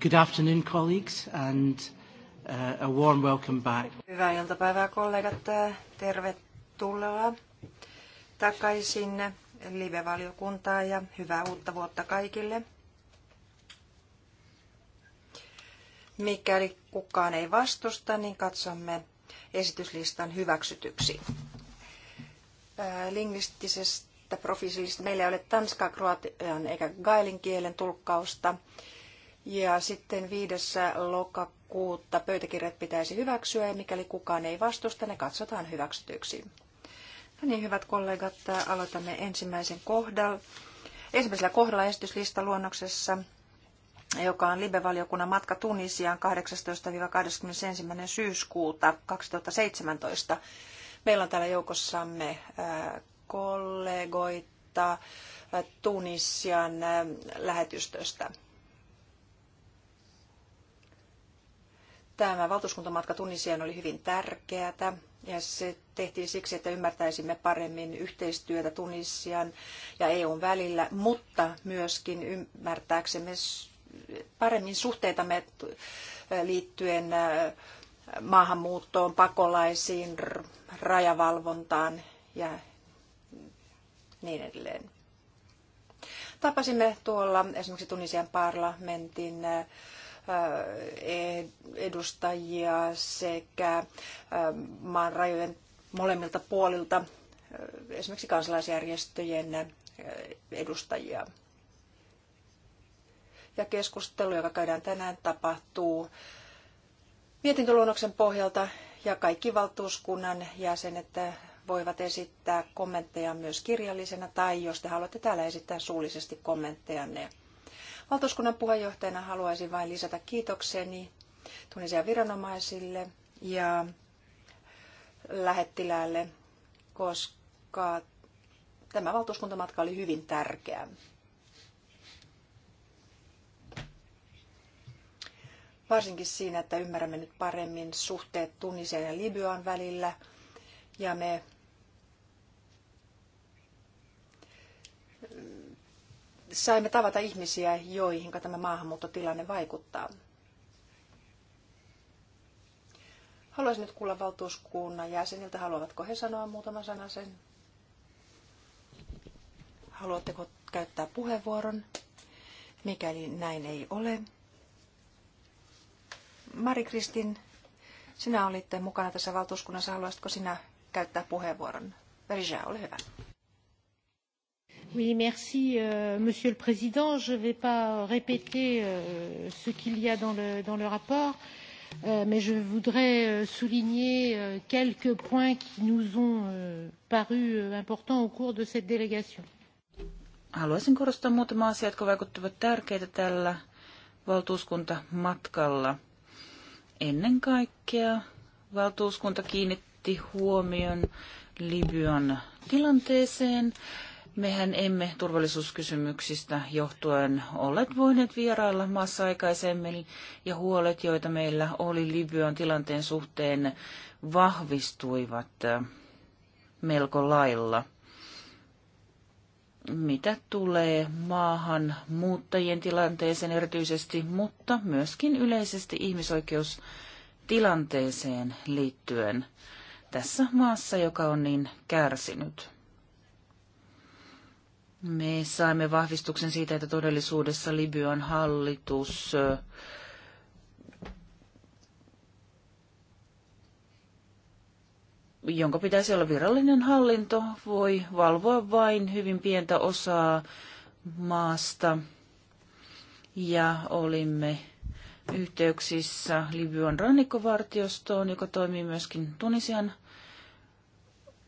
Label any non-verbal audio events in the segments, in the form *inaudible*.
Good afternoon, colleagues, and uh, a warm welcome back. Hyvää iltapäivää, kollegat. Tervetuloa takaisin live-valiokuntaan ja hyvää uutta vuotta kaikille. Mikäli kukaan ei vastusta, niin katsomme esityslistan hyväksytyksi. Äh, lingvistisestä profiilista meillä ei ole tanskan, kroatian eikä gaelin kielen tulkkausta. Ja sitten 5. lokakuuta pöytäkirjat pitäisi hyväksyä ja mikäli kukaan ei vastusta, ne katsotaan hyväksytyksi. No niin, hyvät kollegat, aloitamme ensimmäisen kohdal, Ensimmäisellä kohdalla esityslista luonnoksessa, joka on Libe-valiokunnan matka Tunisiaan 18-21. syyskuuta 2017. Meillä on täällä joukossamme äh, kollegoita äh, Tunisian äh, lähetystöstä. Tämä valtuuskuntamatka Tunisiaan oli hyvin tärkeää ja se tehtiin siksi, että ymmärtäisimme paremmin yhteistyötä Tunisian ja EUn välillä, mutta myöskin ymmärtääksemme paremmin suhteitamme liittyen äh, maahanmuuttoon, pakolaisiin, rajavalvontaan ja niin edelleen. Tapasimme tuolla esimerkiksi Tunisian parlamentin äh, edustajia sekä maan rajojen molemmilta puolilta, esimerkiksi kansalaisjärjestöjen edustajia. Ja keskustelu, joka käydään tänään, tapahtuu mietintöluonnoksen pohjalta ja kaikki valtuuskunnan jäsenet voivat esittää kommentteja myös kirjallisena tai jos te haluatte täällä esittää suullisesti kommenttejanne. Valtuuskunnan puheenjohtajana haluaisin vain lisätä kiitokseni Tunisian viranomaisille ja lähettiläälle, koska tämä valtuuskuntamatka oli hyvin tärkeä. Varsinkin siinä, että ymmärrämme nyt paremmin suhteet Tunisian ja Libyan välillä ja me saimme tavata ihmisiä, joihin tämä maahanmuuttotilanne vaikuttaa. Haluaisin nyt kuulla valtuuskunnan jäseniltä, haluavatko he sanoa muutaman sanan sen? Haluatteko käyttää puheenvuoron? Mikäli näin ei ole. Mari-Kristin, sinä olitte mukana tässä valtuuskunnassa. Haluaisitko sinä käyttää puheenvuoron? Verja, ole hyvä. Euh, Monsieur le Président. Je ne vais pas répéter euh, ce qu'il y a dans le, rapport, euh, mais je voudrais souligner quelques points qui nous ont paru importants au cours de cette délégation. Haluaisin korostaa muutama asia, jotka vaikuttavat tärkeitä tällä valtuuskuntamatkalla. Ennen kaikkea valtuuskunta kiinnitti huomion Libyan tilanteeseen. Mehän emme turvallisuuskysymyksistä johtuen olleet voineet vierailla maassa aikaisemmin ja huolet, joita meillä oli Libyan tilanteen suhteen, vahvistuivat äh, melko lailla. Mitä tulee maahan muuttajien tilanteeseen erityisesti, mutta myöskin yleisesti ihmisoikeustilanteeseen liittyen tässä maassa, joka on niin kärsinyt. Me saimme vahvistuksen siitä, että todellisuudessa Libyan hallitus jonka pitäisi olla virallinen hallinto, voi valvoa vain hyvin pientä osaa maasta. Ja olimme yhteyksissä Libyan rannikkovartiostoon, joka toimii myöskin Tunisian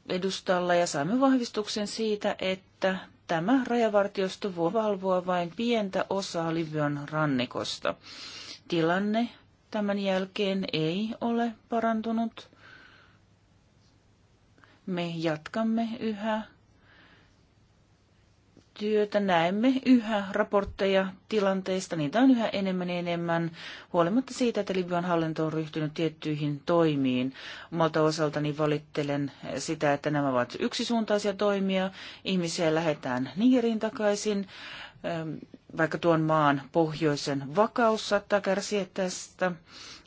edustalla, ja saimme vahvistuksen siitä, että tämä rajavartiosto voi valvoa vain pientä osaa Libyan rannikosta. Tilanne tämän jälkeen ei ole parantunut. Me jatkamme yhä työtä. Näemme yhä raportteja tilanteista, niitä on yhä enemmän ja enemmän, huolimatta siitä, että Libyan hallinto on ryhtynyt tiettyihin toimiin. Omalta osaltani valittelen sitä, että nämä ovat yksisuuntaisia toimia. Ihmisiä lähetään Nigeriin takaisin vaikka tuon maan pohjoisen vakaus saattaa kärsiä tästä,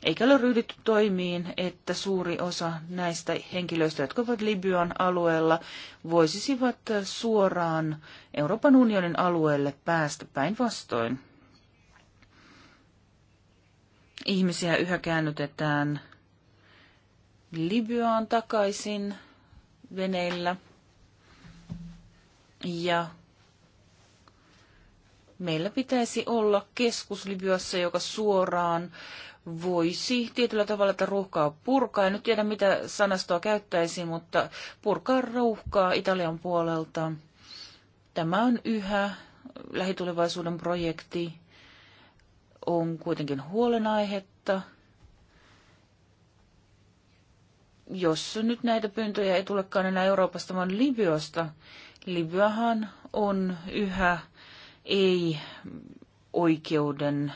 eikä ole ryhdytty toimiin, että suuri osa näistä henkilöistä, jotka ovat Libyan alueella, voisisivat suoraan Euroopan unionin alueelle päästä päinvastoin. Ihmisiä yhä käännytetään Libyaan takaisin veneillä ja meillä pitäisi olla keskus Libyassa, joka suoraan voisi tietyllä tavalla että ruuhkaa purkaa. En nyt tiedä, mitä sanastoa käyttäisi, mutta purkaa ruuhkaa Italian puolelta. Tämä on yhä lähitulevaisuuden projekti. On kuitenkin huolenaihetta. Jos nyt näitä pyyntöjä ei tulekaan enää Euroopasta, vaan Libyasta. Libyahan on yhä ei oikeuden,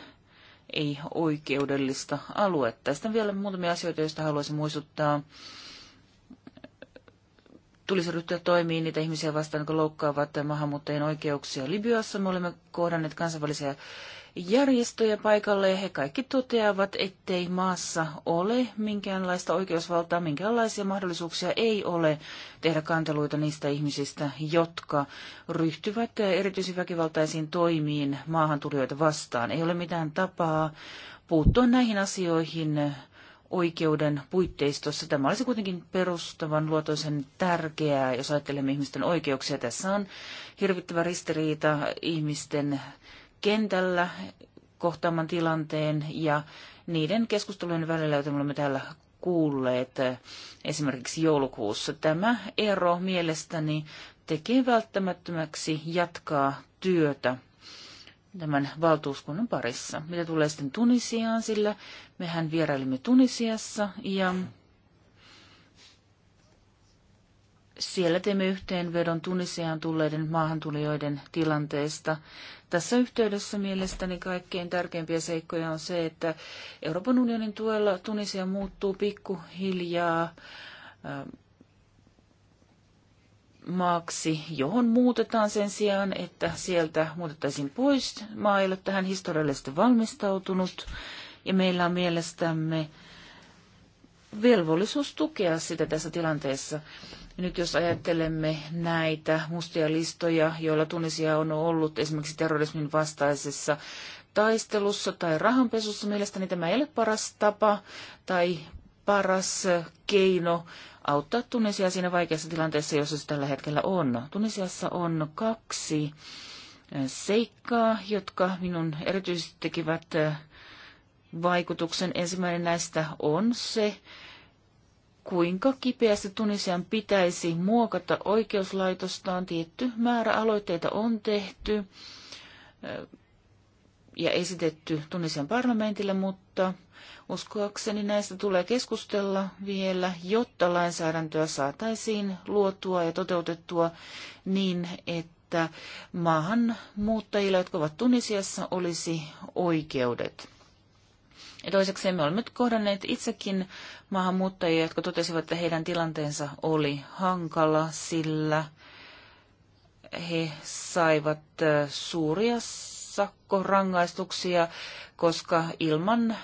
ei oikeudellista aluetta. Sitten vielä muutamia asioita, joista haluaisin muistuttaa. Tulisi ryhtyä toimiin niitä ihmisiä vastaan, jotka loukkaavat maahanmuuttajien oikeuksia Libyassa. Me olemme kohdanneet kansainvälisiä järjestöjä paikalle ja he kaikki toteavat, ettei maassa ole minkäänlaista oikeusvaltaa, minkäänlaisia mahdollisuuksia ei ole tehdä kanteluita niistä ihmisistä, jotka ryhtyvät erityisen väkivaltaisiin toimiin maahantulijoita vastaan. Ei ole mitään tapaa puuttua näihin asioihin oikeuden puitteistossa. Tämä olisi kuitenkin perustavan luotoisen tärkeää, jos ajattelemme ihmisten oikeuksia. Tässä on hirvittävä ristiriita ihmisten kentällä kohtaaman tilanteen ja niiden keskustelujen välillä, joita me olemme täällä kuulleet eh, esimerkiksi joulukuussa. Tämä ero mielestäni tekee välttämättömäksi jatkaa työtä tämän valtuuskunnan parissa. Mitä tulee sitten Tunisiaan, sillä mehän vierailimme Tunisiassa ja Siellä teemme yhteenvedon Tunisiaan tulleiden maahantulijoiden tilanteesta. Tässä yhteydessä mielestäni kaikkein tärkeimpiä seikkoja on se, että Euroopan unionin tuella Tunisia muuttuu pikkuhiljaa ähm, maaksi, johon muutetaan sen sijaan, että sieltä muutettaisiin pois. Maa ei ole tähän historiallisesti valmistautunut ja meillä on mielestämme velvollisuus tukea sitä tässä tilanteessa. Ja nyt jos ajattelemme näitä mustia listoja, joilla Tunisia on ollut esimerkiksi terrorismin vastaisessa taistelussa tai rahanpesussa, mielestäni tämä ei ole paras tapa tai paras keino auttaa Tunisia siinä vaikeassa tilanteessa, jossa se tällä hetkellä on. Tunisiassa on kaksi seikkaa, jotka minun erityisesti tekivät vaikutuksen. Ensimmäinen näistä on se, kuinka kipeästi Tunisian pitäisi muokata oikeuslaitostaan. Tietty määrä aloitteita on tehty ja esitetty Tunisian parlamentille, mutta uskoakseni näistä tulee keskustella vielä, jotta lainsäädäntöä saataisiin luotua ja toteutettua niin, että maahanmuuttajilla, jotka ovat Tunisiassa, olisi oikeudet. Ja toiseksi me olemme kohdanneet itsekin maahanmuuttajia, jotka totesivat, että heidän tilanteensa oli hankala, sillä he saivat suuria sakkorangaistuksia, koska ilman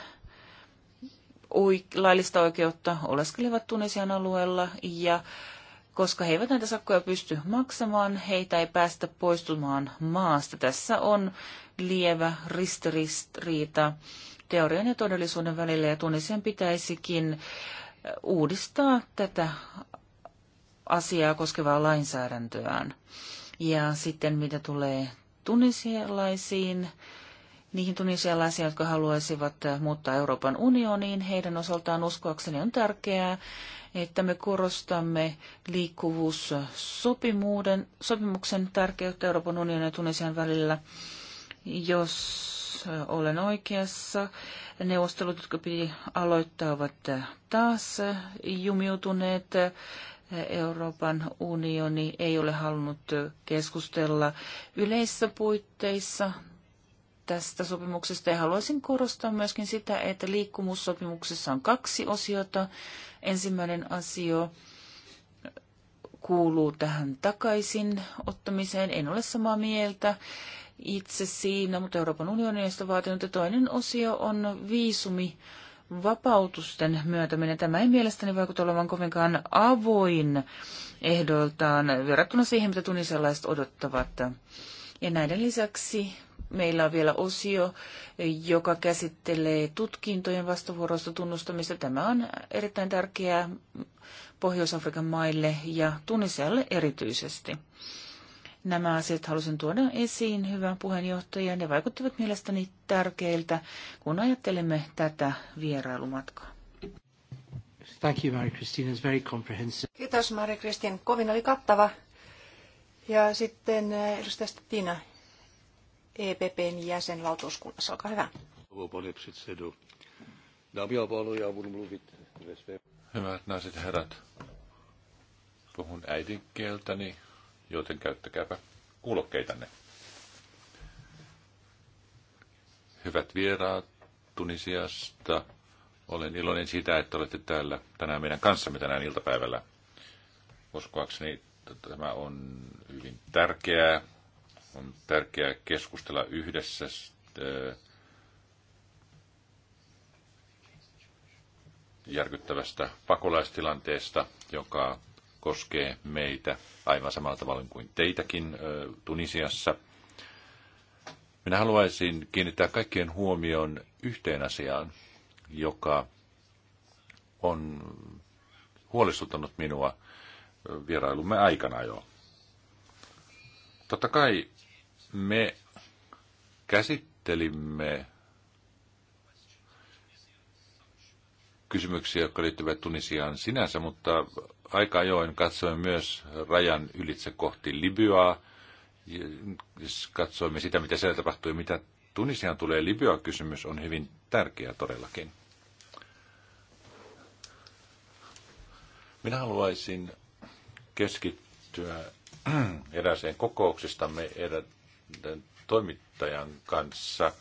laillista oikeutta oleskelevat Tunisian alueella ja koska he eivät näitä sakkoja pysty maksamaan, heitä ei päästä poistumaan maasta. Tässä on lievä ristiriita teorian ja todellisuuden välillä ja Tunisian pitäisikin uudistaa tätä asiaa koskevaa lainsäädäntöään. Ja sitten mitä tulee tunisialaisiin, niihin tunisialaisiin, jotka haluaisivat muuttaa Euroopan unioniin, heidän osaltaan uskoakseni on tärkeää, että me korostamme liikkuvuussopimuksen tärkeyttä Euroopan unionin ja Tunisian välillä, jos olen oikeassa. Neuvostelut, jotka piti aloittaa, ovat taas jumiutuneet. Euroopan unioni ei ole halunnut keskustella yleisissä puitteissa tästä sopimuksesta. Ja haluaisin korostaa myöskin sitä, että liikkumussopimuksessa on kaksi osiota. Ensimmäinen asio kuuluu tähän takaisin ottamiseen. En ole samaa mieltä itse siinä, mutta Euroopan sitä vaatinut. Ja toinen osio on viisumi vapautusten myöntäminen. Tämä ei mielestäni vaikuta olevan kovinkaan avoin ehdoiltaan verrattuna siihen, mitä tunisialaiset odottavat. Ja näiden lisäksi meillä on vielä osio, joka käsittelee tutkintojen vastavuoroista tunnustamista. Tämä on erittäin tärkeää Pohjois-Afrikan maille ja Tunisialle erityisesti. Nämä asiat halusin tuoda esiin, hyvä puheenjohtaja. Ne vaikuttavat mielestäni tärkeiltä, kun ajattelemme tätä vierailumatkaa. Thank you, Mary Christine. It's very comprehensive. Kiitos, Mari Kristin. Kovin oli kattava. Ja sitten eh, edustaja Stina, EPPn jäsen valtuuskunnassa. Olkaa hyvä. Hyvät naiset herrat, puhun äidinkieltäni, joten käyttäkääpä kuulokkeitanne. Hyvät vieraat Tunisiasta, olen iloinen siitä, että olette täällä tänään meidän kanssamme tänään iltapäivällä. Uskoakseni tämä on hyvin tärkeää. On tärkeää keskustella yhdessä järkyttävästä pakolaistilanteesta, joka koskee meitä aivan samalla tavalla kuin teitäkin Tunisiassa. Minä haluaisin kiinnittää kaikkien huomioon yhteen asiaan, joka on huolestuttanut minua vierailumme aikana jo. Totta kai me käsittelimme kysymyksiä, jotka liittyvät Tunisiaan sinänsä, mutta aika ajoin katsoimme myös rajan ylitse kohti Libyaa. Katsoimme sitä, mitä siellä tapahtui, mitä Tunisiaan tulee. Libya-kysymys on hyvin tärkeä todellakin. Minä haluaisin keskittyä *clears throat* erääseen kokouksestamme erään toimittajan kanssa.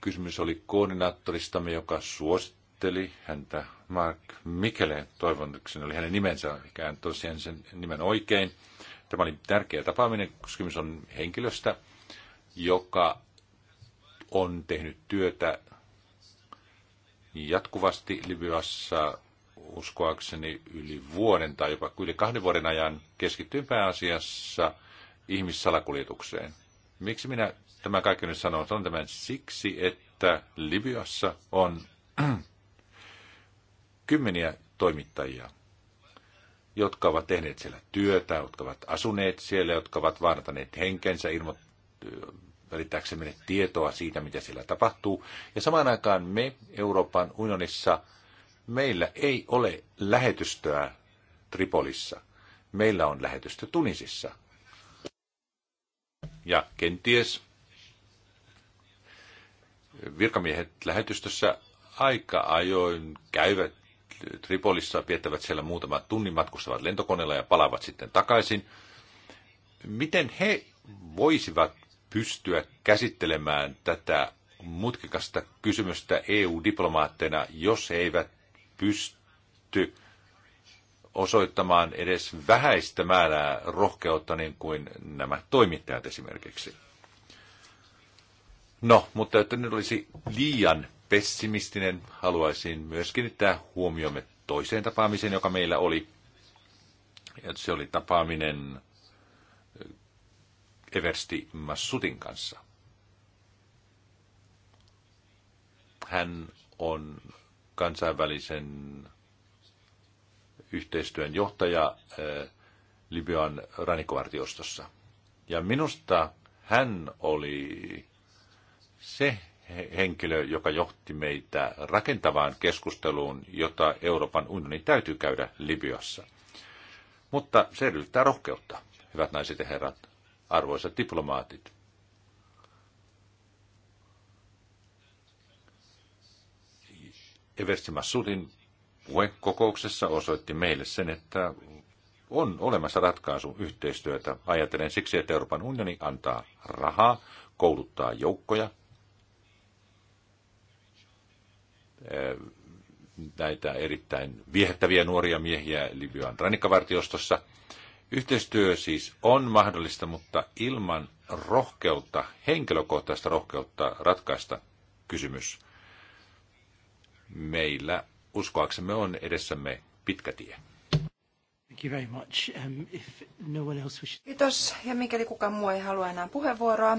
Kysymys oli koordinaattoristamme, joka suosittaa haastatteli häntä Mark Mikele, toivon, että oli hänen nimensä, ikään tosiaan sen nimen oikein. Tämä oli tärkeä tapaaminen, koska kysymys on henkilöstä, joka on tehnyt työtä jatkuvasti Libyassa uskoakseni yli vuoden tai jopa yli kahden vuoden ajan keskittyy pääasiassa ihmissalakuljetukseen. Miksi minä tämä kaikki nyt sanon? Sanon tämän siksi, että Libyassa on kymmeniä toimittajia, jotka ovat tehneet siellä työtä, jotka ovat asuneet siellä, jotka ovat vaarantaneet henkensä ilmo- välittääkseen meille tietoa siitä, mitä siellä tapahtuu. Ja samaan aikaan me Euroopan unionissa, meillä ei ole lähetystöä Tripolissa. Meillä on lähetystö Tunisissa. Ja kenties virkamiehet lähetystössä aika ajoin käyvät Tripolissa, viettävät siellä muutaman tunnin, matkustavat lentokoneella ja palaavat sitten takaisin. Miten he voisivat pystyä käsittelemään tätä mutkikasta kysymystä EU-diplomaatteina, jos he eivät pysty osoittamaan edes vähäistä määrää rohkeutta, niin kuin nämä toimittajat esimerkiksi. No, mutta että nyt olisi liian pessimistinen, haluaisin myös kiinnittää huomiomme toiseen tapaamiseen, joka meillä oli. Ja se oli tapaaminen eh, Eversti Massutin kanssa. Hän on kansainvälisen yhteistyön johtaja eh, Libyan rannikkovartiostossa. Ja minusta hän oli se henkilö, joka johti meitä rakentavaan keskusteluun, jota Euroopan unionin täytyy käydä Libyassa. Mutta se edellyttää rohkeutta, hyvät naiset ja herrat, arvoisat diplomaatit. Eversti Massudin kokouksessa osoitti meille sen, että on olemassa ratkaisu yhteistyötä. ajatellen siksi, että Euroopan unioni antaa rahaa, kouluttaa joukkoja, Äh, näitä erittäin viehättäviä nuoria miehiä Libyan rannikkavartiostossa. Yhteistyö siis on mahdollista, mutta ilman rohkeutta, henkilökohtaista rohkeutta ratkaista kysymys. Meillä uskoaksemme on edessämme pitkä tie. Um, no Kiitos. Ja mikäli kukaan muu ei halua enää puheenvuoroa,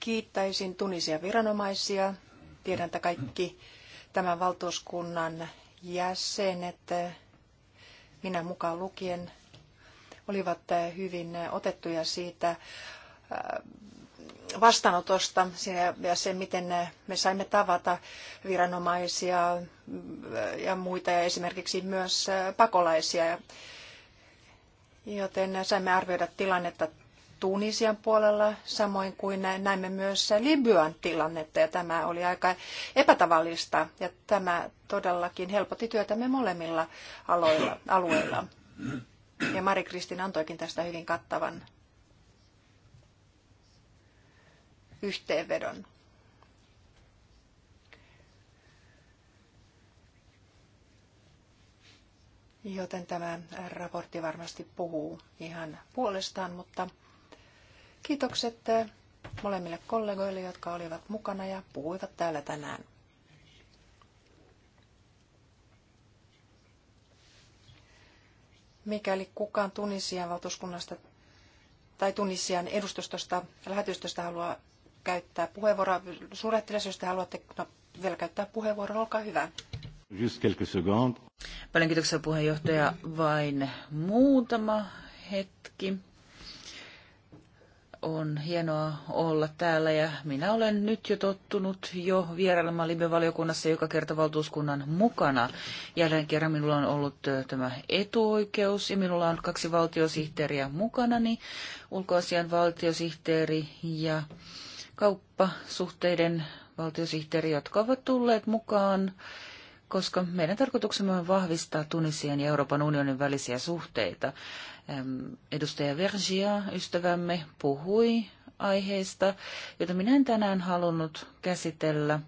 kiittäisin Tunisia viranomaisia, Tiedän, että kaikki tämän valtuuskunnan jäsenet, minä mukaan lukien, olivat hyvin otettuja siitä äh, vastaanotosta ja se, miten me saimme tavata viranomaisia äh, ja muita ja esimerkiksi myös äh, pakolaisia. Joten saimme arvioida tilannetta Tunisian puolella, samoin kuin näimme myös Libyan tilannetta, ja tämä oli aika epätavallista, ja tämä todellakin helpotti työtämme molemmilla aloilla, alueilla. Ja Mari-Kristin antoikin tästä hyvin kattavan yhteenvedon. Joten tämä raportti varmasti puhuu ihan puolestaan, mutta Kiitokset eh, molemmille kollegoille, jotka olivat mukana ja puhuivat täällä tänään. Mikäli kukaan Tunisian valtuuskunnasta tai Tunisian edustustosta lähetystöstä haluaa käyttää puheenvuoroa, suurlähettiläs, jos te haluatte no, vielä käyttää puheenvuoroa, olkaa hyvä. Just quelques secondes. Paljon kiitoksia puheenjohtaja. Vain muutama hetki. On hienoa olla täällä ja minä olen nyt jo tottunut jo vierailemaan Libe-valiokunnassa joka kerta valtuuskunnan mukana. Jälleen kerran minulla on ollut tämä etuoikeus ja minulla on kaksi valtiosihteeriä niin ulkoasian valtiosihteeri ja kauppasuhteiden valtiosihteeri, jotka ovat tulleet mukaan koska meidän tarkoituksemme on vahvistaa Tunisian ja Euroopan unionin välisiä suhteita. Edustaja Vergia, ystävämme, puhui aiheesta, jota minä en tänään halunnut käsitellä.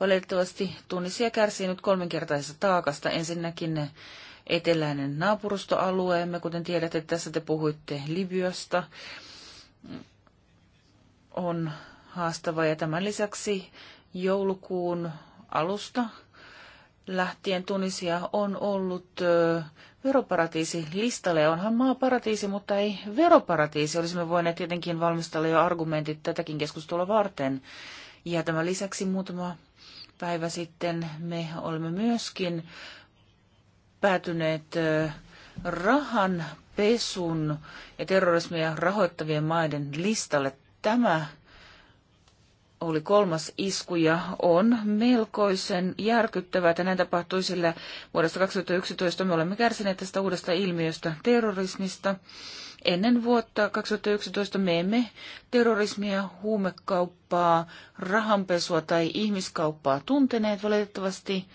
Valitettavasti Tunisia kärsii nyt kolminkertaisesta taakasta. Ensinnäkin eteläinen naapurustoalueemme, kuten tiedätte, tässä te puhuitte Libyasta, on haastava. Ja tämän lisäksi joulukuun alusta lähtien Tunisia on ollut veroparatiisi listalle. Onhan maa paratiisi, mutta ei veroparatiisi. Olisimme voineet tietenkin valmistella jo argumentit tätäkin keskustelua varten. Ja tämän lisäksi muutama päivä sitten me olemme myöskin päätyneet rahan pesun ja terrorismia rahoittavien maiden listalle. Tämä oli kolmas isku ja on melkoisen järkyttävää, että näin tapahtui, sillä vuodesta 2011 me olemme kärsineet tästä uudesta ilmiöstä terrorismista. Ennen vuotta 2011 me emme terrorismia, huumekauppaa, rahanpesua tai ihmiskauppaa tunteneet valitettavasti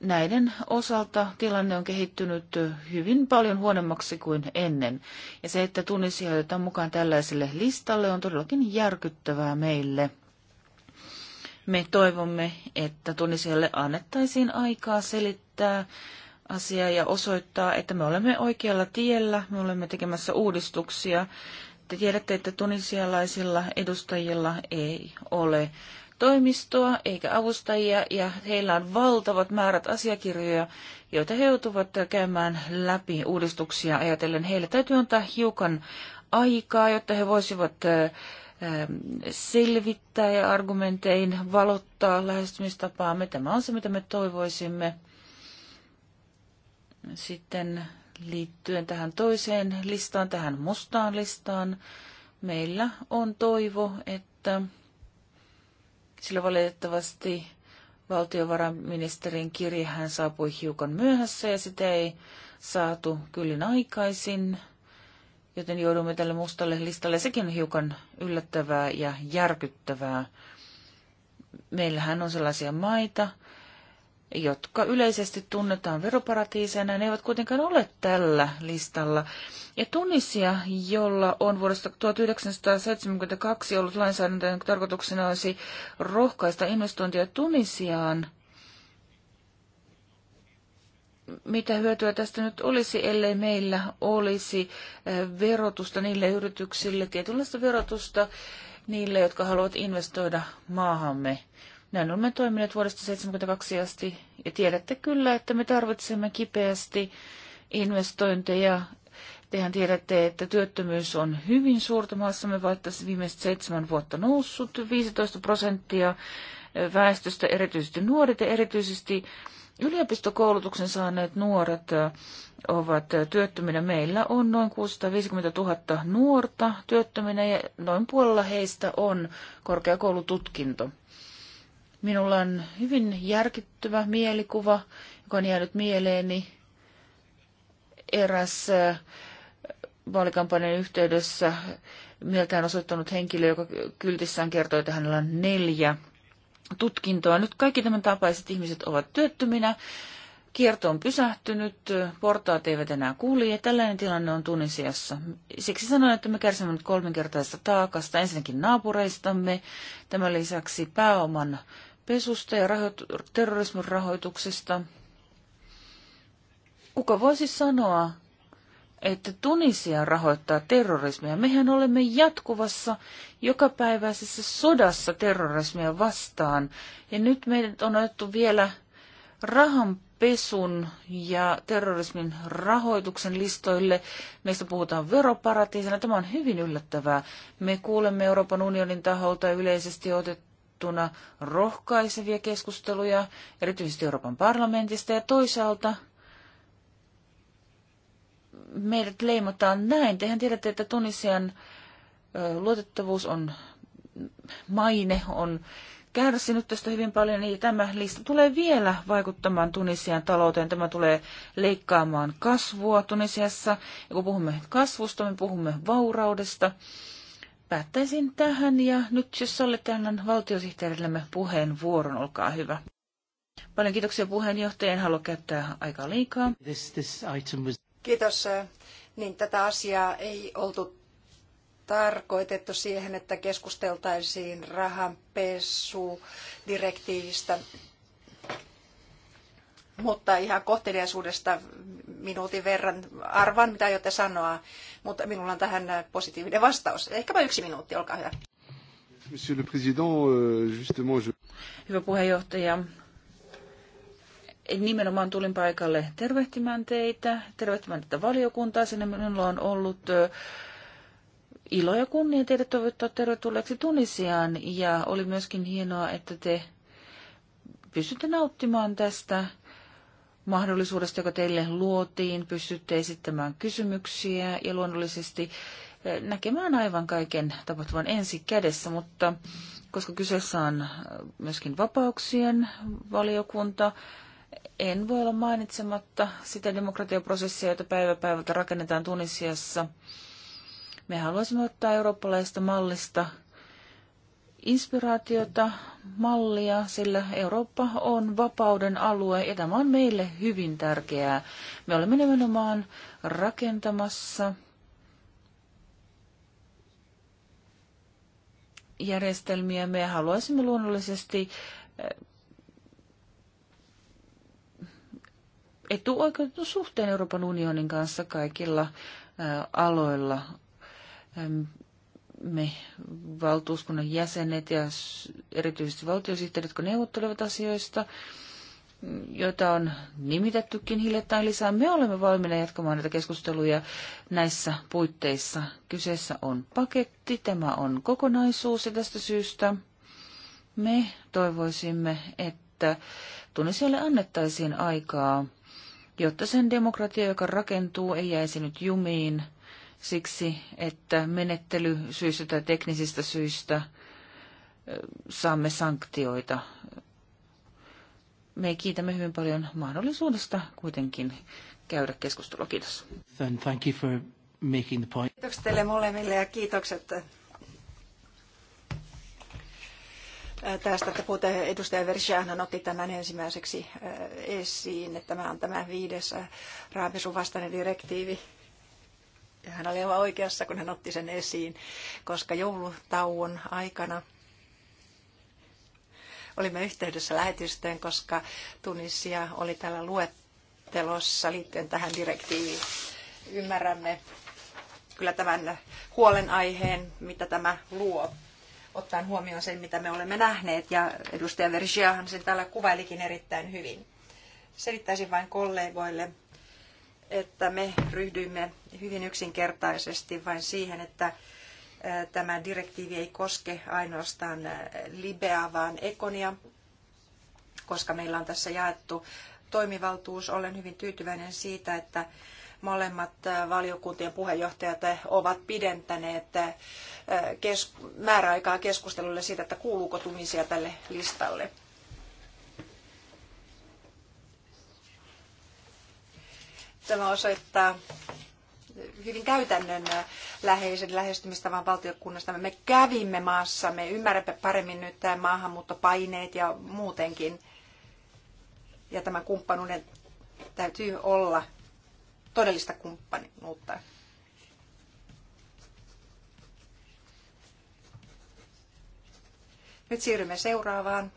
näiden osalta tilanne on kehittynyt hyvin paljon huonommaksi kuin ennen. Ja se, että Tunisia otetaan mukaan tällaiselle listalle, on todellakin järkyttävää meille. Me toivomme, että Tunisialle annettaisiin aikaa selittää asiaa ja osoittaa, että me olemme oikealla tiellä, me olemme tekemässä uudistuksia. Te tiedätte, että tunisialaisilla edustajilla ei ole toimistoa eikä avustajia ja heillä on valtavat määrät asiakirjoja, joita he joutuvat käymään läpi uudistuksia ajatellen. Heille täytyy antaa hiukan aikaa, jotta he voisivat selvittää ja argumentein valottaa lähestymistapaamme. Tämä on se, mitä me toivoisimme. Sitten liittyen tähän toiseen listaan, tähän mustaan listaan, meillä on toivo, että sillä valitettavasti valtiovarainministerin kirje hän saapui hiukan myöhässä ja sitä ei saatu kyllin aikaisin, joten joudumme tälle mustalle listalle. Sekin on hiukan yllättävää ja järkyttävää. Meillähän on sellaisia maita, jotka yleisesti tunnetaan veroparatiiseina, ne eivät kuitenkaan ole tällä listalla. Ja Tunisia, jolla on vuodesta 1972 ollut lainsäädäntö, jonka tarkoituksena olisi rohkaista investointia Tunisiaan, mitä hyötyä tästä nyt olisi, ellei meillä olisi verotusta niille yrityksille, tietynlaista verotusta niille, jotka haluavat investoida maahamme. Näin olemme toimineet vuodesta 1972 asti ja tiedätte kyllä, että me tarvitsemme kipeästi investointeja. Tehän tiedätte, että työttömyys on hyvin suurta maassamme, vaikka viimeiset seitsemän vuotta noussut 15 prosenttia väestöstä, erityisesti nuoret ja erityisesti yliopistokoulutuksen saaneet nuoret ovat työttöminä. Meillä on noin 650 000 nuorta työttöminä ja noin puolella heistä on korkeakoulututkinto. Minulla on hyvin järkyttävä mielikuva, joka on jäänyt mieleeni eräs eh, vaalikampanjan yhteydessä mieltään osoittanut henkilö, joka kyltissään kertoi, että hänellä on neljä tutkintoa. Nyt kaikki tämän tapaiset ihmiset ovat työttöminä, kierto on pysähtynyt, portaat eivät enää kuuli ja tällainen tilanne on Tunisiassa. Siksi sanoin, että me kärsimme nyt kolminkertaista taakasta, ensinnäkin naapureistamme, tämän lisäksi pääoman pesusta ja rahoit- terrorismin rahoituksesta. Kuka voisi sanoa, että Tunisia rahoittaa terrorismia? Mehän olemme jatkuvassa jokapäiväisessä sodassa terrorismia vastaan. Ja nyt meidät on otettu vielä rahanpesun ja terrorismin rahoituksen listoille. Meistä puhutaan veroparatiisina. Tämä on hyvin yllättävää. Me kuulemme Euroopan unionin taholta yleisesti otettu sanottuna rohkaisevia keskusteluja, erityisesti Euroopan parlamentista, ja toisaalta meidät leimataan näin. Tehän tiedätte, että Tunisian luotettavuus on, maine on kärsinyt tästä hyvin paljon, niin tämä lista tulee vielä vaikuttamaan Tunisian talouteen. Tämä tulee leikkaamaan kasvua Tunisiassa. Ja kun puhumme kasvusta, me puhumme vauraudesta päättäisin tähän ja nyt jos olette annan valtiosihteerillemme puheenvuoron, olkaa hyvä. Paljon kiitoksia puheenjohtaja, en halua käyttää aikaa liikaa. This, this item was... Kiitos. Niin tätä asiaa ei oltu tarkoitettu siihen, että keskusteltaisiin direktiivistä mutta ihan kohteliaisuudesta minuutin verran arvan, mitä aiotte sanoa, mutta minulla on tähän positiivinen vastaus. Ehkäpä yksi minuutti, olkaa hyvä. Monsieur le Président, euh, justement, je... Hyvä puheenjohtaja. Nimenomaan tulin paikalle tervehtimään teitä, tervehtimään tätä valiokuntaa. Sinne minulla on ollut äh, ilo ja kunnia teidät toivottaa tervetulleeksi Tunisiaan. Ja oli myöskin hienoa, että te pystytte nauttimaan tästä mahdollisuudesta, joka teille luotiin. Pystytte esittämään kysymyksiä ja luonnollisesti eh, näkemään aivan kaiken tapahtuvan ensi kädessä, mutta koska kyseessä on eh, myöskin vapauksien valiokunta, en voi olla mainitsematta sitä demokratiaprosessia, jota päivä päivältä rakennetaan Tunisiassa. Me haluaisimme ottaa eurooppalaista mallista inspiraatiota, mallia, sillä Eurooppa on vapauden alue ja tämä on meille hyvin tärkeää. Me olemme nimenomaan rakentamassa järjestelmiä. Me haluaisimme luonnollisesti eh, etuoikeutettu suhteen Euroopan unionin kanssa kaikilla eh, aloilla me valtuuskunnan jäsenet ja erityisesti valtiosihteerit, jotka neuvottelevat asioista, joita on nimitettykin hiljattain lisää. Me olemme valmiina jatkamaan näitä keskusteluja näissä puitteissa. Kyseessä on paketti, tämä on kokonaisuus ja tästä syystä me toivoisimme, että Tunisialle annettaisiin aikaa, jotta sen demokratia, joka rakentuu, ei jäisi nyt jumiin – siksi, että menettelysyistä tai teknisistä syistä saamme sanktioita. Me kiitämme hyvin paljon mahdollisuudesta kuitenkin käydä keskustelua. Kiitos. Then thank you for making the point. Kiitokset teille molemmille ja kiitokset tästä, että puhutte, edustaja Vershahan otti tämän ensimmäiseksi esiin, että tämä on tämä viides raamisuvastainen direktiivi hän oli aivan oikeassa, kun hän otti sen esiin, koska joulutauon aikana olimme yhteydessä lähetystöön, koska Tunisia oli täällä luettelossa liittyen tähän direktiiviin. Ymmärrämme kyllä tämän huolenaiheen, mitä tämä luo, ottaen huomioon sen, mitä me olemme nähneet, ja edustaja Vergiahan sen täällä kuvailikin erittäin hyvin. Selittäisin vain kollegoille, että me ryhdyimme hyvin yksinkertaisesti vain siihen, että tämä direktiivi ei koske ainoastaan Libeaa, vaan Ekonia, koska meillä on tässä jaettu toimivaltuus. Olen hyvin tyytyväinen siitä, että molemmat valiokuntien puheenjohtajat ovat pidentäneet määräaikaa keskustelulle siitä, että kuuluuko Tunisia tälle listalle. tämä osoittaa hyvin käytännön läheisen lähestymistavan valtiokunnasta. Me kävimme maassa, me ymmärrämme paremmin nyt tämä maahanmuuttopaineet ja muutenkin. Ja tämän kumppanuuden täytyy olla todellista kumppanuutta. Nyt siirrymme seuraavaan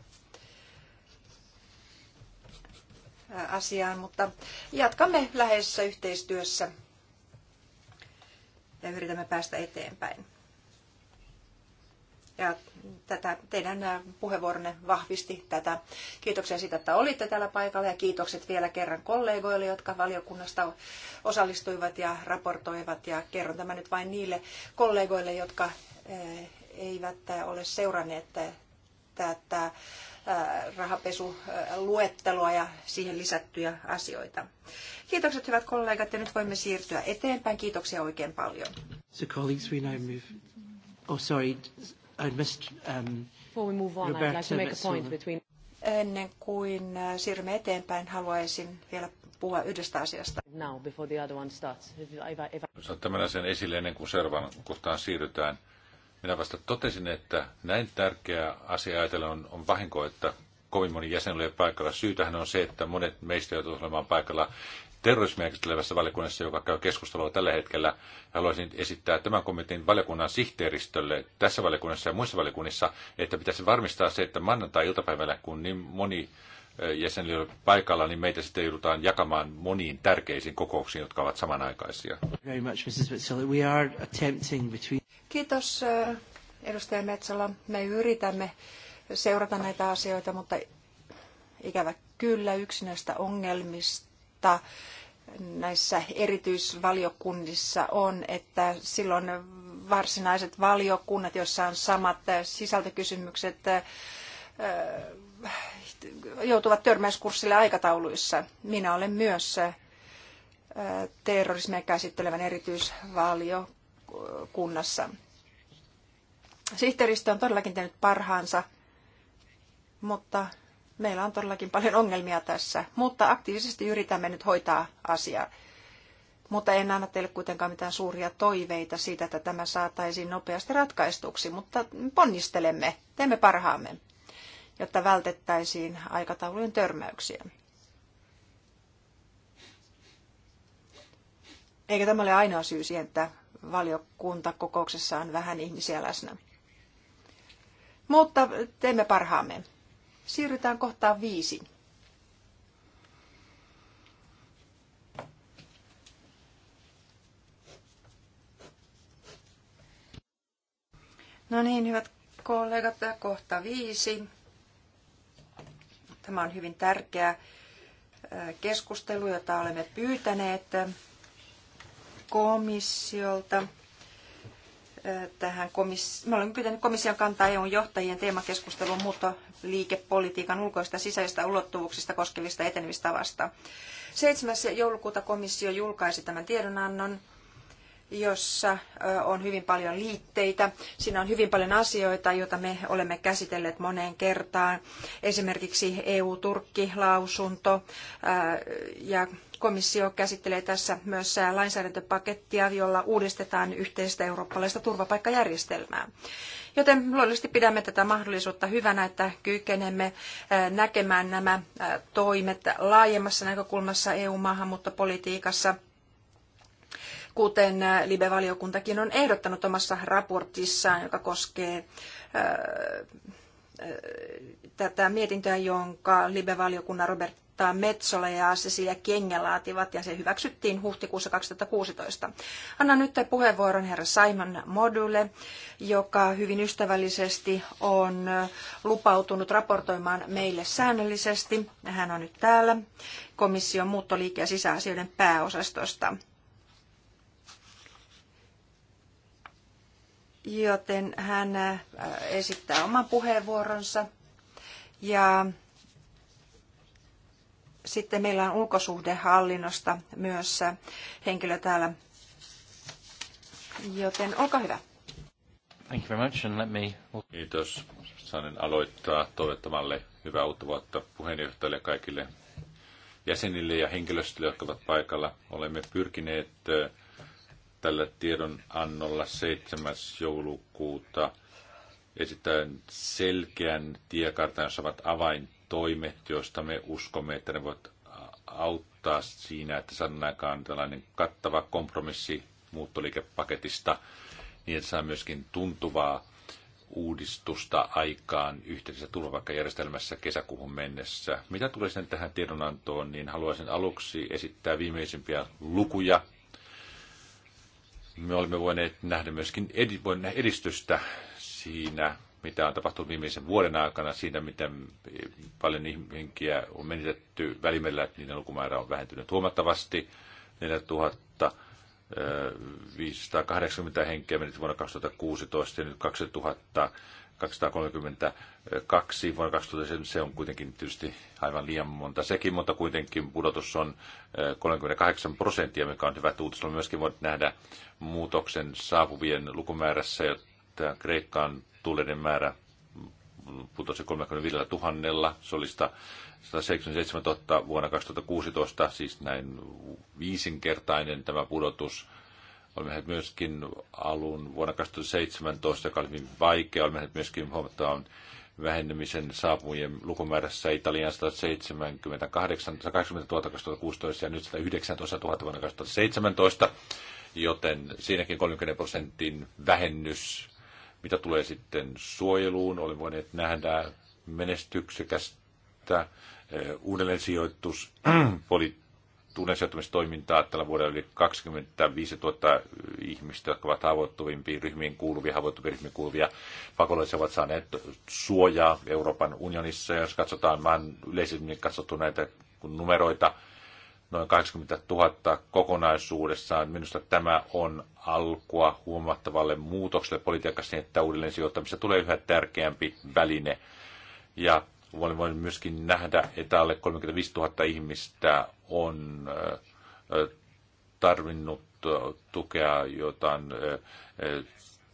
asiaan, mutta jatkamme läheisessä yhteistyössä ja yritämme päästä eteenpäin. Ja tätä, teidän puheenvuoronne vahvisti tätä. Kiitoksia siitä, että olitte täällä paikalla ja kiitokset vielä kerran kollegoille, jotka valiokunnasta osallistuivat ja raportoivat. Ja kerron tämän nyt vain niille kollegoille, jotka eivät ole seuranneet tätä Äh, rahapesuluetteloa ja siihen lisättyjä asioita. Kiitokset hyvät kollegat ja nyt voimme siirtyä eteenpäin. Kiitoksia oikein paljon. So colleagues, we now move... Oh, sorry, I missed... Um... Before we move on, I'd like to make a point between... Ennen kuin äh, siirrymme eteenpäin, haluaisin vielä puhua yhdestä asiasta. Now, before the other one starts. If I, if I... Tämän asian esille ennen kuin seuraavaan kohtaan siirrytään. Minä vasta totesin, että näin tärkeä asia ajatella on, on vahinko, että kovin moni jäsen oli paikalla. Syytähän on se, että monet meistä joutuvat olemaan paikalla terrorismia käsittelevässä valiokunnassa, joka käy keskustelua tällä hetkellä. Haluaisin esittää tämän kommentin valiokunnan sihteeristölle tässä valiokunnassa ja muissa valiokunnissa, että pitäisi varmistaa se, että maanantai-iltapäivällä, kun niin moni jäsen oli paikalla, niin meitä sitten joudutaan jakamaan moniin tärkeisiin kokouksiin, jotka ovat samanaikaisia. Kiitos eh, edustaja Metsola. Me yritämme seurata näitä asioita, mutta ikävä kyllä yksi näistä ongelmista näissä erityisvaliokunnissa on, että silloin varsinaiset valiokunnat, joissa on samat eh, sisältökysymykset, eh, joutuvat törmäyskurssille aikatauluissa. Minä olen myös terrorismia käsittelevän erityisvaliokunnan kunnassa. Sihteeristö on todellakin tehnyt parhaansa, mutta meillä on todellakin paljon ongelmia tässä. Mutta aktiivisesti yritämme nyt hoitaa asiaa. Mutta en anna teille kuitenkaan mitään suuria toiveita siitä, että tämä saataisiin nopeasti ratkaistuksi, mutta ponnistelemme, teemme parhaamme, jotta vältettäisiin aikataulujen törmäyksiä. Eikä tämä ole ainoa syy siihen, että valiokunta on vähän ihmisiä läsnä. Mutta teemme parhaamme. Siirrytään kohtaan viisi. No niin, hyvät kollegat, kohta viisi. Tämä on hyvin tärkeä äh, keskustelu, jota olemme pyytäneet komissiolta tähän komissi- Me olemme pyytäneet komission kantaa EUn johtajien teemakeskustelun muuttoliikepolitiikan ulkoista sisäistä ulottuvuuksista koskevista vasta. 7. joulukuuta komissio julkaisi tämän tiedonannon, jossa on hyvin paljon liitteitä. Siinä on hyvin paljon asioita, joita me olemme käsitelleet moneen kertaan. Esimerkiksi EU-Turkki-lausunto ja komissio käsittelee tässä myös lainsäädäntöpakettia, jolla uudistetaan yhteistä eurooppalaista turvapaikkajärjestelmää. Joten luonnollisesti pidämme tätä mahdollisuutta hyvänä, että kykenemme näkemään nämä toimet laajemmassa näkökulmassa EU-maahanmuuttopolitiikassa kuten Libe-valiokuntakin on ehdottanut omassa raportissaan, joka koskee tätä mietintöä, jonka Libe-valiokunnan Robert tämä Metsola ja Cecilia Kenge laativat, ja se hyväksyttiin huhtikuussa 2016. Annan nyt puheenvuoron herra Simon Module, joka hyvin ystävällisesti on lupautunut raportoimaan meille säännöllisesti. Hän on nyt täällä komission muuttoliike- ja sisäasioiden pääosastosta. Joten hän äh, esittää oman puheenvuoronsa. Ja sitten meillä on ulkosuhdehallinnosta myös henkilö täällä. Joten olkaa hyvä. Thank you very much and let me... Kiitos. Saan aloittaa toivottamalle hyvää uutta vuotta puheenjohtajalle kaikille jäsenille ja henkilöstölle, jotka ovat paikalla. Olemme pyrkineet tällä tiedonannolla 7. joulukuuta esittäen selkeän tiekartan, jossa ovat avain toimet, joista me uskomme, että ne voivat auttaa siinä, että saadaan aikaan tällainen kattava kompromissi muuttoliikepaketista, niin että saa myöskin tuntuvaa uudistusta aikaan yhteisessä turvapaikkajärjestelmässä kesäkuuhun mennessä. Mitä tulee sen tähän tiedonantoon, niin haluaisin aluksi esittää viimeisimpiä lukuja. Me olemme voineet nähdä myöskin edistystä siinä, mitä on tapahtunut viimeisen vuoden aikana, siinä miten paljon ihmisiä on menetetty välimerellä, niiden lukumäärä on vähentynyt huomattavasti. 4580 henkeä menetti vuonna 2016 ja nyt 2232 vuonna 2017. Se on kuitenkin tietysti aivan liian monta sekin, mutta kuitenkin pudotus on 38 prosenttia, mikä on hyvä uutinen. Myöskin voit nähdä muutoksen saapuvien lukumäärässä, jotta Kreikkaan tulleiden määrä putosi 35 000, se oli 177 000 vuonna 2016, siis näin viisinkertainen tämä pudotus. Olemme myöskin alun vuonna 2017, joka oli hyvin vaikea, olemme myöskin huomattavan vähennemisen saapujen lukumäärässä Italian 178 180 000 2016 ja nyt 119 000 vuonna 2017, joten siinäkin 30 prosentin vähennys mitä tulee sitten suojeluun, olemme voineet nähdä menestyksekästä eh, uudelleen sijoitus, *clears throat* uuden sijoittamistoimintaa tällä vuodella yli 25 000 ihmistä, jotka ovat haavoittuvimpiin ryhmiin kuuluvia, haavoittuvimpiin ryhmiin kuuluvia pakolaisia, ovat saaneet suojaa Euroopan unionissa. Ja jos katsotaan maan yleisemmin niin katsottu näitä numeroita, noin 80 000 kokonaisuudessaan. Minusta tämä on alkua huomattavalle muutokselle politiikassa, niin, että uudelleen sijoittamista tulee yhä tärkeämpi väline. Ja voin myöskin nähdä, että alle 35 000 ihmistä on tarvinnut tukea jotain,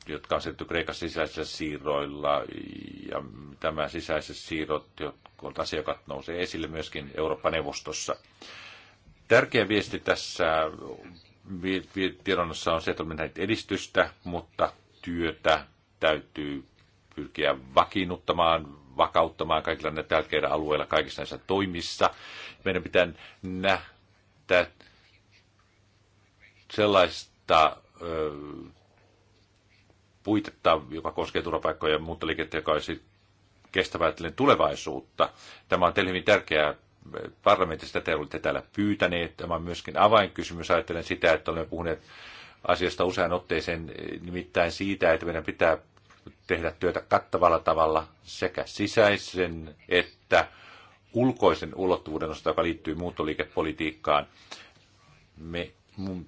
jotka on siirretty Kreikan sisäisillä siirroilla, ja tämä sisäiset siirrot, jotka on asia, nousee esille myöskin Eurooppa-neuvostossa. Tärkeä viesti tässä tiedonnossa on se, että olemme edistystä, mutta työtä täytyy pyrkiä vakiinnuttamaan, vakauttamaan kaikilla näillä tärkeillä alueilla, kaikissa näissä toimissa. Meidän pitää nähdä sellaista ö, puitetta, joka koskee turvapaikkoja ja muuttoliikettä, joka olisi kestävää tulevaisuutta. Tämä on teille hyvin tärkeää parlamentista te olette täällä pyytäneet. Tämä on myöskin avainkysymys. Ajattelen sitä, että olemme puhuneet asiasta usean otteeseen, nimittäin siitä, että meidän pitää tehdä työtä kattavalla tavalla sekä sisäisen että ulkoisen ulottuvuuden osalta, joka liittyy muuttoliikepolitiikkaan. Me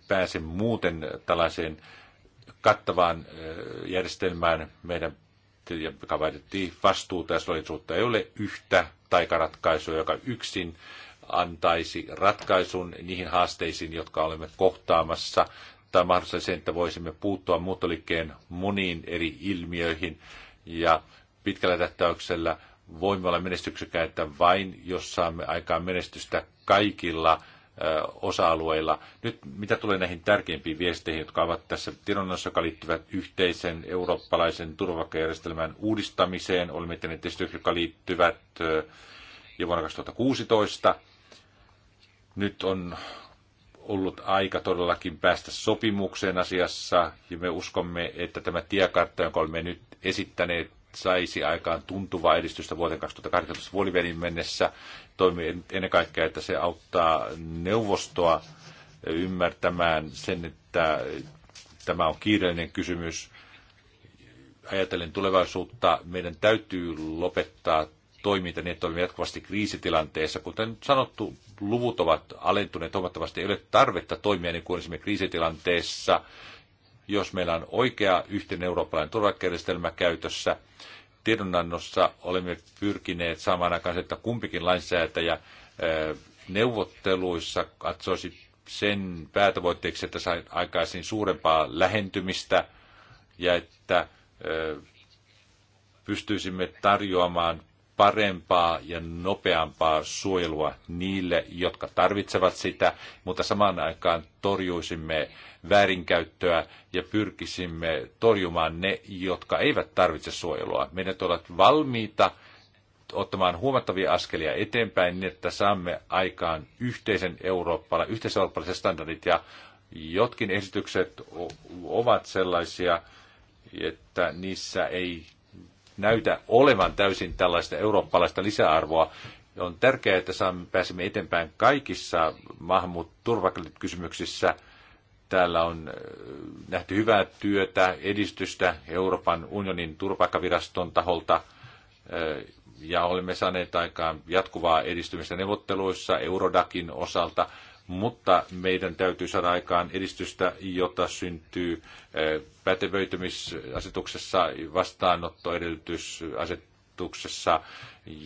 pääsemme muuten tällaiseen kattavaan järjestelmään. Meidän päätetty ja joka vaadittiin vastuuta ja solidisuutta ei ole yhtä taikaratkaisua, joka yksin antaisi ratkaisun niihin haasteisiin, jotka olemme kohtaamassa, tai mahdollisesti sen, että voisimme puuttua muuttoliikkeen moniin eri ilmiöihin, ja pitkällä tähtäyksellä voimme olla menestyksekkäitä vain, jos saamme aikaan menestystä kaikilla osa-alueilla. Nyt mitä tulee näihin tärkeimpiin viesteihin, jotka ovat tässä tiedonannossa, joka liittyvät yhteisen eurooppalaisen turvapaikkajärjestelmän uudistamiseen, olemme tehneet esitykset, jotka liittyvät jo vuonna 2016. Nyt on ollut aika todellakin päästä sopimukseen asiassa, ja me uskomme, että tämä tiekartta, jonka olemme nyt esittäneet, saisi aikaan tuntuvaa edistystä vuoteen 2018 puolivälin mennessä toimii ennen kaikkea, että se auttaa neuvostoa ymmärtämään sen, että tämä on kiireellinen kysymys. Ajatellen tulevaisuutta, meidän täytyy lopettaa toiminta niin, että olemme jatkuvasti kriisitilanteessa. Kuten sanottu, luvut ovat alentuneet huomattavasti. Ei ole tarvetta toimia niin kuin olisimme kriisitilanteessa, jos meillä on oikea yhteinen eurooppalainen turvakärjestelmä käytössä tiedonannossa olemme pyrkineet saamaan aikaan että kumpikin lainsäätäjä neuvotteluissa katsoisi sen päätavoitteeksi, että sai aikaisin suurempaa lähentymistä ja että pystyisimme tarjoamaan parempaa ja nopeampaa suojelua niille, jotka tarvitsevat sitä, mutta samaan aikaan torjuisimme väärinkäyttöä ja pyrkisimme torjumaan ne, jotka eivät tarvitse suojelua. Meidän ovat valmiita ottamaan huomattavia askelia eteenpäin niin, että saamme aikaan yhteisen eurooppala, yhteiseurooppalaiset standardit ja jotkin esitykset ovat sellaisia, että niissä ei näytä olevan täysin tällaista eurooppalaista lisäarvoa. On tärkeää, että saamme, pääsemme eteenpäin kaikissa maahanmuutturvakysymyksissä. Täällä on äh, nähty hyvää työtä, edistystä Euroopan unionin turvapaikkaviraston taholta äh, ja olemme saaneet aikaan jatkuvaa edistymistä neuvotteluissa Eurodakin osalta mutta meidän täytyy saada aikaan edistystä, jota syntyy eh, pätevöitymisasetuksessa, vastaanottoedellytysasetuksessa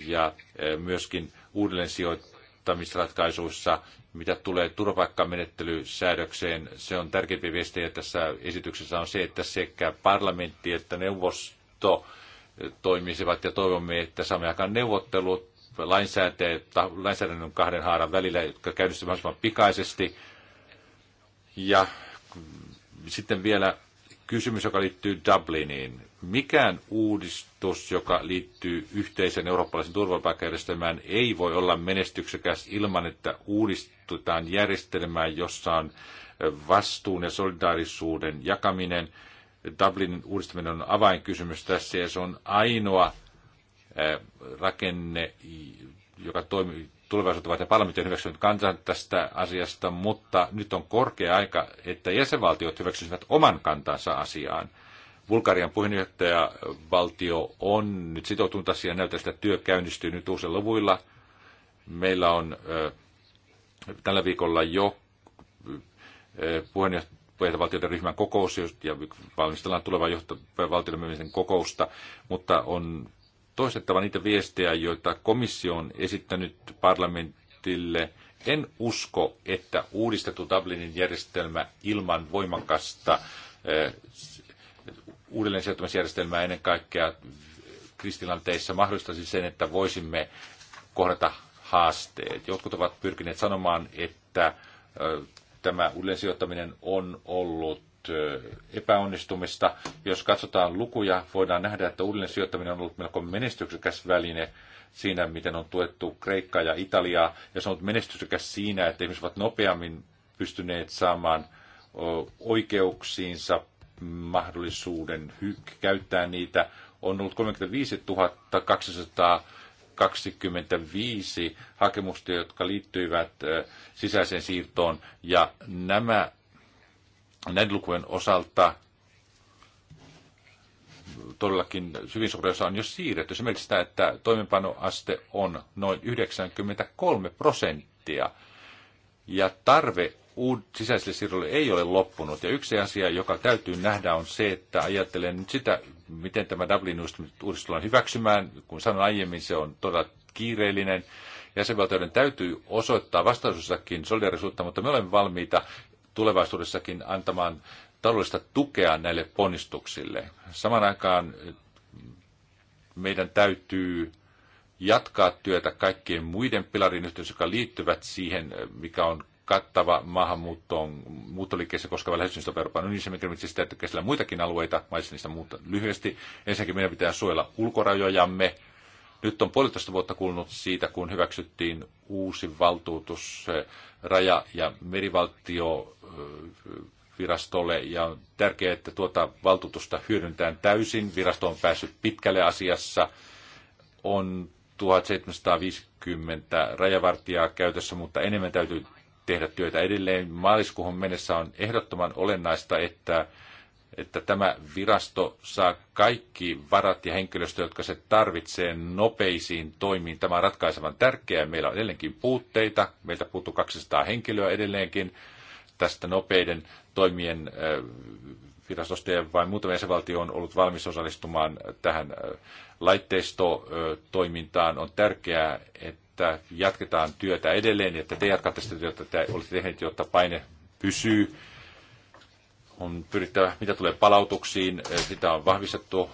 ja eh, myöskin uudelleensijoittamisratkaisuissa, mitä tulee turvapaikkamenettelysäädökseen. Se on tärkeimpiä viestejä tässä esityksessä on se, että sekä parlamentti että neuvosto eh, toimisivat ja toivomme, että saamme aikaan neuvottelut lainsäädännön kahden haaran välillä, jotka käynnistyvät mahdollisimman pikaisesti. Ja sitten vielä kysymys, joka liittyy Dubliniin. Mikään uudistus, joka liittyy yhteisen eurooppalaisen turvapaikkajärjestelmään, ei voi olla menestyksekäs ilman, että uudistutaan järjestelmää, jossa on vastuun ja solidaarisuuden jakaminen. Dublinin uudistaminen on avainkysymys tässä ja se on ainoa rakenne, joka toimii tulevaisuutta ja parlamentti on hyväksynyt kansan tästä asiasta, mutta nyt on korkea aika, että jäsenvaltiot hyväksyisivät oman kantansa asiaan. Bulgarian puheenjohtajavaltio on nyt sitoutunut asiaan, näyttää sitä työ käynnistyy nyt uusilla luvuilla. Meillä on tällä viikolla jo puheenjohtajavaltioiden ryhmän kokous, ja valmistellaan tulevaa johtovaltioiden kokousta, mutta on toistettava niitä viestejä, joita komissio on esittänyt parlamentille. En usko, että uudistettu Dublinin järjestelmä ilman voimakasta eh, uudelleen sijoittamisjärjestelmää ennen kaikkea kristilanteissa mahdollistaisi sen, että voisimme kohdata haasteet. Jotkut ovat pyrkineet sanomaan, että eh, tämä uudelleen sijoittaminen on ollut epäonnistumista. Jos katsotaan lukuja, voidaan nähdä, että uudelleen sijoittaminen on ollut melko menestyksekäs väline siinä, miten on tuettu Kreikkaa ja Italiaa. Ja se on ollut menestyksekäs siinä, että ihmiset ovat nopeammin pystyneet saamaan oikeuksiinsa mahdollisuuden käyttää niitä. On ollut 35 225 hakemusta, jotka liittyivät sisäiseen siirtoon, ja nämä näiden lukujen osalta todellakin hyvin suuri osa on jo siirretty. Esimerkiksi sitä, että toimenpanoaste on noin 93 prosenttia. Ja tarve sisäiselle siirrolle ei ole loppunut. Ja yksi asia, joka täytyy nähdä, on se, että ajattelen nyt sitä, miten tämä Dublin-uudistus tullaan hyväksymään. Kun sanoin aiemmin, se on todella kiireellinen. Jäsenvaltioiden täytyy osoittaa vastaisuussakin solidarisuutta, mutta me olemme valmiita tulevaisuudessakin antamaan taloudellista tukea näille ponnistuksille. Saman aikaan eh, meidän täytyy jatkaa työtä kaikkien muiden pilarin yhteydessä, jotka liittyvät siihen, eh, mikä on kattava maahanmuuttoon, muuttoliikkeessä koskeva lähestymistapa Euroopan unionissa, mikä merkitsee sitä, että muitakin alueita, mainitsen niistä muuta lyhyesti. Ensinnäkin meidän pitää suojella ulkorajojamme, nyt on puolitoista vuotta kulunut siitä, kun hyväksyttiin uusi valtuutus raja- ja merivaltiovirastolle, ja on tärkeää, että tuota valtuutusta hyödyntään täysin. Virasto on päässyt pitkälle asiassa. On 1750 rajavartijaa käytössä, mutta enemmän täytyy tehdä työtä edelleen. Maaliskuuhun mennessä on ehdottoman olennaista, että että tämä virasto saa kaikki varat ja henkilöstö, jotka se tarvitsee nopeisiin toimiin. Tämä on ratkaisevan tärkeää. Meillä on edelleenkin puutteita. Meiltä puuttuu 200 henkilöä edelleenkin tästä nopeiden toimien virastosta ja vain muutama jäsenvaltio on ollut valmis osallistumaan tähän laitteistotoimintaan. On tärkeää, että jatketaan työtä edelleen, että te jatkatte sitä työtä, että olette tehneet, jotta paine pysyy on pyrittävä, mitä tulee palautuksiin, eh, sitä on vahvistettu.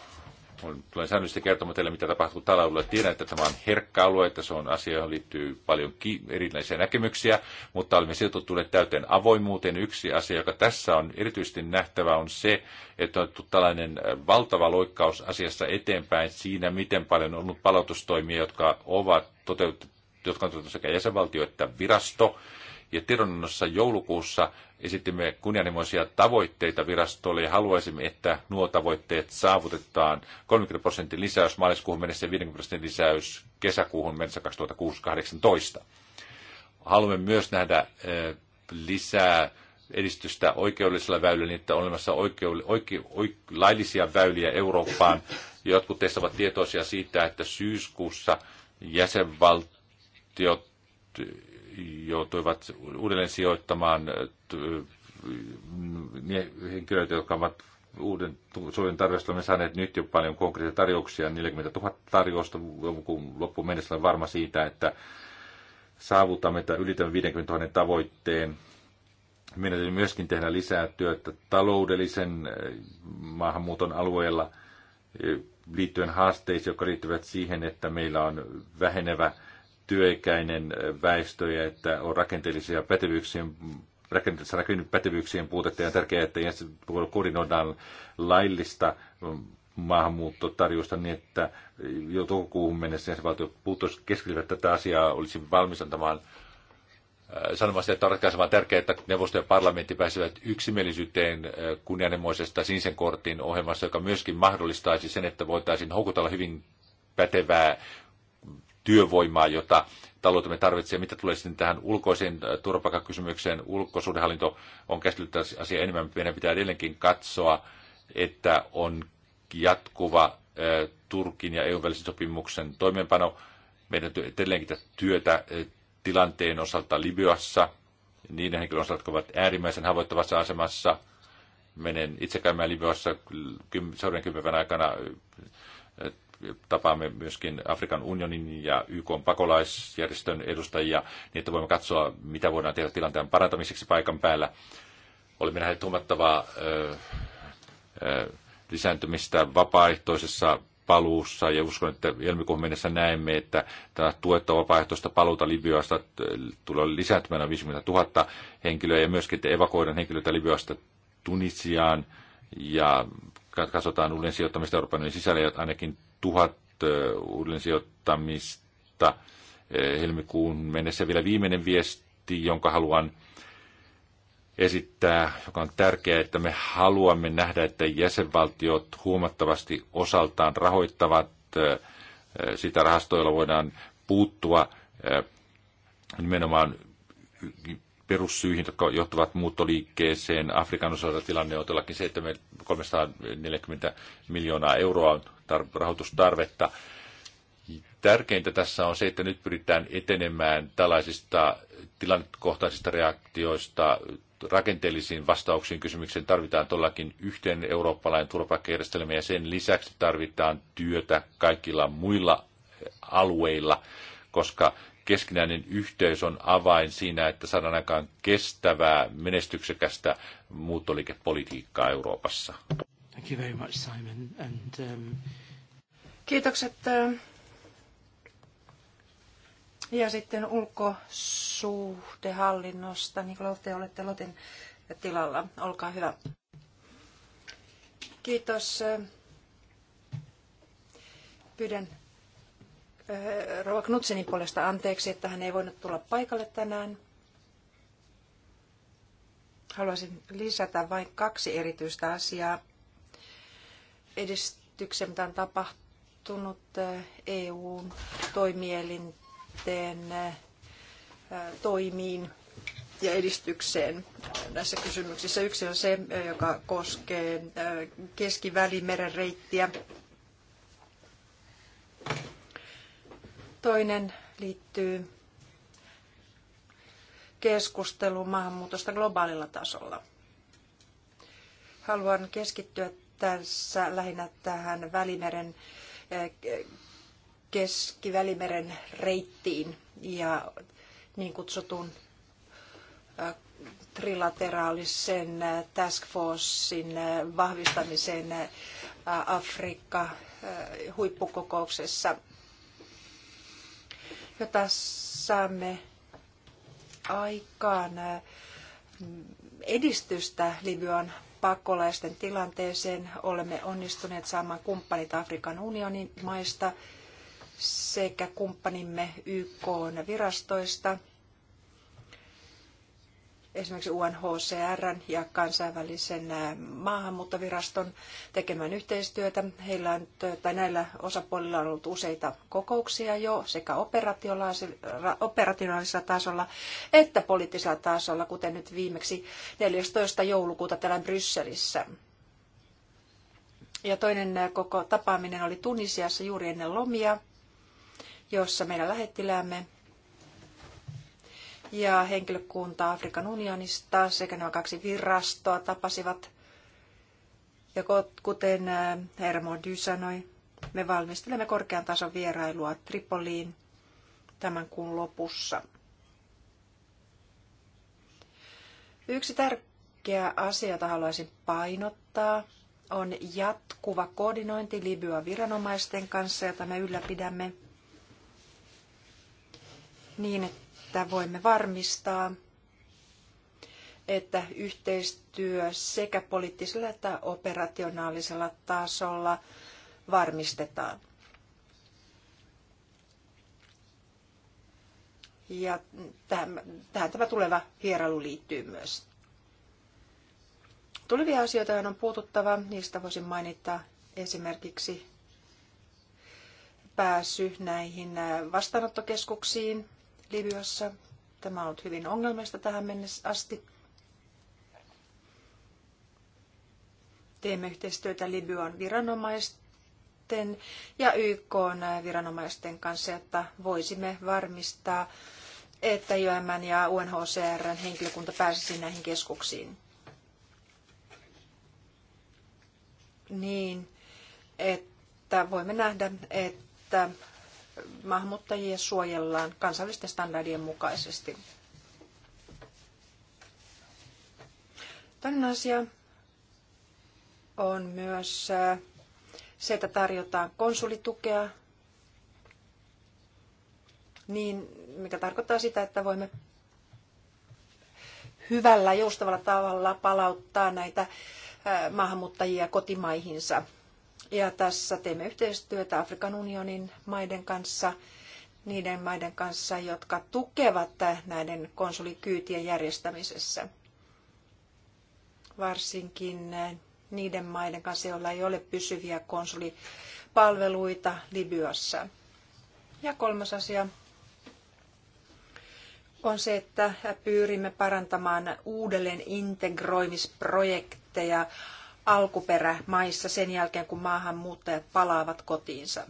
Tulen säännöllisesti kertomaan teille, mitä tapahtuu tällä alueella. Tiedän, että tämä on herkkä alue, että se on asia, johon liittyy paljon erilaisia näkemyksiä, mutta olemme sitoutuneet täyteen avoimuuteen. Yksi asia, joka tässä on erityisesti nähtävä, on se, että on otettu tällainen eh, valtava loikkaus asiassa eteenpäin siinä, miten paljon on ollut palautustoimia, jotka ovat toteutettu jotka on toteutettu sekä jäsenvaltio että virasto. Ja tiedonannossa joulukuussa esitimme kunnianhimoisia tavoitteita virastolle ja haluaisimme, että nuo tavoitteet saavutetaan 30 prosentin lisäys maaliskuuhun mennessä ja 50 prosentin lisäys kesäkuuhun mennessä 2018. Haluamme myös nähdä eh, lisää edistystä oikeudellisella väylällä, niin että on olemassa oikeu, oike, oike, laillisia väyliä Eurooppaan. Jotkut teistä ovat tietoisia siitä, että syyskuussa jäsenvaltiot joutuivat uudelleen sijoittamaan ne äh, äh, henkilöt, jotka ovat uuden suojelun tarjousta me saaneet nyt jo paljon konkreettisia tarjouksia, 40 000 tarjousta kun loppuun mennessä olen varma siitä, että saavutamme tai ylitämme 50 000 tavoitteen. Meidän täytyy myöskin tehdä lisää työtä taloudellisen äh, maahanmuuton alueella liittyen haasteisiin, jotka liittyvät siihen, että meillä on vähenevä työikäinen väestö ja että on rakenteellisia pätevyyksiä rakenteellisessa pätevyyksien puutetta ja on tärkeää, että koordinoidaan laillista mm, maahanmuuttotarjousta niin, että jo toukokuuhun mennessä jäsenvaltiot puuttuisi keskellä tätä asiaa, olisi valmis antamaan äh, sanomasta, että on ratkaisemaan tärkeää, että neuvosto ja parlamentti pääsevät yksimielisyyteen äh, kunnianhimoisesta sinisen kortin ohjelmassa, joka myöskin mahdollistaisi sen, että voitaisiin houkutella hyvin pätevää työvoimaa, jota taloutemme tarvitsee. Mitä tulee sitten tähän ulkoiseen äh, turvapaikkakysymykseen, ulkosuhdehallinto on käsitellyt tässä enemmän. Meidän pitää edelleenkin katsoa, että on jatkuva äh, Turkin ja EUn välisen sopimuksen toimeenpano. Meidän edelleenkin työtä äh, tilanteen osalta Libyassa, niiden henkilön osalta, jotka ovat äärimmäisen haavoittavassa asemassa. Menen itse käymään Libyassa seuraavan kymmenen aikana tapaamme myöskin Afrikan unionin ja YK pakolaisjärjestön edustajia, niin että voimme katsoa, mitä voidaan tehdä tilanteen parantamiseksi paikan päällä. Olemme nähneet huomattavaa lisääntymistä vapaaehtoisessa paluussa ja uskon, että helmikuun mennessä näemme, että tämä tuetta vapaaehtoista paluuta Libyasta tulee lisääntymään 50 000 henkilöä ja myöskin, että evakuoidaan henkilöitä Libyasta Tunisiaan ja katsotaan uuden sijoittamista Euroopan sisällä ja ainakin tuhat uudelleen sijoittamista helmikuun mennessä. Vielä viimeinen viesti, jonka haluan esittää, joka on tärkeää, että me haluamme nähdä, että jäsenvaltiot huomattavasti osaltaan rahoittavat sitä rahastoilla voidaan puuttua nimenomaan perussyihin, jotka johtuvat muuttoliikkeeseen. Afrikan osalta tilanne on todellakin se, että me 340 miljoonaa euroa on rahoitustarvetta. Tärkeintä tässä on se, että nyt pyritään etenemään tällaisista tilannekohtaisista reaktioista rakenteellisiin vastauksiin kysymykseen tarvitaan todellakin yhteen eurooppalainen turvapaikkajärjestelmä ja sen lisäksi tarvitaan työtä kaikilla muilla alueilla, koska keskinäinen yhteys on avain siinä, että saadaan aikaan kestävää, menestyksekästä muuttoliikepolitiikkaa Euroopassa. Thank you very much, Simon. And, um, Kiitokset. Ja sitten ulkosuhdehallinnosta. Nikola, te olette Lotin tilalla. Olkaa hyvä. Kiitos. Pyydän eh, Rova Knutsenin puolesta anteeksi, että hän ei voinut tulla paikalle tänään. Haluaisin lisätä vain kaksi erityistä asiaa edistyksen, mitä on tapahtunut eh, EUn toimielinten eh, toimiin ja edistykseen näissä kysymyksissä. Yksi on se, eh, joka koskee keskivälimeren reittiä. Toinen liittyy keskusteluun maahanmuutosta globaalilla tasolla. Haluan keskittyä tässä lähinnä tähän Välimeren, eh, keskivälimeren reittiin ja niin kutsutun eh, trilateraalisen eh, task forcein vahvistamiseen Afrikka huippukokouksessa, jota saamme aikaan edistystä Libyan pakolaisten tilanteeseen. Olemme onnistuneet saamaan kumppanit Afrikan unionin maista sekä kumppanimme YK virastoista – esimerkiksi UNHCRn ja kansainvälisen maahanmuuttoviraston tekemään yhteistyötä. Heillä on, tai näillä osapuolilla on ollut useita kokouksia jo sekä operationaalisella tasolla että poliittisella tasolla, kuten nyt viimeksi 14. joulukuuta täällä Brysselissä. Ja toinen koko tapaaminen oli Tunisiassa juuri ennen lomia, jossa meidän lähettiläämme ja henkilökunta Afrikan unionista sekä nämä kaksi virastoa tapasivat. Ja kuten äh, Hermo Dy sanoi, me valmistelemme korkean tason vierailua Tripoliin tämän kuun lopussa. Yksi tärkeä asia, jota haluaisin painottaa, on jatkuva koordinointi Libyan viranomaisten kanssa, jota me ylläpidämme niin, että että voimme varmistaa, että yhteistyö sekä poliittisella että operationaalisella tasolla varmistetaan. Ja tähän, tähän tämä tuleva vierailu liittyy myös. Tulevia asioita, joihin on puututtava, niistä voisin mainita esimerkiksi pääsy näihin vastaanottokeskuksiin, Libyassa. Tämä on ollut hyvin ongelmallista tähän mennessä asti. Teemme yhteistyötä Libyan viranomaisten ja YK äh, viranomaisten kanssa, jotta voisimme varmistaa, että YMN ja UNHCRn henkilökunta pääsisi näihin keskuksiin. Niin, että voimme nähdä, että maahanmuuttajia suojellaan kansallisten standardien mukaisesti. Toinen asia on myös äh, se, että tarjotaan konsulitukea, niin, mikä tarkoittaa sitä, että voimme hyvällä, joustavalla tavalla palauttaa näitä äh, maahanmuuttajia kotimaihinsa ja tässä teemme yhteistyötä Afrikan unionin maiden kanssa, niiden maiden kanssa, jotka tukevat näiden konsulikyytien järjestämisessä. Varsinkin niiden maiden kanssa, joilla ei ole pysyviä konsulipalveluita Libyassa. Ja kolmas asia on se, että pyrimme parantamaan uudelleen integroimisprojekteja alkuperämaissa sen jälkeen, kun maahanmuuttajat palaavat kotiinsa.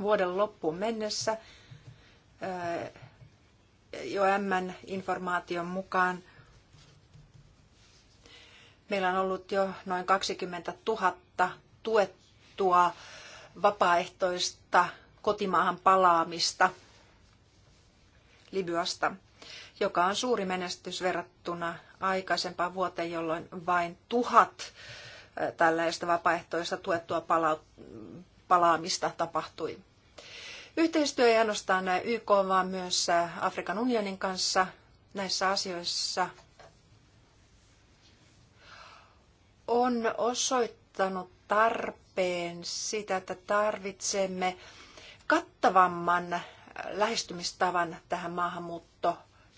Vuoden loppuun mennessä IOMn informaation mukaan meillä on ollut jo noin 20 000 tuettua vapaaehtoista kotimaahan palaamista Libyasta joka on suuri menestys verrattuna aikaisempaan vuoteen, jolloin vain tuhat tällaista vapaaehtoista tuettua pala- palaamista tapahtui. Yhteistyö ei ainoastaan YK, vaan myös Afrikan unionin kanssa näissä asioissa on osoittanut tarpeen sitä, että tarvitsemme kattavamman lähestymistavan tähän maahanmuuttoon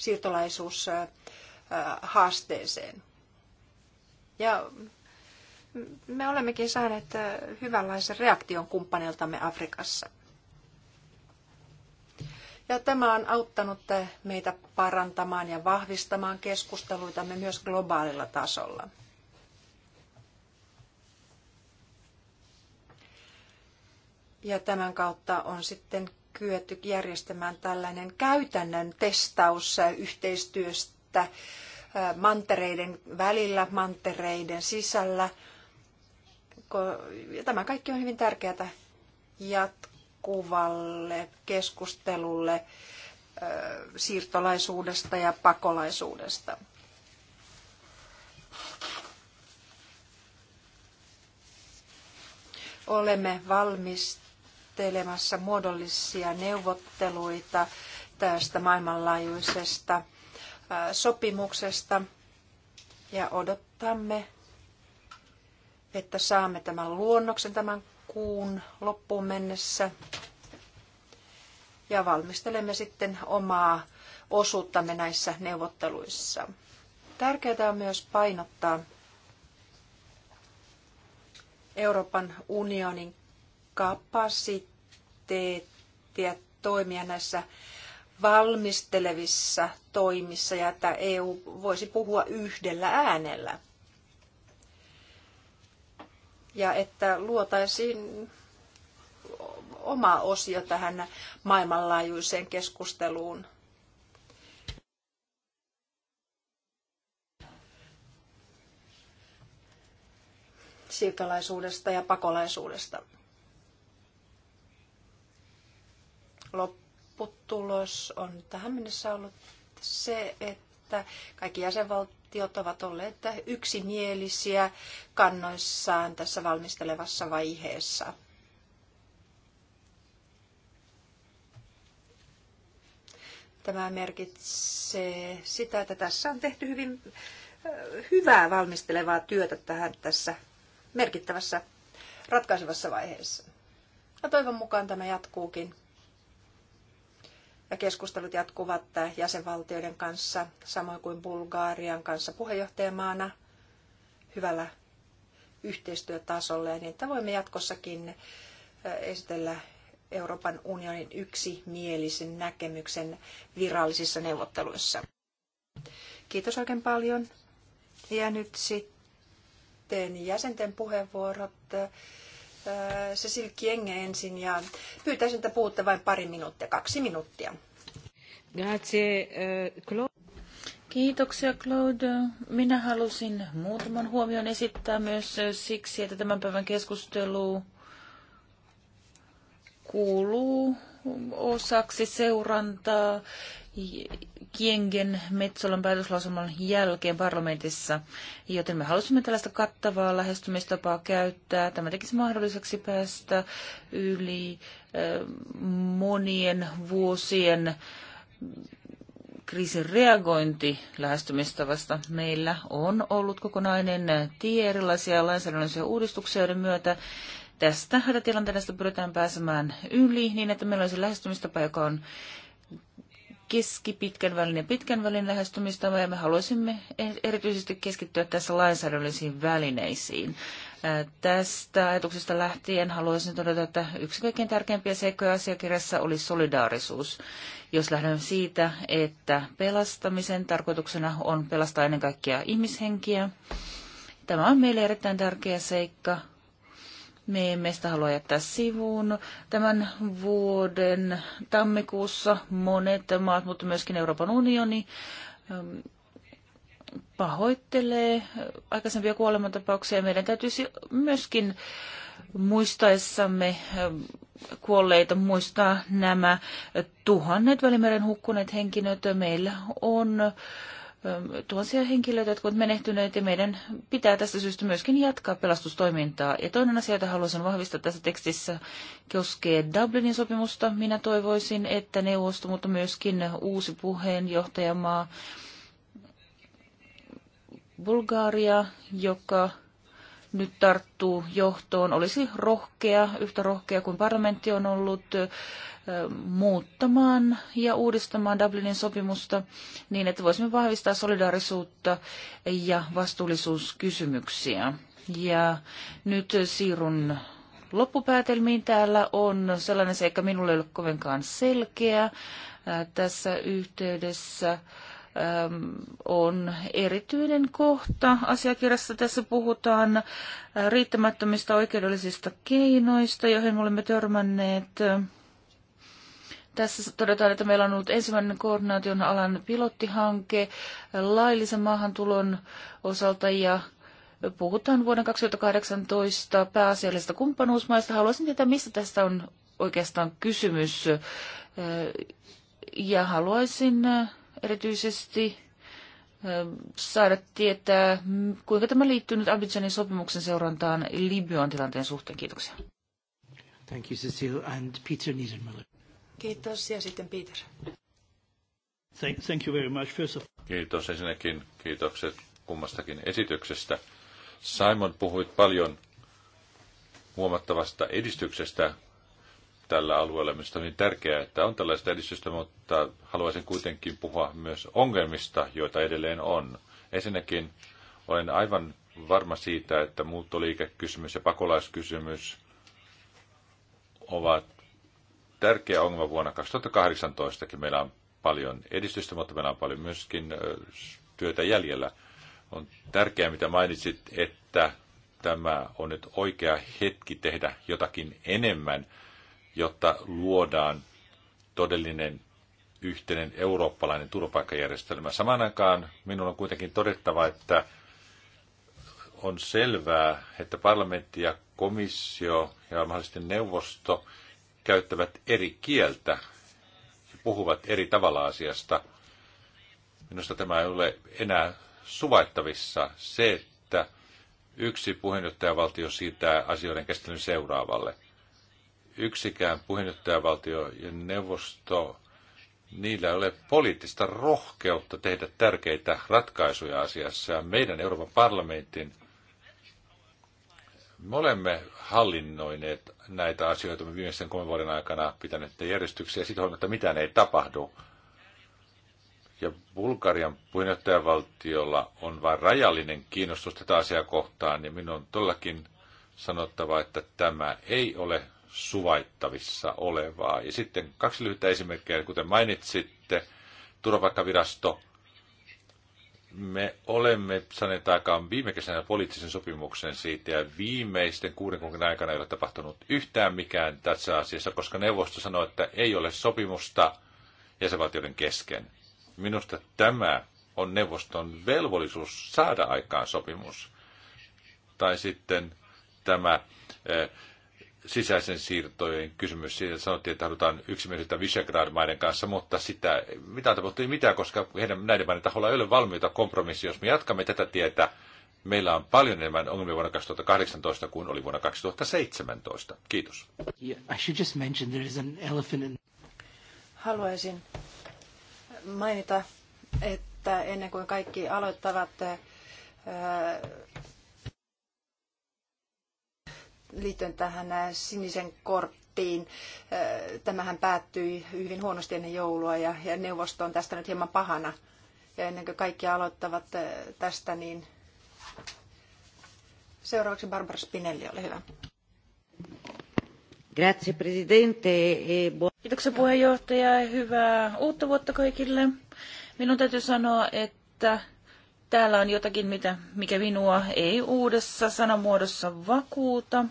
siirtolaisuushaasteeseen. Ja me olemmekin saaneet äh, hyvänlaisen reaktion kumppaniltamme Afrikassa. Ja tämä on auttanut äh, meitä parantamaan ja vahvistamaan keskusteluitamme myös globaalilla tasolla. Ja tämän kautta on sitten kyetty järjestämään tällainen käytännön testaus yhteistyöstä mantereiden välillä, mantereiden sisällä. Ja tämä kaikki on hyvin tärkeää jatkuvalle keskustelulle siirtolaisuudesta ja pakolaisuudesta. Olemme valmistuneet aloittelemassa muodollisia neuvotteluita tästä maailmanlaajuisesta sopimuksesta ja odottamme, että saamme tämän luonnoksen tämän kuun loppuun mennessä ja valmistelemme sitten omaa osuuttamme näissä neuvotteluissa. Tärkeää on myös painottaa Euroopan unionin kapasiteettia toimia näissä valmistelevissa toimissa ja että EU voisi puhua yhdellä äänellä. Ja että luotaisiin oma osio tähän maailmanlaajuiseen keskusteluun. siirtolaisuudesta ja pakolaisuudesta. lopputulos on tähän mennessä ollut se, että kaikki jäsenvaltiot ovat olleet yksimielisiä kannoissaan tässä valmistelevassa vaiheessa. Tämä merkitsee sitä, että tässä on tehty hyvin äh, hyvää valmistelevaa työtä tähän tässä merkittävässä ratkaisevassa vaiheessa. Ja toivon mukaan tämä jatkuukin ja keskustelut jatkuvat jäsenvaltioiden kanssa, samoin kuin Bulgarian kanssa puheenjohtajamaana hyvällä yhteistyötasolla, ja niin että voimme jatkossakin esitellä Euroopan unionin yksimielisen näkemyksen virallisissa neuvotteluissa. Kiitos oikein paljon. Ja nyt sitten jäsenten puheenvuorot. Cecil Kienge ensin ja pyytäisin, että puhutte vain pari minuuttia, kaksi minuuttia. Grazie, Claude. Kiitoksia Claude. Minä halusin muutaman huomion esittää myös siksi, että tämän päivän keskustelu kuuluu osaksi seurantaa, Kiengen Metsolan päätöslauselman jälkeen parlamentissa, joten me halusimme tällaista kattavaa lähestymistapaa käyttää. Tämä tekisi mahdolliseksi päästä yli eh, monien vuosien kriisin reagointi lähestymistavasta. Meillä on ollut kokonainen tie erilaisia lainsäädännöllisiä uudistuksia, joiden myötä tästä hätätilanteesta pyritään pääsemään yli niin, että meillä olisi lähestymistapa, joka on keskipitkän välin ja pitkän välin lähestymistapa ja me haluaisimme e- erityisesti keskittyä tässä lainsäädännöllisiin välineisiin. Tästä ajatuksesta lähtien haluaisin todeta, että yksi kaikkein tärkeimpiä seikkoja asiakirjassa oli solidaarisuus. Jos lähdemme siitä, että pelastamisen tarkoituksena on pelastaa ennen kaikkea ihmishenkiä, tämä on meille erittäin tärkeä seikka, me emme sitä halua jättää sivuun. Tämän vuoden tammikuussa monet maat, mutta myöskin Euroopan unioni, ähm, pahoittelee aikaisempia kuolemantapauksia. Meidän täytyisi myöskin muistaessamme ähm, kuolleita muistaa nämä tuhannet välimeren hukkuneet henkilöt. Meillä on tuhansia henkilöitä, jotka ovat menehtyneet ja meidän pitää tästä syystä myöskin jatkaa pelastustoimintaa. Ja toinen asia, jota haluaisin vahvistaa tässä tekstissä, koskee Dublinin sopimusta. Minä toivoisin, että neuvosto, mutta myöskin uusi puheenjohtajamaa Bulgaria, joka nyt tarttuu johtoon, olisi rohkea, yhtä rohkea kuin parlamentti on ollut, muuttamaan ja uudistamaan Dublinin sopimusta niin, että voisimme vahvistaa solidaarisuutta ja vastuullisuuskysymyksiä. Ja nyt siirun loppupäätelmiin. Täällä on sellainen seikka, minulle ei ole kovinkaan selkeä tässä yhteydessä on erityinen kohta. Asiakirjassa tässä puhutaan äh, riittämättömistä oikeudellisista keinoista, joihin me olemme törmänneet. Tässä todetaan, että meillä on ollut ensimmäinen koordinaation alan pilottihanke laillisen maahantulon osalta ja puhutaan vuoden 2018 pääasiallisesta kumppanuusmaista. Haluaisin tietää, mistä tästä on oikeastaan kysymys. Ja haluaisin erityisesti saada tietää, kuinka tämä liittyy nyt Abidjanin sopimuksen seurantaan Libyan tilanteen suhteen. Kiitoksia. Thank you, Cecile. And Peter Kiitos. Ja sitten Peter. Thank, thank you very much. First of... Kiitos ensinnäkin. Kiitokset kummastakin esityksestä. Simon, puhuit paljon huomattavasta edistyksestä, tällä alueella. Minusta on niin tärkeää, että on tällaista edistystä, mutta haluaisin kuitenkin puhua myös ongelmista, joita edelleen on. Ensinnäkin olen aivan varma siitä, että muuttoliikekysymys ja pakolaiskysymys ovat tärkeä ongelma vuonna 2018 Meillä on paljon edistystä, mutta meillä on paljon myöskin työtä jäljellä. On tärkeää, mitä mainitsit, että tämä on nyt oikea hetki tehdä jotakin enemmän jotta luodaan todellinen yhteinen eurooppalainen turvapaikkajärjestelmä. Samaan aikaan minun on kuitenkin todettava, että on selvää, että parlamentti ja komissio ja mahdollisesti neuvosto käyttävät eri kieltä ja puhuvat eri tavalla asiasta. Minusta tämä ei ole enää suvaittavissa. Se, että yksi puheenjohtajavaltio siirtää asioiden käsittelyn seuraavalle – yksikään puheenjohtajavaltio ja neuvosto, niillä ei ole poliittista rohkeutta tehdä tärkeitä ratkaisuja asiassa. Ja meidän Euroopan parlamentin, me olemme hallinnoineet näitä asioita me viimeisen kolmen vuoden aikana pitäneet järjestyksiä. huomioon, että mitään ei tapahdu. Ja Bulgarian puheenjohtajavaltiolla on vain rajallinen kiinnostus tätä asiaa kohtaan, ja niin minun on todellakin sanottava, että tämä ei ole suvaittavissa olevaa. Ja sitten kaksi lyhyttä esimerkkiä, kuten mainitsitte, turvapaikkavirasto. Me olemme saaneet aikaan viime kesänä poliittisen sopimuksen siitä ja viimeisten kuuden kuukauden aikana ei ole tapahtunut yhtään mikään tässä asiassa, koska neuvosto sanoi, että ei ole sopimusta jäsenvaltioiden kesken. Minusta tämä on neuvoston velvollisuus saada aikaan sopimus. Tai sitten tämä eh, sisäisen siirtojen kysymys. Siitä sanottiin, että halutaan yksimielisyyttä Visegrad-maiden kanssa, mutta sitä, mitä tapahtui mitään, koska heidän, näiden maiden taholla ei ole valmiita kompromissi. Jos me jatkamme tätä tietä, meillä on paljon enemmän ongelmia vuonna 2018 kuin oli vuonna 2017. Kiitos. Yeah, in... Haluaisin mainita, että ennen kuin kaikki aloittavat äh, liittyen tähän äh, sinisen korttiin. Äh, tämähän päättyi hyvin huonosti ennen joulua ja, ja neuvosto on tästä nyt hieman pahana. Ja ennen kuin kaikki aloittavat äh, tästä, niin seuraavaksi Barbara Spinelli, ole hyvä. Grazie presidente. E Kiitoksia puheenjohtaja ja hyvää uutta vuotta kaikille. Minun täytyy sanoa, että täällä on jotakin, mitä, mikä minua ei uudessa sanamuodossa vakuuta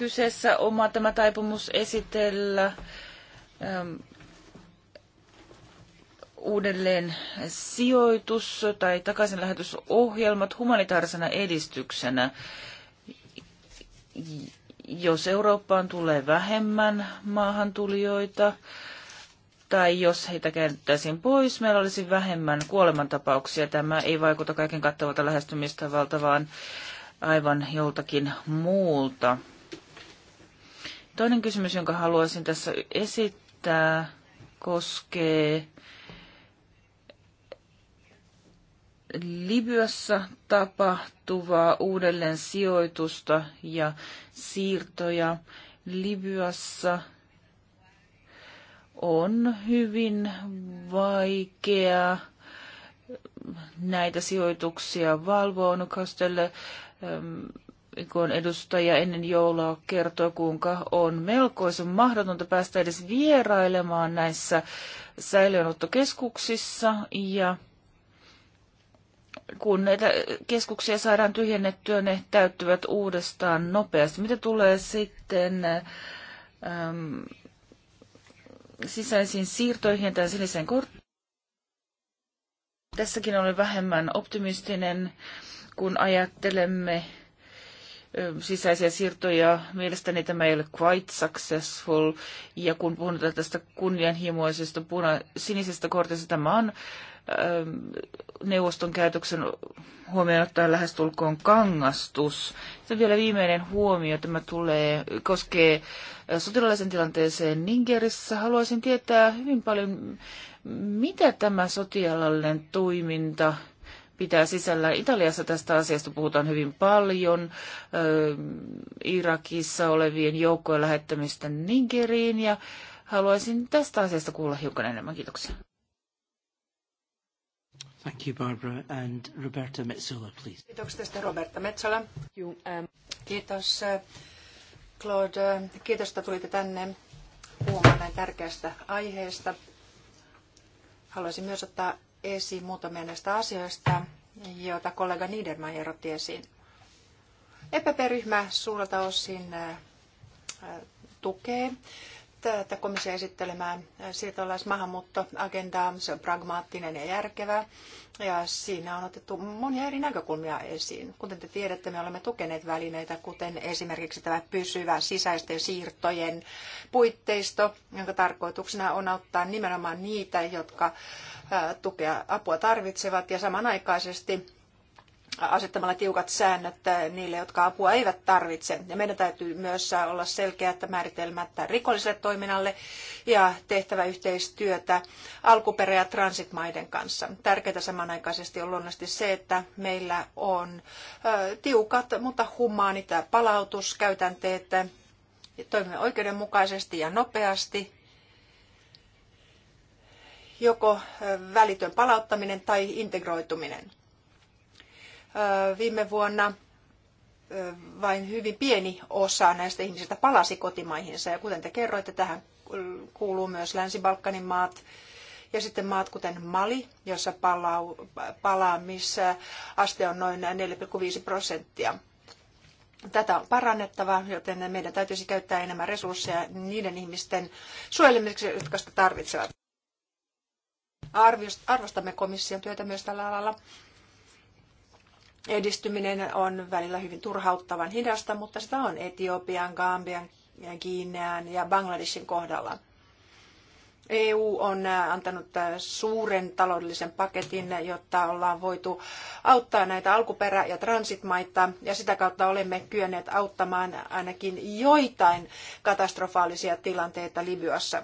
kyseessä oma tämä taipumus esitellä äm, uudelleen sijoitus tai takaisinlähetysohjelmat humanitaarisena edistyksenä. Jos Eurooppaan tulee vähemmän maahantulijoita, tai jos heitä käännettäisiin pois, meillä olisi vähemmän kuolemantapauksia. Tämä ei vaikuta kaiken kattavalta lähestymistavalta, vaan aivan joltakin muulta. Toinen kysymys, jonka haluaisin tässä esittää, koskee Libyassa tapahtuvaa uudelleen sijoitusta ja siirtoja. Libyassa on hyvin vaikea näitä sijoituksia valvoa. Nukastelle kun edustaja ennen joulua kertoi, kuinka on melkoisen mahdotonta päästä edes vierailemaan näissä säilöönottokeskuksissa ja kun näitä keskuksia saadaan tyhjennettyä, ne täyttyvät uudestaan nopeasti. Mitä tulee sitten äm, sisäisiin siirtoihin tai siniseen korttiin? Tässäkin olen vähemmän optimistinen, kun ajattelemme sisäisiä siirtoja. Mielestäni tämä ei ole quite successful. Ja kun puhutaan tästä kunnianhimoisesta puna- sinisestä kortista, tämä on neuvoston käytöksen huomioon ottaen lähestulkoon kangastus. Sitten vielä viimeinen huomio, tämä tulee, koskee sotilaallisen tilanteeseen Nigerissä. Haluaisin tietää hyvin paljon, mitä tämä sotilaallinen toiminta pitää sisällään. Italiassa tästä asiasta puhutaan hyvin paljon. Irakissa olevien joukkojen lähettämistä Nigeriin ja haluaisin tästä asiasta kuulla hiukan enemmän. Kiitoksia. Thank you, Barbara. And Roberta Metsola, please. Kiitos tästä Roberta Metsola. Um, Kiitos uh, Claude. Kiitos, että tulitte tänne puhumaan näin tärkeästä aiheesta. Haluaisin myös ottaa esiin muutamia näistä asioista, joita kollega Niederman erotti esiin. EPP-ryhmä suurelta osin tukee tätä komission esittelemään siirtolaismaahanmuuttoagendaa. Se on pragmaattinen ja järkevä ja siinä on otettu monia eri näkökulmia esiin. Kuten te tiedätte, me olemme tukeneet välineitä, kuten esimerkiksi tämä pysyvä sisäisten siirtojen puitteisto, jonka tarkoituksena on auttaa nimenomaan niitä, jotka tukea apua tarvitsevat ja samanaikaisesti asettamalla tiukat säännöt niille, jotka apua eivät tarvitse. Ja meidän täytyy myös olla selkeät määritelmät rikolliselle toiminnalle ja tehtävä yhteistyötä alkuperä- ja transitmaiden kanssa. Tärkeää samanaikaisesti on luonnollisesti se, että meillä on tiukat, mutta humaanit palautuskäytänteet. Toimimme oikeudenmukaisesti ja nopeasti joko välitön palauttaminen tai integroituminen. Viime vuonna vain hyvin pieni osa näistä ihmisistä palasi kotimaihinsa. Ja kuten te kerroitte, tähän kuuluu myös Länsi-Balkanin maat ja sitten maat kuten Mali, jossa palau, aste on noin 4,5 prosenttia. Tätä on parannettava, joten meidän täytyisi käyttää enemmän resursseja niiden ihmisten suojelemiseksi, jotka sitä tarvitsevat arvostamme komission työtä myös tällä alalla. Edistyminen on välillä hyvin turhauttavan hidasta, mutta sitä on Etiopian, Gambian, Kiinean ja Bangladeshin kohdalla. EU on äh, antanut äh, suuren taloudellisen paketin, jotta ollaan voitu auttaa näitä alkuperä- ja transitmaita ja sitä kautta olemme kyenneet auttamaan ainakin joitain katastrofaalisia tilanteita Libyassa.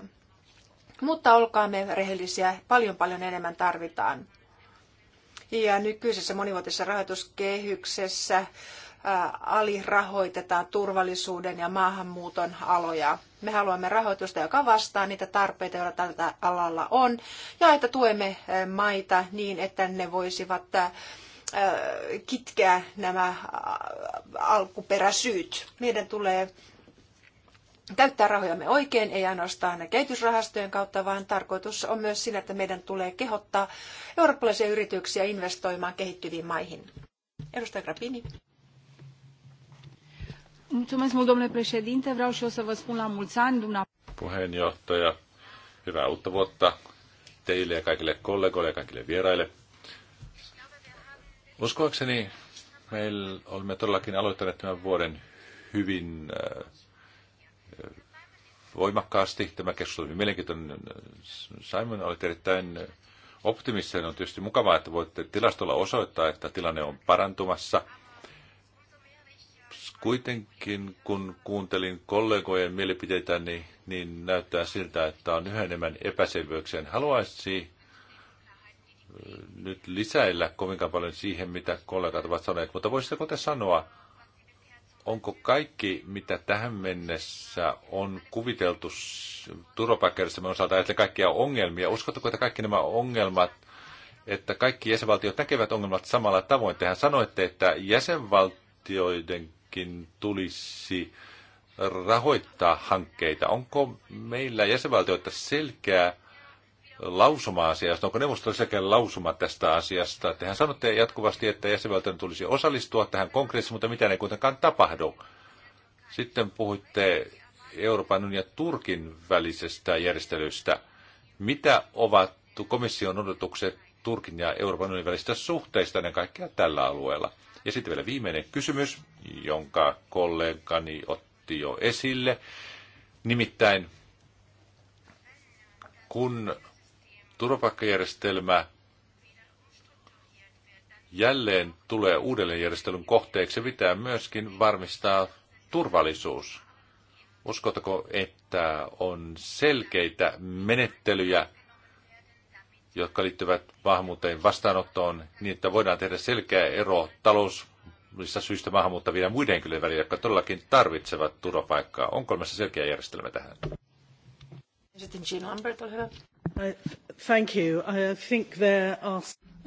Mutta olkaamme rehellisiä, paljon paljon enemmän tarvitaan. Ja nykyisessä monivuotisessa rahoituskehyksessä alirahoitetaan turvallisuuden ja maahanmuuton aloja. Me haluamme rahoitusta, joka vastaa niitä tarpeita, joita tällä alalla on, ja että tuemme maita niin, että ne voisivat kitkeä nämä alkuperäsyyt. Meidän tulee käyttää rahojamme oikein, ei ainoastaan kehitysrahastojen kautta, vaan tarkoitus on myös siinä, että meidän tulee kehottaa eurooppalaisia yrityksiä investoimaan kehittyviin maihin. Edustaja Grappini. Mulțumesc mult, domnule președinte. Vreau și eu să vă spun la mulți ani, Puheenjohtaja, hyvää uutta vuotta teille ja kaikille kollegoille ja kaikille vieraille. Uskoakseni meillä olemme todellakin aloittaneet tämän vuoden hyvin äh, voimakkaasti. Tämä keskustelu oli mielenkiintoinen. Simon oli erittäin optimistinen. On tietysti mukavaa, että voitte tilastolla osoittaa, että tilanne on parantumassa. Kuitenkin, kun kuuntelin kollegojen mielipiteitä, niin, niin näyttää siltä, että on yhä enemmän epäselvyyksiä. haluaisi äh, nyt lisäillä kovinkaan paljon siihen, mitä kollegat ovat sanoneet, mutta voisitteko te sanoa, onko kaikki, mitä tähän mennessä on kuviteltu turvapaikkajärjestelmän osalta, ajatellen kaikkia ongelmia, uskotteko, että kaikki nämä ongelmat, että kaikki jäsenvaltiot näkevät ongelmat samalla tavoin? Tehän sanoitte, että jäsenvaltioidenkin tulisi rahoittaa hankkeita. Onko meillä jäsenvaltioita selkeä? lausuma-asiasta. Onko neuvostolle sekä lausuma tästä asiasta? Tehän sanotte jatkuvasti, että jäsenvaltion tulisi osallistua tähän konkreettisesti, mutta mitä ei kuitenkaan tapahdu. Sitten puhuitte Euroopan ja Turkin välisestä järjestelystä. Mitä ovat komission odotukset Turkin ja Euroopan unionin välisistä suhteista ennen kaikkea tällä alueella? Ja sitten vielä viimeinen kysymys, jonka kollegani otti jo esille. Nimittäin kun turvapaikkajärjestelmä jälleen tulee uudelleenjärjestelyn kohteeksi, pitää myöskin varmistaa turvallisuus. Uskotako, että on selkeitä menettelyjä, jotka liittyvät maahanmuuttajien vastaanottoon, niin että voidaan tehdä selkeä ero talous syistä maahanmuuttavien ja muiden henkilöiden välillä, jotka todellakin tarvitsevat turvapaikkaa. Onko olemassa selkeä järjestelmä tähän?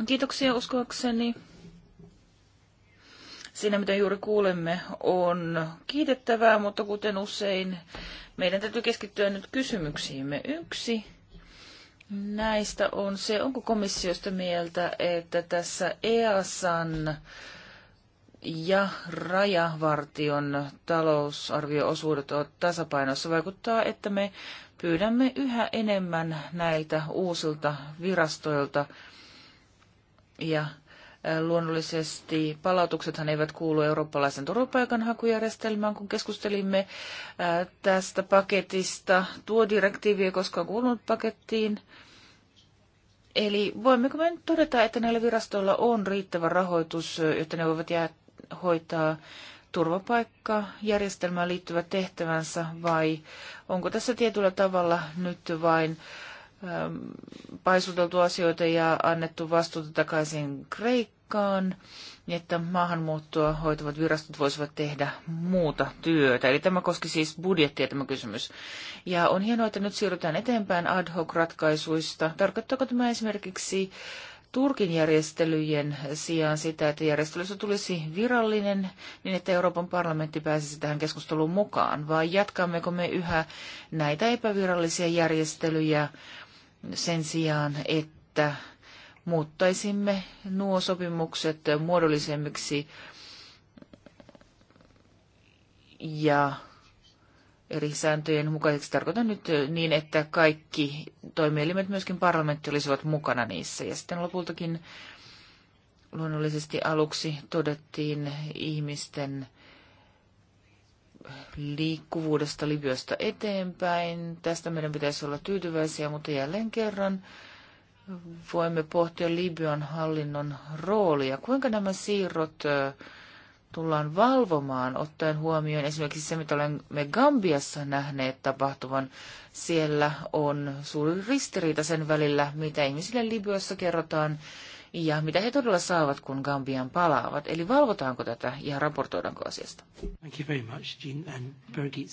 Kiitoksia uskoakseni. Siinä, mitä juuri kuulemme, on kiitettävää, mutta kuten usein, meidän täytyy keskittyä nyt kysymyksiimme. Yksi näistä on se, onko komissiosta mieltä, että tässä EASan ja rajavartion talousarvioosuudet ovat tasapainossa. Vaikuttaa, että me pyydämme yhä enemmän näiltä uusilta virastoilta ja Luonnollisesti palautuksethan eivät kuulu eurooppalaisen turvapaikanhakujärjestelmään, kun keskustelimme tästä paketista. Tuo direktiivi ei koskaan kuulunut pakettiin. Eli voimmeko me nyt todeta, että näillä virastoilla on riittävä rahoitus, jotta ne voivat jää, hoitaa turvapaikkajärjestelmään liittyvät tehtävänsä vai onko tässä tietyllä tavalla nyt vain ähm, paisuteltu asioita ja annettu vastuuta takaisin Kreikkaan, että maahanmuuttoa hoitavat virastot voisivat tehdä muuta työtä. Eli tämä koski siis budjettia tämä kysymys. Ja on hienoa, että nyt siirrytään eteenpäin ad hoc ratkaisuista. Tarkoittaako tämä esimerkiksi äh, Turkin järjestelyjen sijaan sitä, että järjestelystä tulisi virallinen, niin että Euroopan parlamentti pääsisi tähän keskusteluun mukaan, vai jatkammeko me yhä näitä epävirallisia järjestelyjä sen sijaan, että muuttaisimme nuo sopimukset muodollisemmiksi ja eri sääntöjen mukaiseksi. Tarkoitan nyt niin, että kaikki toimielimet, myöskin parlamentti, olisivat mukana niissä. Ja sitten lopultakin luonnollisesti aluksi todettiin ihmisten liikkuvuudesta Libyasta eteenpäin. Tästä meidän pitäisi olla tyytyväisiä, mutta jälleen kerran voimme pohtia Libyan hallinnon roolia. Kuinka nämä siirrot äh, tullaan valvomaan, ottaen huomioon esimerkiksi se, mitä olemme Gambiassa nähneet tapahtuvan. Siellä on suuri ristiriita sen välillä, mitä ihmisille Libyassa kerrotaan ja mitä he todella saavat, kun Gambian palaavat. Eli valvotaanko tätä ja raportoidaanko asiasta? Thank you very much, Jean and Birgit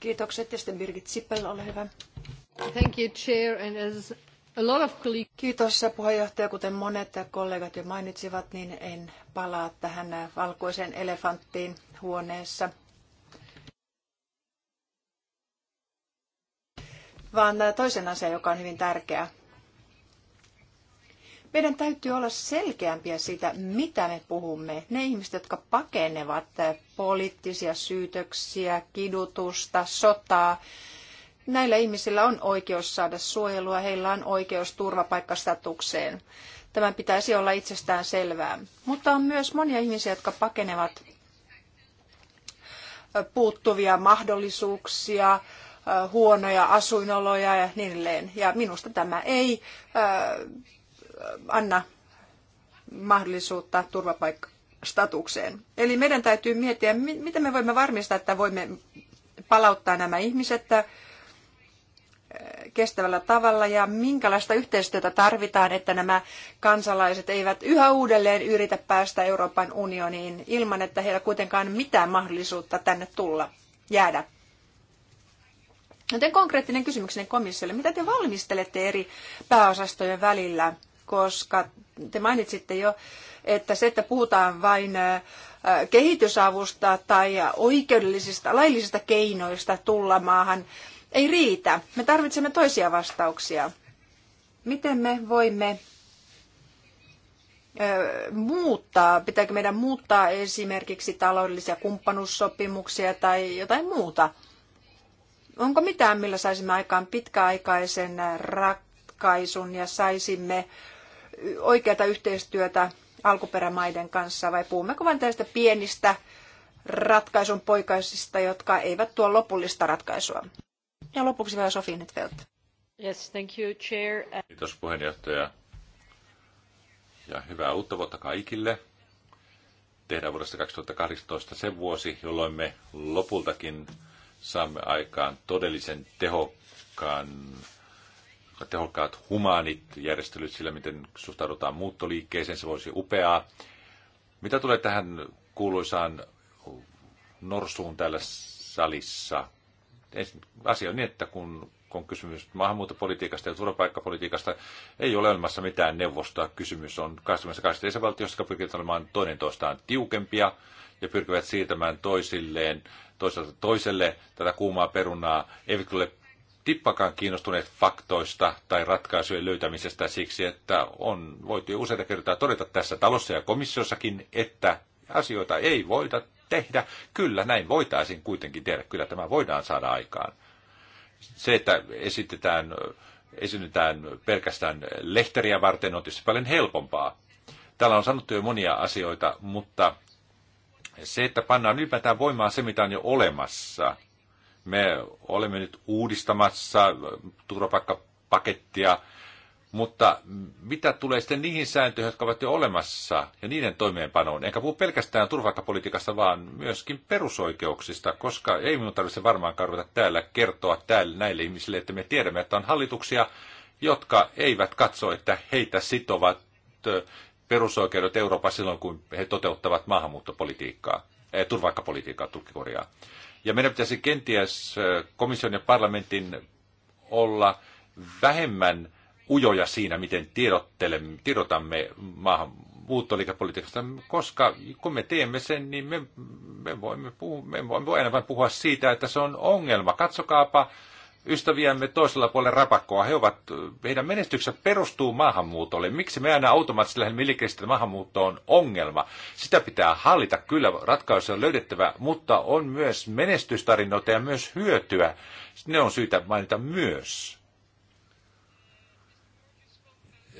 Kiitokset ja sitten Birgit Sippel, ole hyvä. Thank you, Chair, and as Kiitos puheenjohtaja. Kuten monet kollegat jo mainitsivat, niin en palaa tähän valkoiseen elefanttiin huoneessa. Vaan toisen asian, joka on hyvin tärkeä. Meidän täytyy olla selkeämpiä siitä, mitä me puhumme. Ne ihmiset, jotka pakenevat poliittisia syytöksiä, kidutusta, sotaa, Näillä ihmisillä on oikeus saada suojelua, heillä on oikeus turvapaikkastatukseen. Tämän pitäisi olla itsestään selvää. Mutta on myös monia ihmisiä, jotka pakenevat puuttuvia mahdollisuuksia, huonoja asuinoloja ja niin edelleen. Ja minusta tämä ei anna mahdollisuutta turvapaikkastatukseen. Eli meidän täytyy miettiä, miten me voimme varmistaa, että voimme palauttaa nämä ihmiset kestävällä tavalla ja minkälaista yhteistyötä tarvitaan, että nämä kansalaiset eivät yhä uudelleen yritä päästä Euroopan unioniin ilman, että heillä kuitenkaan mitään mahdollisuutta tänne tulla, jäädä. Joten konkreettinen kysymykseni komissiolle, mitä te valmistelette eri pääosastojen välillä, koska te mainitsitte jo, että se, että puhutaan vain kehitysavusta tai oikeudellisista, laillisista keinoista tulla maahan, ei riitä. Me tarvitsemme toisia vastauksia. Miten me voimme muuttaa, pitääkö meidän muuttaa esimerkiksi taloudellisia kumppanuussopimuksia tai jotain muuta? Onko mitään, millä saisimme aikaan pitkäaikaisen ratkaisun ja saisimme oikeata yhteistyötä alkuperämaiden kanssa vai puhummeko vain tästä pienistä ratkaisun poikaisista, jotka eivät tuo lopullista ratkaisua? Ja lopuksi vielä Sofi Netfeld. Yes, thank you, chair. Kiitos puheenjohtaja. Ja hyvää uutta vuotta kaikille. Tehdään vuodesta 2018 se vuosi, jolloin me lopultakin saamme aikaan todellisen tehokkaan tehokkaat humaanit järjestelyt sillä, miten suhtaudutaan muuttoliikkeeseen. Se voisi upeaa. Mitä tulee tähän kuuluisaan norsuun täällä salissa? asia on niin, että kun kun on kysymys maahanmuuttopolitiikasta ja turvapaikkapolitiikasta, ei ole olemassa mitään neuvostoa. Kysymys on 28 jäsenvaltiosta, jotka pyrkivät olemaan toinen toistaan tiukempia ja pyrkivät siirtämään toisilleen, toisaalta toiselle tätä kuumaa perunaa, eivät ole tippakaan kiinnostuneet faktoista tai ratkaisujen löytämisestä siksi, että on voitu jo useita kertaa todeta tässä talossa ja komissiossakin, että asioita ei voida tehdä. Kyllä, näin voitaisiin kuitenkin tehdä. Kyllä tämä voidaan saada aikaan. Se, että esitetään, esitetään pelkästään lehteriä varten, on tietysti paljon helpompaa. Täällä on sanottu jo monia asioita, mutta se, että pannaan ylipäätään voimaan se, mitä on jo olemassa. Me olemme nyt uudistamassa turvapaikkapakettia, mutta mitä tulee sitten niihin sääntöihin, jotka ovat jo olemassa ja niiden toimeenpanoon? Enkä puhu pelkästään turvapaikkapolitiikasta, vaan myöskin perusoikeuksista, koska ei minun tarvitse varmaan ruveta täällä kertoa täällä näille ihmisille, että me tiedämme, että on hallituksia, jotka eivät katso, että heitä sitovat perusoikeudet Euroopassa silloin, kun he toteuttavat maahanmuuttopolitiikkaa, eh, turvapaikkapolitiikkaa tukikorjaa. Ja meidän pitäisi kenties komission ja parlamentin olla vähemmän ujoja siinä, miten tiedotamme maahan muuttoliikepolitiikasta, koska kun me teemme sen, niin me, me, voimme, puhua, me voimme aina vain puhua siitä, että se on ongelma. Katsokaapa ystäviämme toisella puolella rapakkoa. He ovat, heidän menestyksensä perustuu maahanmuutolle. Miksi me aina automaattisesti lähden liikkeelle, että maahanmuutto on ongelma? Sitä pitää hallita, kyllä ratkaisu on löydettävä, mutta on myös menestystarinoita ja myös hyötyä. Ne on syytä mainita myös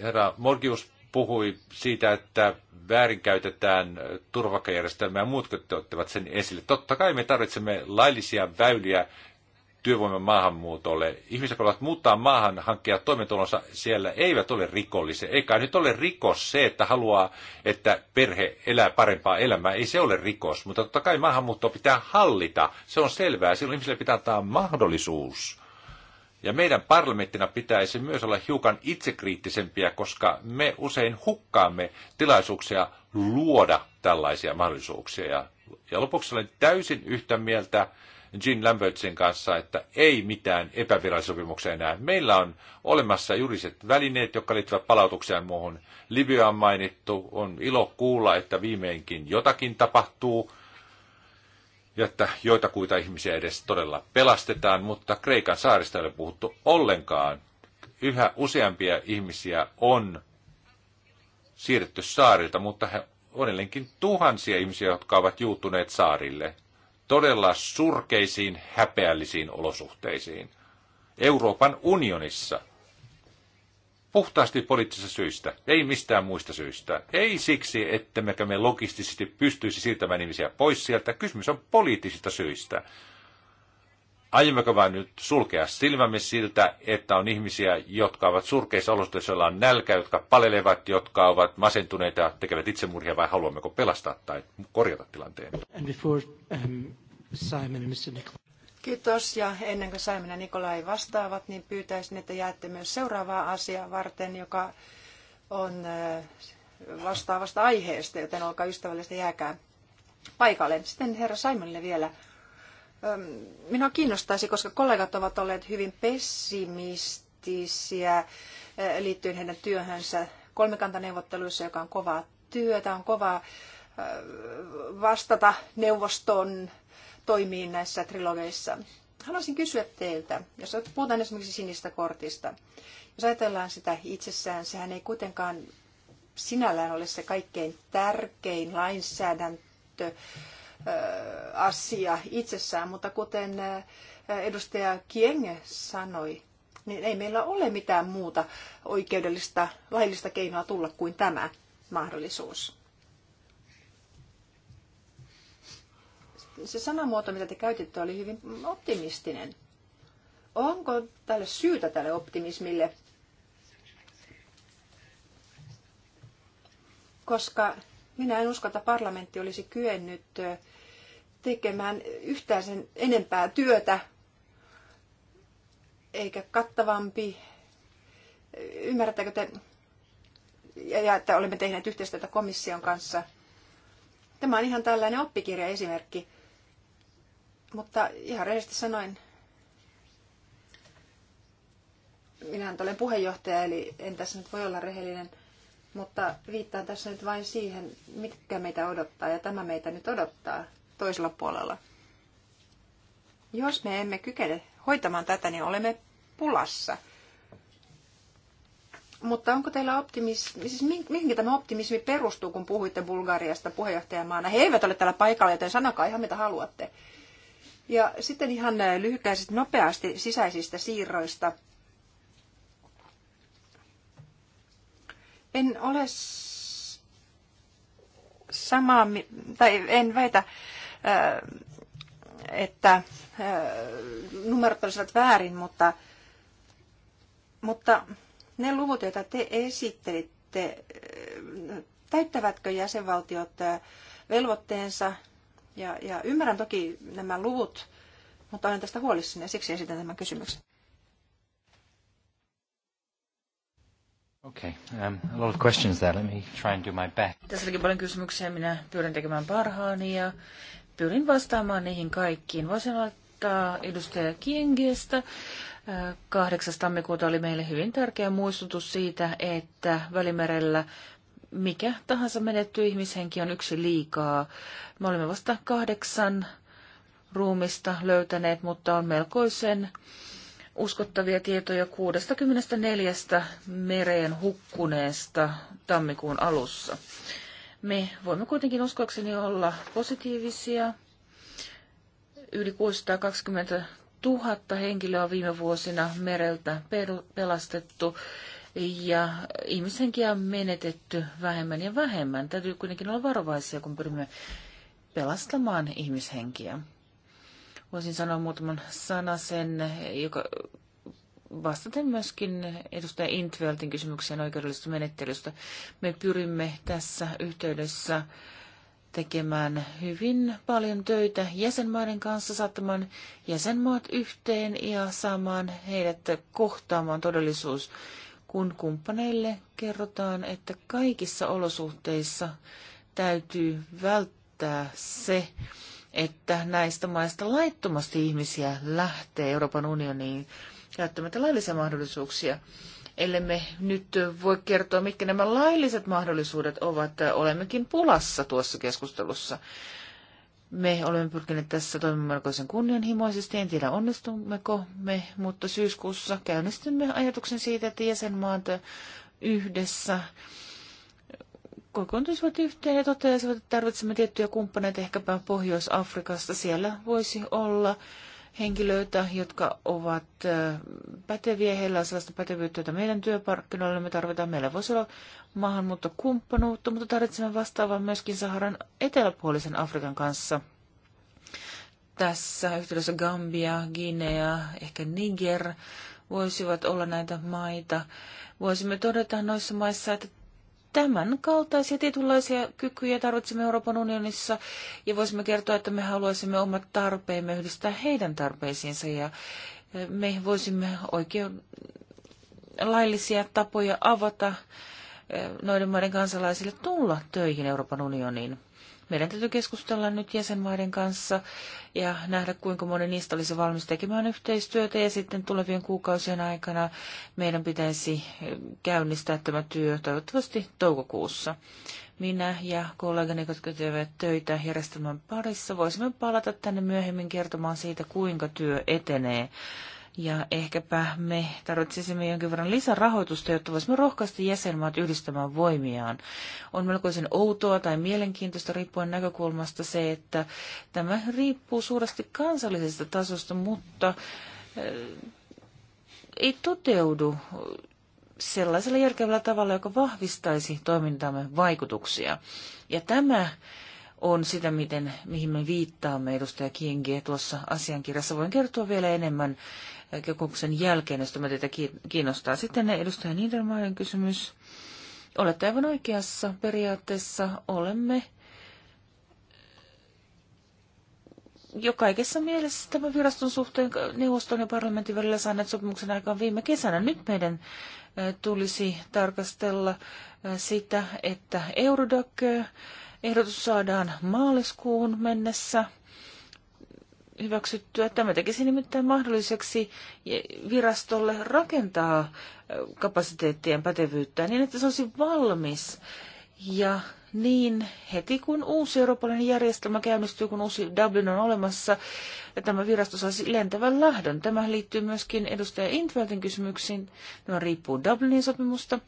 herra Morgius puhui siitä, että väärinkäytetään turvakajärjestelmää ja muut ottavat sen esille. Totta kai me tarvitsemme laillisia väyliä työvoiman maahanmuutolle. Ihmiset voivat muuttaa maahan, hankkia toimeentulonsa siellä, eivät ole rikollisia. Eikä nyt ole rikos se, että haluaa, että perhe elää parempaa elämää. Ei se ole rikos, mutta totta kai maahanmuuttoa pitää hallita. Se on selvää. Silloin ihmisille pitää antaa mahdollisuus ja meidän parlamenttina pitäisi myös olla hiukan itsekriittisempiä, koska me usein hukkaamme tilaisuuksia luoda tällaisia mahdollisuuksia. Ja, ja lopuksi olen täysin yhtä mieltä Jean Lambertsin kanssa, että ei mitään epävirallisopimuksia enää. Meillä on olemassa juriset välineet, jotka liittyvät palautukseen muuhun. Libya on mainittu, on ilo kuulla, että viimeinkin jotakin tapahtuu – ja että joitakuita ihmisiä edes todella pelastetaan, mutta Kreikan saarista ei ole puhuttu ollenkaan. Yhä useampia ihmisiä on siirretty saarilta, mutta he on edelleenkin tuhansia ihmisiä, jotka ovat juuttuneet saarille todella surkeisiin, häpeällisiin olosuhteisiin. Euroopan unionissa – puhtaasti poliittisista syistä, ei mistään muista syistä. Ei siksi, että mekä me logistisesti pystyisi siirtämään ihmisiä pois sieltä. Kysymys on poliittisista syistä. Aiommeko vain nyt sulkea silmämme siltä, että on ihmisiä, jotka ovat surkeissa olosuhteissa, joilla on nälkä, jotka palelevat, jotka ovat masentuneita ja tekevät itsemurhia, vai haluammeko pelastaa tai korjata tilanteen? And before, um, Simon and Mr. Nicholas. Kiitos ja ennen kuin Saimina ja Nikolai vastaavat, niin pyytäisin, että jäätte myös seuraavaa asiaa varten, joka on äh, vastaavasta aiheesta, joten olkaa ystävällistä jääkää paikalle. Sitten herra Saimonille vielä. Ähm, minua kiinnostaisi, koska kollegat ovat olleet hyvin pessimistisiä äh, liittyen heidän työhönsä kolmikantaneuvotteluissa, joka on kovaa työtä, on kovaa äh, vastata neuvoston toimii näissä trilogeissa. Haluaisin kysyä teiltä, jos puhutaan esimerkiksi sinistä kortista, jos ajatellaan sitä itsessään, sehän ei kuitenkaan sinällään ole se kaikkein tärkein lainsäädäntö, äh, asia itsessään, mutta kuten äh, edustaja Kienge sanoi, niin ei meillä ole mitään muuta oikeudellista, laillista keinoa tulla kuin tämä mahdollisuus. se sanamuoto, mitä te käytitte, oli hyvin optimistinen. Onko tälle syytä tälle optimismille? Koska minä en usko, että parlamentti olisi kyennyt tekemään yhtään sen enempää työtä eikä kattavampi. Ymmärrättekö te, ja että olemme tehneet yhteistyötä komission kanssa. Tämä on ihan tällainen oppikirjaesimerkki mutta ihan rehellisesti sanoin, minä olen puheenjohtaja, eli en tässä nyt voi olla rehellinen, mutta viittaan tässä nyt vain siihen, mitkä meitä odottaa, ja tämä meitä nyt odottaa toisella puolella. Jos me emme kykene hoitamaan tätä, niin olemme pulassa. Mutta onko teillä optimismi, siis mihin tämä optimismi perustuu, kun puhuitte Bulgariasta puheenjohtajamaana? He eivät ole täällä paikalla, joten sanokaa ihan mitä haluatte. Ja sitten ihan äh, lyhykäisesti nopeasti sisäisistä siirroista. En ole samaa, tai en väitä, äh, että äh, numerot olisivat väärin, mutta, mutta ne luvut, joita te esittelitte, täyttävätkö jäsenvaltiot velvoitteensa ja, ja ymmärrän toki nämä luvut, mutta olen tästä huolissani ja siksi esitän tämän kysymyksen. Okay, um, a lot of questions there. Let me try and do my best. Tässä olikin paljon kysymyksiä. Minä pyydän tekemään parhaani ja pyrin vastaamaan niihin kaikkiin. Voisin aloittaa edustaja Kiengestä. 8. tammikuuta oli meille hyvin tärkeä muistutus siitä, että Välimerellä mikä tahansa menetty ihmishenki on yksi liikaa. Me olemme vasta kahdeksan ruumista löytäneet, mutta on melkoisen uskottavia tietoja 64 mereen hukkuneesta tammikuun alussa. Me voimme kuitenkin uskoakseni olla positiivisia. Yli 620 000 henkilöä on viime vuosina mereltä pelastettu ja ihmishenkiä on menetetty vähemmän ja vähemmän. Täytyy kuitenkin olla varovaisia, kun pyrimme pelastamaan ihmishenkiä. Voisin sanoa muutaman sen, joka vastaten myöskin edustaja Intveltin kysymykseen oikeudellisesta menettelystä. Me pyrimme tässä yhteydessä tekemään hyvin paljon töitä jäsenmaiden kanssa, saattamaan jäsenmaat yhteen ja saamaan heidät kohtaamaan todellisuus, kun kumppaneille kerrotaan, että kaikissa olosuhteissa täytyy välttää se, että näistä maista laittomasti ihmisiä lähtee Euroopan unioniin käyttämättä laillisia mahdollisuuksia. Ellei me nyt voi kertoa, mitkä nämä lailliset mahdollisuudet ovat, olemmekin pulassa tuossa keskustelussa. Me olemme pyrkineet tässä toimimaan melkoisen kunnianhimoisesti. En tiedä onnistummeko me, mutta syyskuussa käynnistymme ajatuksen siitä, että jäsenmaat yhdessä kokoontuisivat yhteen ja toteaisivat, että tarvitsemme tiettyjä kumppaneita ehkäpä Pohjois-Afrikasta. Siellä voisi olla henkilöitä, jotka ovat päteviä. Heillä on sellaista pätevyyttä, jota meidän työmarkkinoilla me tarvitaan. Meillä voisi olla maahanmuuttokumppanuutta, mutta tarvitsemme vastaavaa myöskin Saharan eteläpuolisen Afrikan kanssa. Tässä yhteydessä Gambia, Guinea, ehkä Niger voisivat olla näitä maita. Voisimme todeta noissa maissa, että Tämän kaltaisia tietynlaisia kykyjä tarvitsemme Euroopan unionissa ja voisimme kertoa, että me haluaisimme omat tarpeemme yhdistää heidän tarpeisiinsa ja eh, me voisimme oikein laillisia tapoja avata eh, noiden maiden kansalaisille tulla töihin Euroopan unioniin. Meidän täytyy keskustella nyt jäsenmaiden kanssa ja nähdä, kuinka moni niistä olisi valmis tekemään yhteistyötä. Ja sitten tulevien kuukausien aikana meidän pitäisi eh, käynnistää tämä työ toivottavasti toukokuussa. Minä ja kollegani, jotka tekevät töitä järjestelmän parissa, voisimme palata tänne myöhemmin kertomaan siitä, kuinka työ etenee. Ja ehkäpä me tarvitsisimme jonkin verran lisärahoitusta, jotta voisimme rohkaista jäsenmaat yhdistämään voimiaan. On melkoisen outoa tai mielenkiintoista riippuen näkökulmasta se, että tämä riippuu suuresti kansallisesta tasosta, mutta eh, ei toteudu sellaisella järkevällä tavalla, joka vahvistaisi toimintamme vaikutuksia. Ja tämä on sitä, miten, mihin me viittaamme edustaja Kingi tuossa asiankirjassa. Voin kertoa vielä enemmän kokouksen jälkeen, jos tämä teitä kiinnostaa. Sitten edustaja Niedermayen kysymys. Olette aivan oikeassa. Periaatteessa olemme jo kaikessa mielessä tämän viraston suhteen neuvoston ja parlamentin välillä saaneet sopimuksen aikaan viime kesänä. Nyt meidän tulisi tarkastella sitä, että Eurodac Ehdotus saadaan maaliskuun mennessä hyväksyttyä. Tämä tekisi nimittäin mahdolliseksi virastolle rakentaa kapasiteettien pätevyyttä niin, että se olisi valmis. Ja niin heti kun uusi eurooppalainen järjestelmä käynnistyy, kun uusi Dublin on olemassa, ja tämä virasto saisi lentävän lähdön. Tämä liittyy myöskin edustaja Intveltin kysymyksiin. Tämä riippuu Dublinin sopimusta.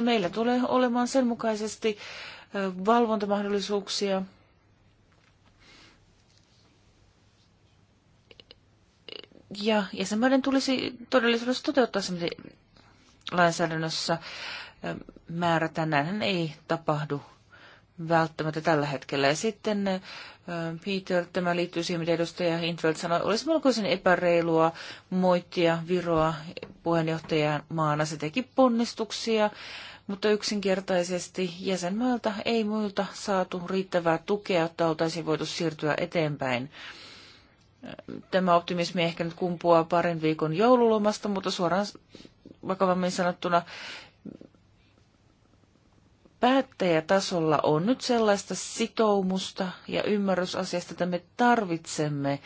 Meillä tulee olemaan sen mukaisesti valvontamahdollisuuksia. Ja jäsenmaiden tulisi todellisuudessa toteuttaa se, lainsäädännössä määrätään. Näinhän ei tapahdu välttämättä tällä hetkellä. Ja sitten Peter, tämä liittyy siihen, mitä edustaja Hintveld sanoi, olisi melkoisen epäreilua moittia Viroa puheenjohtajan maana. Se teki ponnistuksia, mutta yksinkertaisesti jäsenmailta ei muilta saatu riittävää tukea, että oltaisiin voitu siirtyä eteenpäin. Tämä optimismi ehkä nyt kumpuaa parin viikon joululomasta, mutta suoraan vakavammin sanottuna päättäjätasolla on nyt sellaista sitoumusta ja ymmärrysasiasta, että me tarvitsemme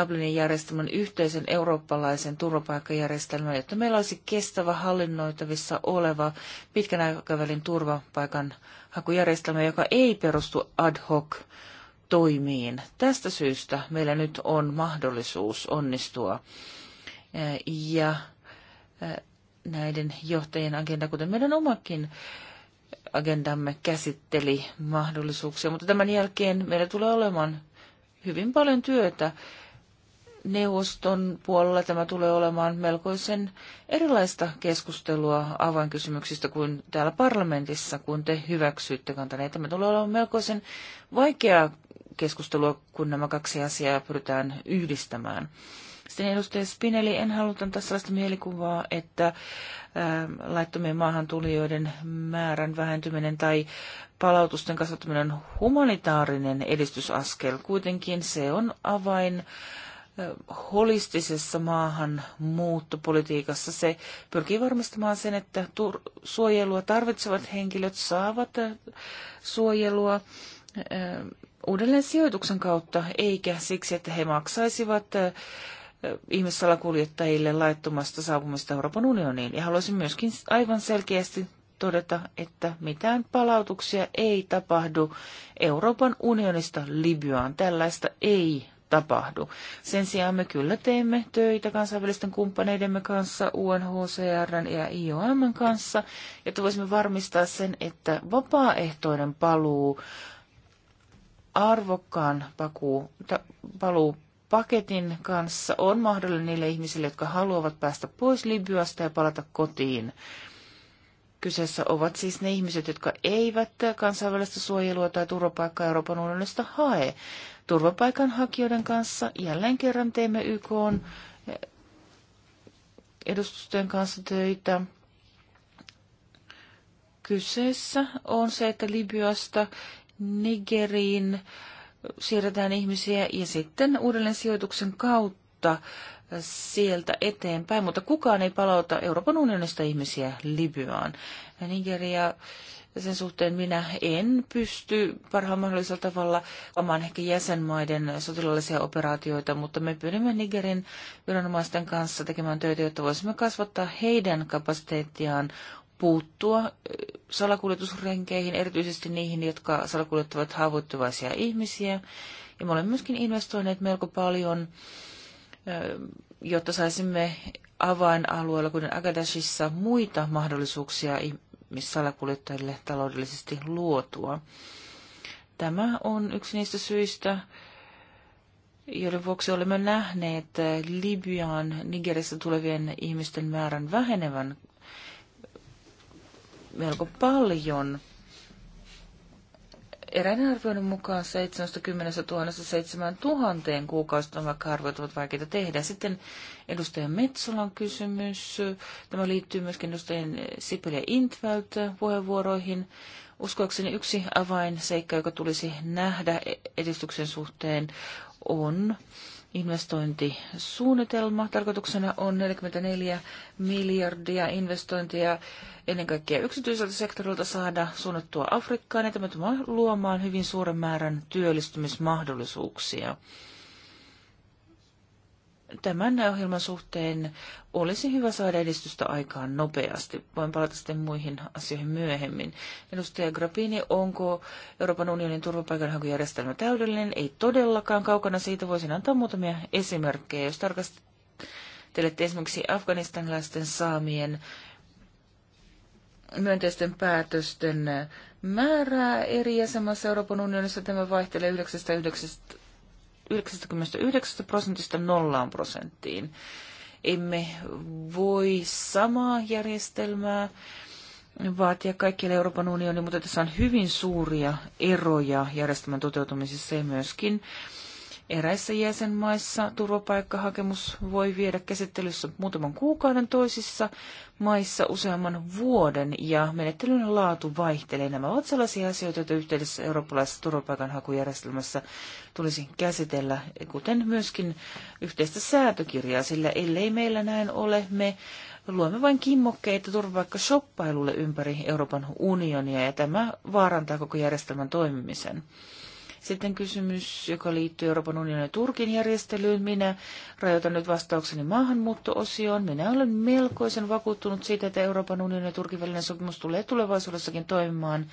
Dublinin järjestelmän yhteisen eurooppalaisen turvapaikkajärjestelmän, jotta meillä olisi kestävä hallinnoitavissa oleva pitkän aikavälin turvapaikan hakujärjestelmä, joka ei perustu ad hoc toimiin. Tästä syystä meillä nyt on mahdollisuus onnistua. Ja näiden johtajien agenda, kuten meidän omakin agendamme käsitteli mahdollisuuksia, mutta tämän jälkeen meillä tulee olemaan hyvin paljon työtä. Neuvoston puolella tämä tulee olemaan melkoisen erilaista keskustelua avainkysymyksistä kuin täällä parlamentissa, kun te hyväksyitte kantaneet. Tämä tulee olemaan melkoisen vaikeaa keskustelua, kun nämä kaksi asiaa pyritään yhdistämään. Sitten edustaja Spinelli, en halua antaa sellaista mielikuvaa, että ähm, laittomien maahantulijoiden määrän vähentyminen tai palautusten kasvattaminen on humanitaarinen edistysaskel. Kuitenkin se on avain äh, holistisessa maahanmuuttopolitiikassa. Se pyrkii varmistamaan sen, että suojelua tarvitsevat henkilöt saavat äh, suojelua äh, uudelleen sijoituksen kautta, eikä siksi, että he maksaisivat ihmissalakuljettajille laittomasta saapumista Euroopan unioniin. Ja haluaisin myöskin aivan selkeästi todeta, että mitään palautuksia ei tapahdu Euroopan unionista Libyaan. Tällaista ei tapahdu. Sen sijaan me kyllä teemme töitä kansainvälisten kumppaneidemme kanssa, UNHCR ja IOM kanssa, jotta voisimme varmistaa sen, että vapaaehtoinen paluu arvokkaan pakuu, ta, paluu paketin kanssa on mahdollinen niille ihmisille, jotka haluavat päästä pois Libyasta ja palata kotiin. Kyseessä ovat siis ne ihmiset, jotka eivät kansainvälistä suojelua tai turvapaikkaa Euroopan unionista hae. Turvapaikanhakijoiden kanssa jälleen kerran teemme YK eh, edustusten kanssa töitä. Kyseessä on se, että Libyasta Nigeriin äh, siirretään ihmisiä ja sitten uudelleen sijoituksen kautta sieltä eteenpäin, mutta kukaan ei palauta Euroopan unionista ihmisiä Libyaan. Nigeria sen suhteen minä en pysty parhaan mahdollisella tavalla omaan ehkä jäsenmaiden sotilaallisia operaatioita, mutta me pyrimme Nigerin viranomaisten kanssa tekemään töitä, jotta voisimme kasvattaa heidän kapasiteettiaan puuttua salakuljetusrenkeihin, erityisesti niihin, jotka salakuljettavat haavoittuvaisia ihmisiä. Ja me olemme myöskin investoineet melko paljon, jotta saisimme avainalueella kuten Agadashissa, muita mahdollisuuksia ihmissalakuljettajille taloudellisesti luotua. Tämä on yksi niistä syistä, joiden vuoksi olemme nähneet Libyan Nigerissä tulevien ihmisten määrän vähenevän melko paljon. Eräiden arvioiden mukaan 70 000 7 000 kuukausista on vaikka arvioit ovat vaikeita tehdä. Sitten edustaja Metsolan kysymys. Tämä liittyy myöskin edustajien Sipeli ja Intvält puheenvuoroihin. Uskoakseni yksi avainseikka, joka tulisi nähdä e- edistyksen suhteen, on investointisuunnitelma. Tarkoituksena on 44 miljardia investointia ennen kaikkea yksityiseltä sektorilta saada suunnattua Afrikkaan. Ja tämä luomaan hyvin suuren määrän työllistymismahdollisuuksia tämän ohjelman suhteen olisi hyvä saada edistystä aikaan nopeasti. Voin palata sitten muihin asioihin myöhemmin. Edustaja Grappini, onko Euroopan unionin turvapaikanhakujärjestelmä täydellinen? Ei todellakaan. Kaukana siitä voisin antaa muutamia esimerkkejä. Jos tarkastelette esimerkiksi afganistanilaisten saamien myönteisten päätösten määrää eri jäsenmaissa Euroopan unionissa, tämä vaihtelee 99 99 prosentista nollaan prosenttiin. Emme voi samaa järjestelmää vaatia kaikille Euroopan unionille, mutta tässä on hyvin suuria eroja järjestelmän toteutumisessa ja myöskin äh, Eräissä jäsenmaissa turvapaikkahakemus voi viedä käsittelyssä muutaman kuukauden toisissa maissa useamman vuoden ja menettelyn laatu vaihtelee. Nämä ovat sellaisia asioita, joita yhteydessä eurooppalaisessa turvapaikanhakujärjestelmässä tulisi käsitellä, kuten myöskin yhteistä säätökirjaa, sillä ellei meillä näin ole, me luomme vain kimmokkeita turvapaikkashoppailulle ympäri Euroopan unionia ja tämä vaarantaa koko järjestelmän toimimisen. Sitten kysymys, joka liittyy Euroopan unionin ja Turkin järjestelyyn. Minä rajoitan nyt vastaukseni maahanmuuttoosioon. Minä olen melkoisen vakuuttunut siitä, että Euroopan unionin ja Turkin välinen sopimus tulee tulevaisuudessakin toimimaan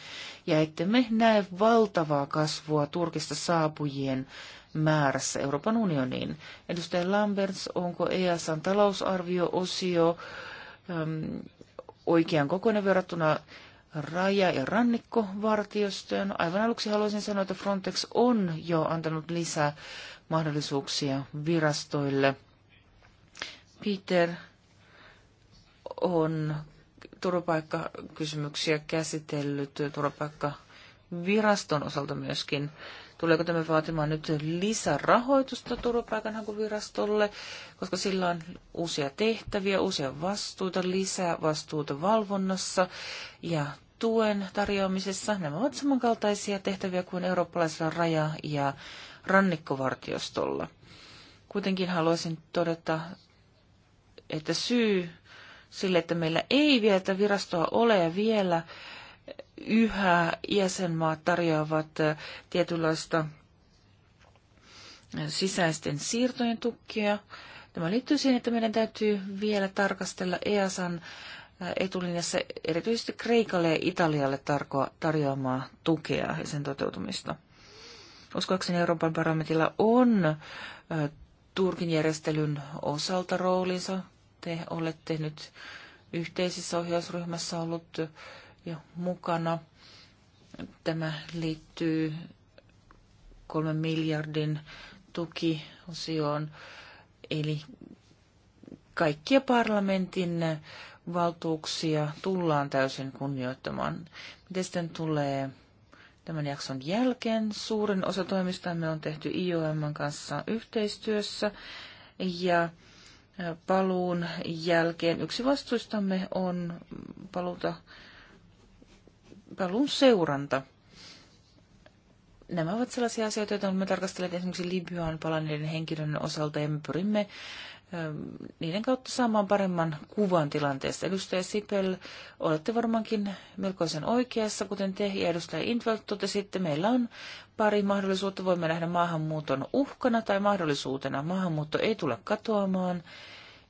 ja että me näe valtavaa kasvua Turkista saapujien määrässä Euroopan unioniin. Edustaja Lamberts, onko EASan talousarvio-osio äm, oikean kokoinen verrattuna raja- ja rannikkovartiostoon. Aivan aluksi haluaisin sanoa, että Frontex on jo antanut lisää mahdollisuuksia virastoille. Peter on turvapaikkakysymyksiä käsitellyt turvapaikkaviraston osalta myöskin Tuleeko tämä vaatimaan nyt lisärahoitusta turvapaikanhakuvirastolle, koska sillä on uusia tehtäviä, uusia vastuuta, lisää vastuuta valvonnassa ja tuen tarjoamisessa. Nämä ovat samankaltaisia tehtäviä kuin eurooppalaisella raja- ja rannikkovartiostolla. Kuitenkin haluaisin todeta, että syy sille, että meillä ei vielä virastoa ole ja vielä yhä jäsenmaat tarjoavat tietynlaista sisäisten siirtojen tukia. Tämä liittyy siihen, että meidän täytyy vielä tarkastella EASan etulinjassa erityisesti Kreikalle ja Italialle tarjoamaa tukea ja sen toteutumista. Uskoakseni Euroopan parlamentilla on Turkin järjestelyn osalta roolinsa. Te olette nyt yhteisessä ohjausryhmässä ollut jo mukana. Tämä liittyy kolmen miljardin tukiosioon, eli kaikkia parlamentin valtuuksia tullaan täysin kunnioittamaan. Miten sitten tulee tämän jakson jälkeen? Suurin osa toimistamme on tehty IOM kanssa yhteistyössä ja paluun jälkeen yksi vastuistamme on paluuta paluun seuranta. Nämä ovat sellaisia asioita, joita olemme tarkastelleet esimerkiksi Libyaan palanneiden henkilön osalta ja me pyrimme ähm, niiden kautta saamaan paremman kuvan tilanteesta. Edustaja Sipel, olette varmaankin melkoisen oikeassa, kuten te ja edustaja Intveld totesitte. Meillä on pari mahdollisuutta. Voimme nähdä maahanmuuton uhkana tai mahdollisuutena. Maahanmuutto ei tule katoamaan.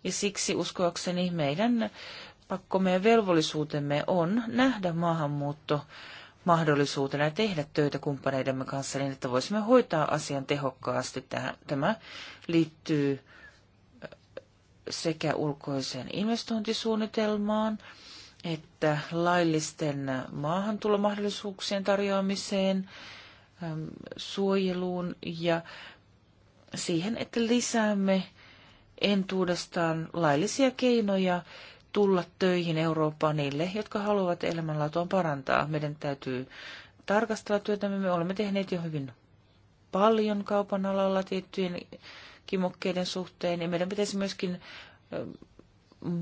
Ja siksi uskoakseni meidän pakkomme ja velvollisuutemme on nähdä maahanmuutto mahdollisuutena ja tehdä töitä kumppaneidemme kanssa niin, että voisimme hoitaa asian tehokkaasti. Tämä liittyy sekä ulkoiseen investointisuunnitelmaan että laillisten maahantulomahdollisuuksien tarjoamiseen, suojeluun ja siihen, että lisäämme entuudestaan laillisia keinoja tulla töihin Eurooppaan niille, jotka haluavat elämänlaatua parantaa. Meidän täytyy tarkastella työtämme. Me olemme tehneet jo hyvin paljon kaupan alalla tiettyjen kimokkeiden suhteen, ja meidän pitäisi myöskin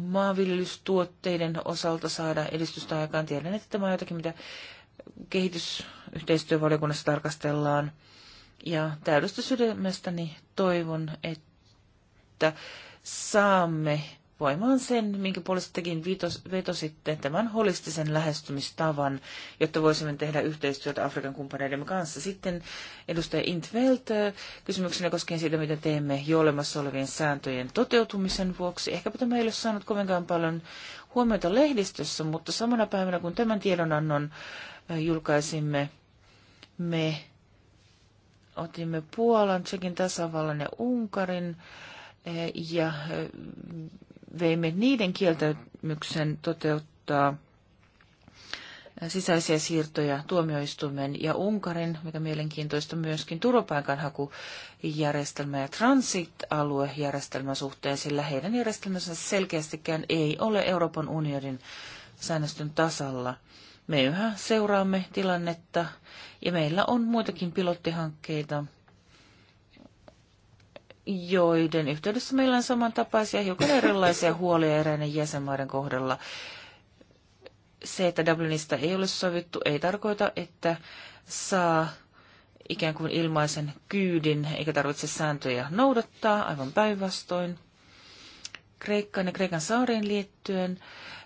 maanviljelystuotteiden osalta saada edistystä aikaan. Tiedän, että tämä on jotakin, mitä kehitysyhteistyövaliokunnassa tarkastellaan. Ja täydestä sydämestäni toivon, että saamme voimaan sen, minkä puolesta tekin vetositte tämän holistisen lähestymistavan, jotta voisimme tehdä yhteistyötä Afrikan kumppaneidemme kanssa. Sitten edustaja Intvelt kysymyksenä koskien siitä, mitä teemme jo olemassa olevien sääntöjen toteutumisen vuoksi. Ehkäpä tämä ei ole saanut kovinkaan paljon huomiota lehdistössä, mutta samana päivänä kun tämän tiedonannon julkaisimme, me otimme Puolan, Tsekin tasavallan ja Unkarin ja veimme niiden kieltämyksen toteuttaa sisäisiä siirtoja tuomioistuimen ja Unkarin, mikä mielenkiintoista myöskin turvapaikanhakujärjestelmä ja transit-aluejärjestelmän suhteen, sillä heidän järjestelmänsä selkeästikään ei ole Euroopan unionin säännöstön tasalla. Me yhä seuraamme tilannetta ja meillä on muitakin pilottihankkeita – joiden yhteydessä meillä on samantapaisia, hiukan erilaisia huolia eräiden jäsenmaiden kohdalla. Se, että Dublinista ei ole sovittu, ei tarkoita, että saa ikään kuin ilmaisen kyydin, eikä tarvitse sääntöjä noudattaa, aivan päinvastoin. Kreikkaan ja Kreikan saareen liittyen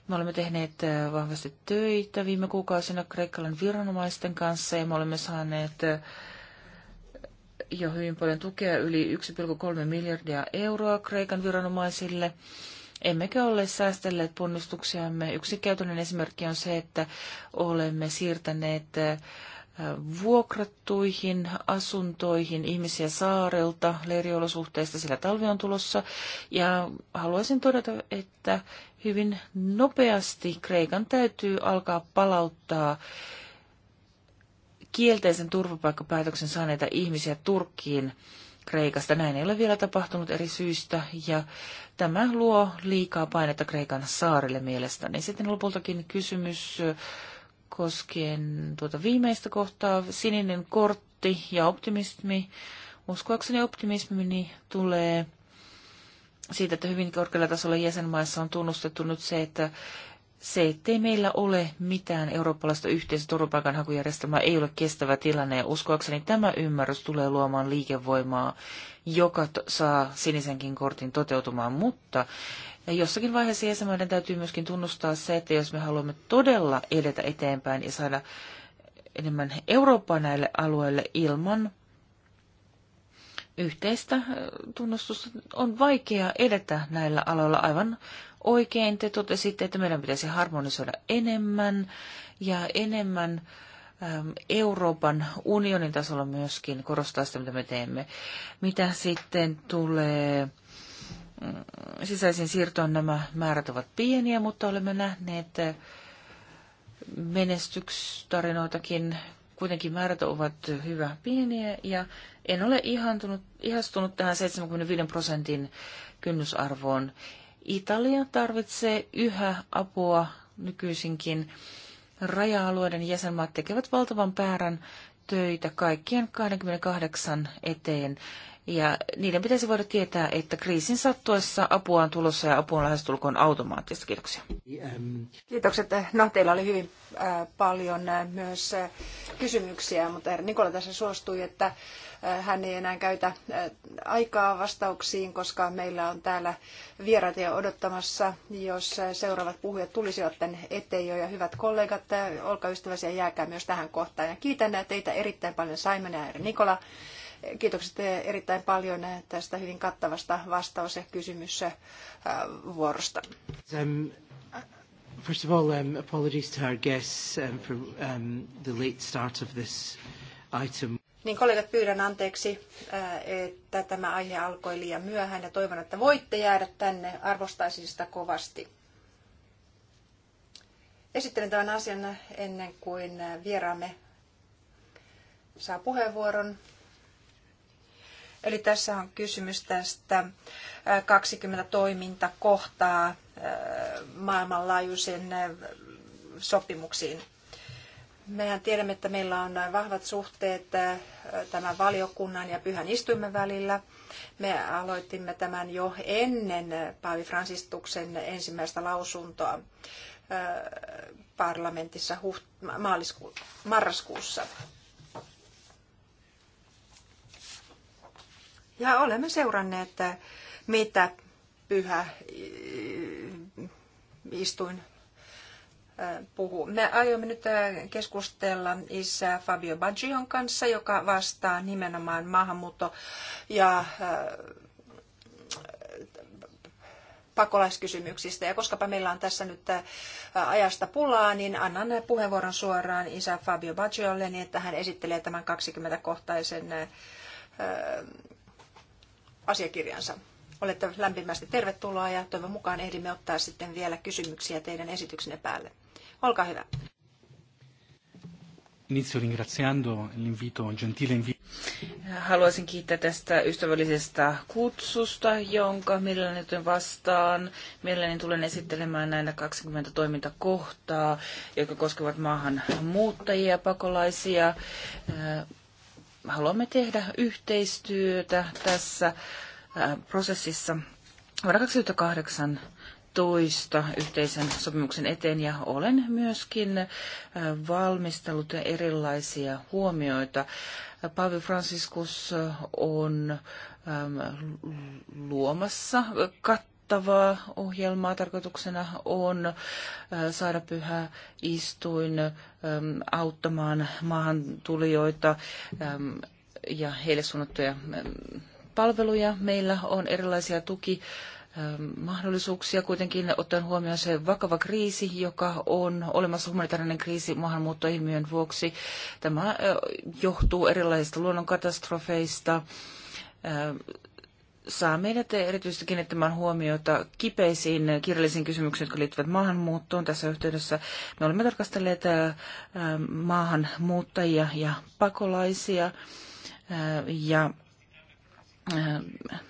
me olemme tehneet äh, vahvasti töitä viime kuukausina kreikkalan viranomaisten kanssa ja me olemme saaneet äh, jo hyvin paljon tukea, yli 1,3 miljardia euroa Kreikan viranomaisille. Emmekä ole säästelleet ponnistuksiamme. Yksi käytännön esimerkki on se, että olemme siirtäneet äh, vuokrattuihin asuntoihin ihmisiä saarelta leiriolosuhteista, sillä talvi on tulossa. Ja haluaisin todeta, että hyvin nopeasti Kreikan täytyy alkaa palauttaa kielteisen turvapaikkapäätöksen saaneita ihmisiä Turkkiin Kreikasta. Näin ei ole vielä tapahtunut eri syistä ja tämä luo liikaa painetta Kreikan saarille mielestäni. Sitten lopultakin kysymys koskien tuota viimeistä kohtaa, sininen kortti ja optimismi. Uskoakseni optimismini tulee siitä, että hyvin korkealla tasolla jäsenmaissa on tunnustettu nyt se, että se, ettei meillä ole mitään eurooppalaista yhteistä turvapaikanhakujärjestelmää, ei ole kestävä tilanne. Ja uskoakseni tämä ymmärrys tulee luomaan liikevoimaa, joka saa sinisenkin kortin toteutumaan. Mutta jossakin vaiheessa jäsenmaiden täytyy myöskin tunnustaa se, että jos me haluamme todella edetä eteenpäin ja saada enemmän Eurooppaa näille alueille ilman yhteistä äh, tunnustusta, on vaikea edetä näillä aloilla aivan oikein. Te totesitte, että meidän pitäisi harmonisoida enemmän ja enemmän Euroopan unionin tasolla myöskin korostaa sitä, mitä me teemme. Mitä sitten tulee mm, sisäisiin siirtoon, nämä määrät ovat pieniä, mutta olemme nähneet äh, menestystarinoitakin. Kuitenkin määrät ovat hyvä pieniä ja en ole ihastunut tähän 75 prosentin kynnysarvoon. Italia tarvitsee yhä apua nykyisinkin. Raja-alueiden jäsenmaat tekevät valtavan päärän töitä kaikkien 28 eteen. Ja niiden pitäisi voida tietää, että kriisin sattuessa apua on tulossa ja apu on lähestulkoon automaattista. Kiitoksia. Kiitokset. No, teillä oli hyvin äh, paljon äh, myös äh, kysymyksiä, mutta Nikola tässä suostui, että hän ei enää käytä aikaa vastauksiin, koska meillä on täällä vieraat jo odottamassa, jos seuraavat puhujat tulisivat tänne eteen jo. Ja hyvät kollegat, olkaa ja jääkää myös tähän kohtaan. Ja kiitän teitä erittäin paljon Simon ja Nikola. Kiitokset erittäin paljon tästä hyvin kattavasta vastaus- ja kysymysvuorosta. Um, first of all, um, apologies to our guests um, for um, the late start of this item. Niin kollegat, pyydän anteeksi, äh, että tämä aihe alkoi liian myöhään ja toivon, että voitte jäädä tänne. Arvostaisin sitä kovasti. Esittelen tämän asian ennen kuin vieraamme saa puheenvuoron. Eli tässä on kysymys tästä 20 äh, toimintakohtaa äh, maailmanlaajuisen sopimuksiin Mehän tiedämme, että meillä on vahvat suhteet äh, tämän valiokunnan ja pyhän istuimen välillä. Me aloitimme tämän jo ennen Paavi Fransistuksen ensimmäistä lausuntoa äh, parlamentissa huht- maalisku- marraskuussa. Ja olemme seuranneet, äh, mitä pyhä istuin puhuu. Me aiomme nyt keskustella isä Fabio Baggion kanssa, joka vastaa nimenomaan maahanmuutto- ja pakolaiskysymyksistä. Ja koskapa meillä on tässä nyt ajasta pulaa, niin annan puheenvuoron suoraan isä Fabio Baggiolle, niin että hän esittelee tämän 20-kohtaisen asiakirjansa. Olette lämpimästi tervetuloa ja toivon mukaan ehdimme ottaa sitten vielä kysymyksiä teidän esityksenne päälle. Olkaa hyvä. Haluaisin kiittää tästä ystävällisestä kutsusta, jonka mielelläni tulen vastaan. Mielelläni tulen esittelemään näitä 20 toimintakohtaa, jotka koskevat maahanmuuttajia, pakolaisia. Äh, haluamme tehdä yhteistyötä tässä äh, prosessissa. Vuonna 2008 toista yhteisen sopimuksen eteen ja olen myöskin äh, valmistellut erilaisia huomioita. Paavi Franciscus äh, on ähm, luomassa kattavaa ohjelmaa. Tarkoituksena on äh, saada pyhä istuin ähm, auttamaan maahantulijoita ähm, ja heille suunnattuja palveluja. Meillä on erilaisia tuki mahdollisuuksia kuitenkin ottaen huomioon se vakava kriisi, joka on olemassa humanitaarinen kriisi maahanmuuttoilmiön vuoksi. Tämä johtuu erilaisista luonnonkatastrofeista. Saa meidät erityisesti kiinnittämään huomiota kipeisiin kirjallisiin kysymyksiin, jotka liittyvät maahanmuuttoon. Tässä yhteydessä me olemme tarkastelleet maahanmuuttajia ja pakolaisia ja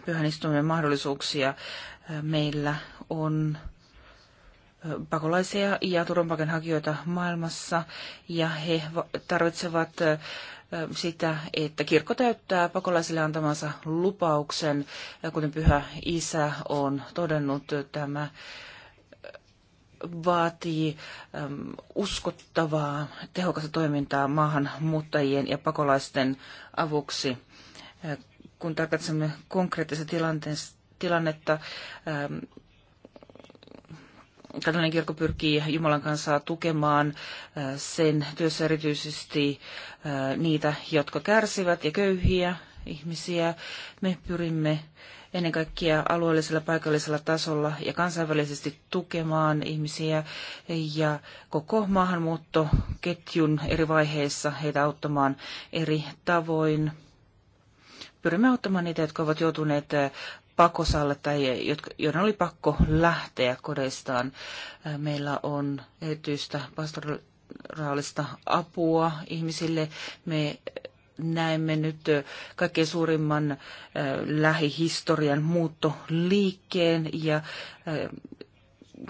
pyhän istuimen mahdollisuuksia. Meillä on pakolaisia ja turvapaikanhakijoita maailmassa ja he tarvitsevat sitä, että kirkko täyttää pakolaisille antamansa lupauksen, kuten pyhä isä on todennut tämä vaatii uskottavaa, tehokasta toimintaa maahanmuuttajien ja pakolaisten avuksi kun tarkastamme konkreettista tilannetta, ähm, katolinen kirkko pyrkii Jumalan kanssa tukemaan äh, sen työssä erityisesti äh, niitä, jotka kärsivät ja köyhiä ihmisiä. Me pyrimme ennen kaikkea alueellisella, paikallisella tasolla ja kansainvälisesti tukemaan ihmisiä ja koko maahanmuuttoketjun eri vaiheissa heitä auttamaan eri tavoin pyrimme auttamaan niitä, jotka ovat joutuneet eh, pakosalle tai jotka, joiden oli pakko lähteä kodeistaan. Eh, meillä on erityistä pastoraalista apua ihmisille. Me eh, näemme nyt kaikkein suurimman lähihistorian muuttoliikkeen ja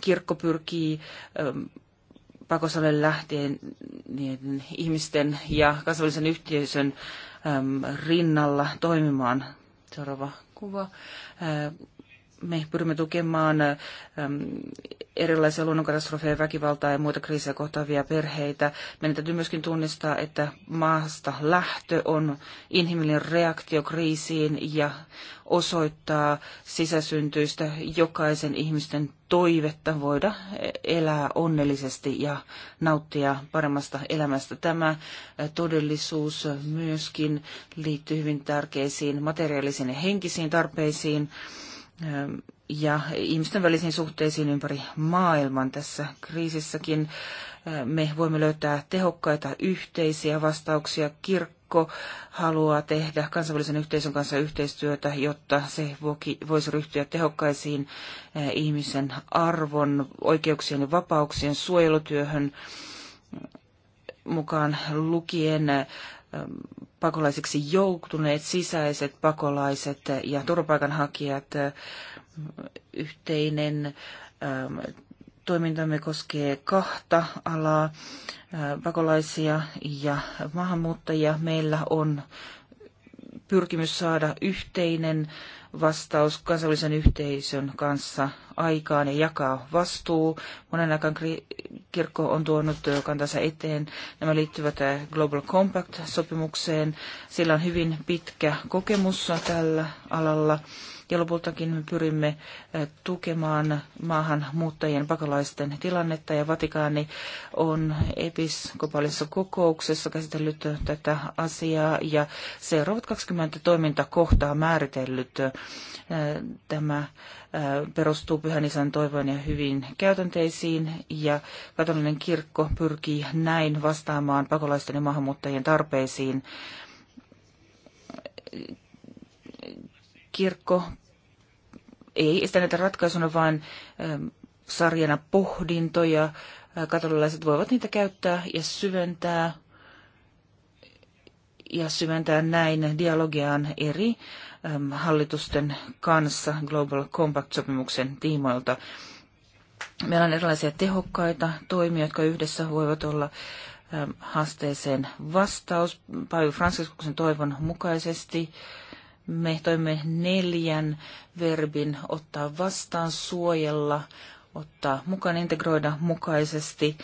kirkko pyrkii pakosalle lähtien niiden ihmisten ja kasvallisen yhteisön äm, rinnalla toimimaan. Seuraava kuva me pyrimme tukemaan äm, erilaisia luonnonkatastrofeja, väkivaltaa ja muita kriisejä kohtaavia perheitä. Meidän täytyy myöskin tunnistaa, että maasta lähtö on inhimillinen reaktio kriisiin ja osoittaa sisäsyntyistä jokaisen ihmisten toivetta voida elää onnellisesti ja nauttia paremmasta elämästä. Tämä todellisuus myöskin liittyy hyvin tärkeisiin materiaalisiin ja henkisiin tarpeisiin ja ihmisten välisiin suhteisiin ympäri maailman tässä kriisissäkin. Me voimme löytää tehokkaita yhteisiä vastauksia. Kirkko haluaa tehdä kansainvälisen yhteisön kanssa yhteistyötä, jotta se voisi ryhtyä tehokkaisiin ihmisen arvon, oikeuksien ja vapauksien suojelutyöhön mukaan lukien Ähm, pakolaisiksi joutuneet sisäiset pakolaiset ja turvapaikanhakijat. Äh, yhteinen ähm, toimintamme koskee kahta alaa, äh, pakolaisia ja maahanmuuttajia. Meillä on pyrkimys saada yhteinen vastaus kansallisen yhteisön kanssa aikaan ja jakaa vastuu. Monen aikaan kirkko on tuonut kantansa eteen. Nämä liittyvät Global Compact-sopimukseen. Sillä on hyvin pitkä kokemus tällä alalla ja lopultakin me pyrimme tukemaan maahanmuuttajien pakolaisten tilannetta ja Vatikaani on episkopallisessa kokouksessa käsitellyt tätä asiaa ja seuraavat 20 toimintakohtaa määritellyt tämä perustuu pyhän isän toivoon ja hyvin käytänteisiin ja katolinen kirkko pyrkii näin vastaamaan pakolaisten ja maahanmuuttajien tarpeisiin kirkko ei näitä ratkaisuna, vaan ähm, sarjana pohdintoja. Äh, katolilaiset voivat niitä käyttää ja syventää ja syventää näin dialogiaan eri ähm, hallitusten kanssa Global Compact-sopimuksen tiimoilta. Meillä on erilaisia tehokkaita toimia, jotka yhdessä voivat olla ähm, haasteeseen vastaus. Päivi Franciskuksen toivon mukaisesti me toimme neljän verbin ottaa vastaan, suojella, ottaa mukaan, integroida mukaisesti.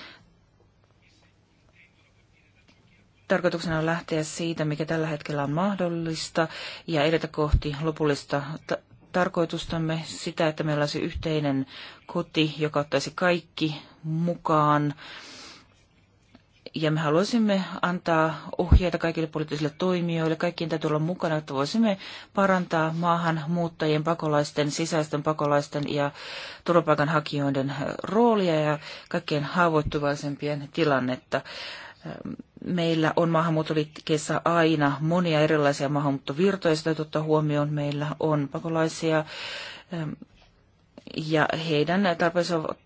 Tarkoituksena on lähteä siitä, mikä tällä hetkellä on mahdollista ja edetä kohti lopullista tarkoitustamme sitä, että meillä olisi yhteinen koti, joka ottaisi kaikki mukaan ja me haluaisimme antaa ohjeita kaikille poliittisille toimijoille. Kaikkien täytyy olla mukana, että voisimme parantaa maahanmuuttajien, pakolaisten, sisäisten pakolaisten ja turvapaikanhakijoiden roolia ja kaikkien haavoittuvaisempien tilannetta. Meillä on maahanmuuttoliikkeessä aina monia erilaisia maahanmuuttovirtoja, sitä ottaa huomioon. Meillä on pakolaisia ja heidän tarpeensa ovat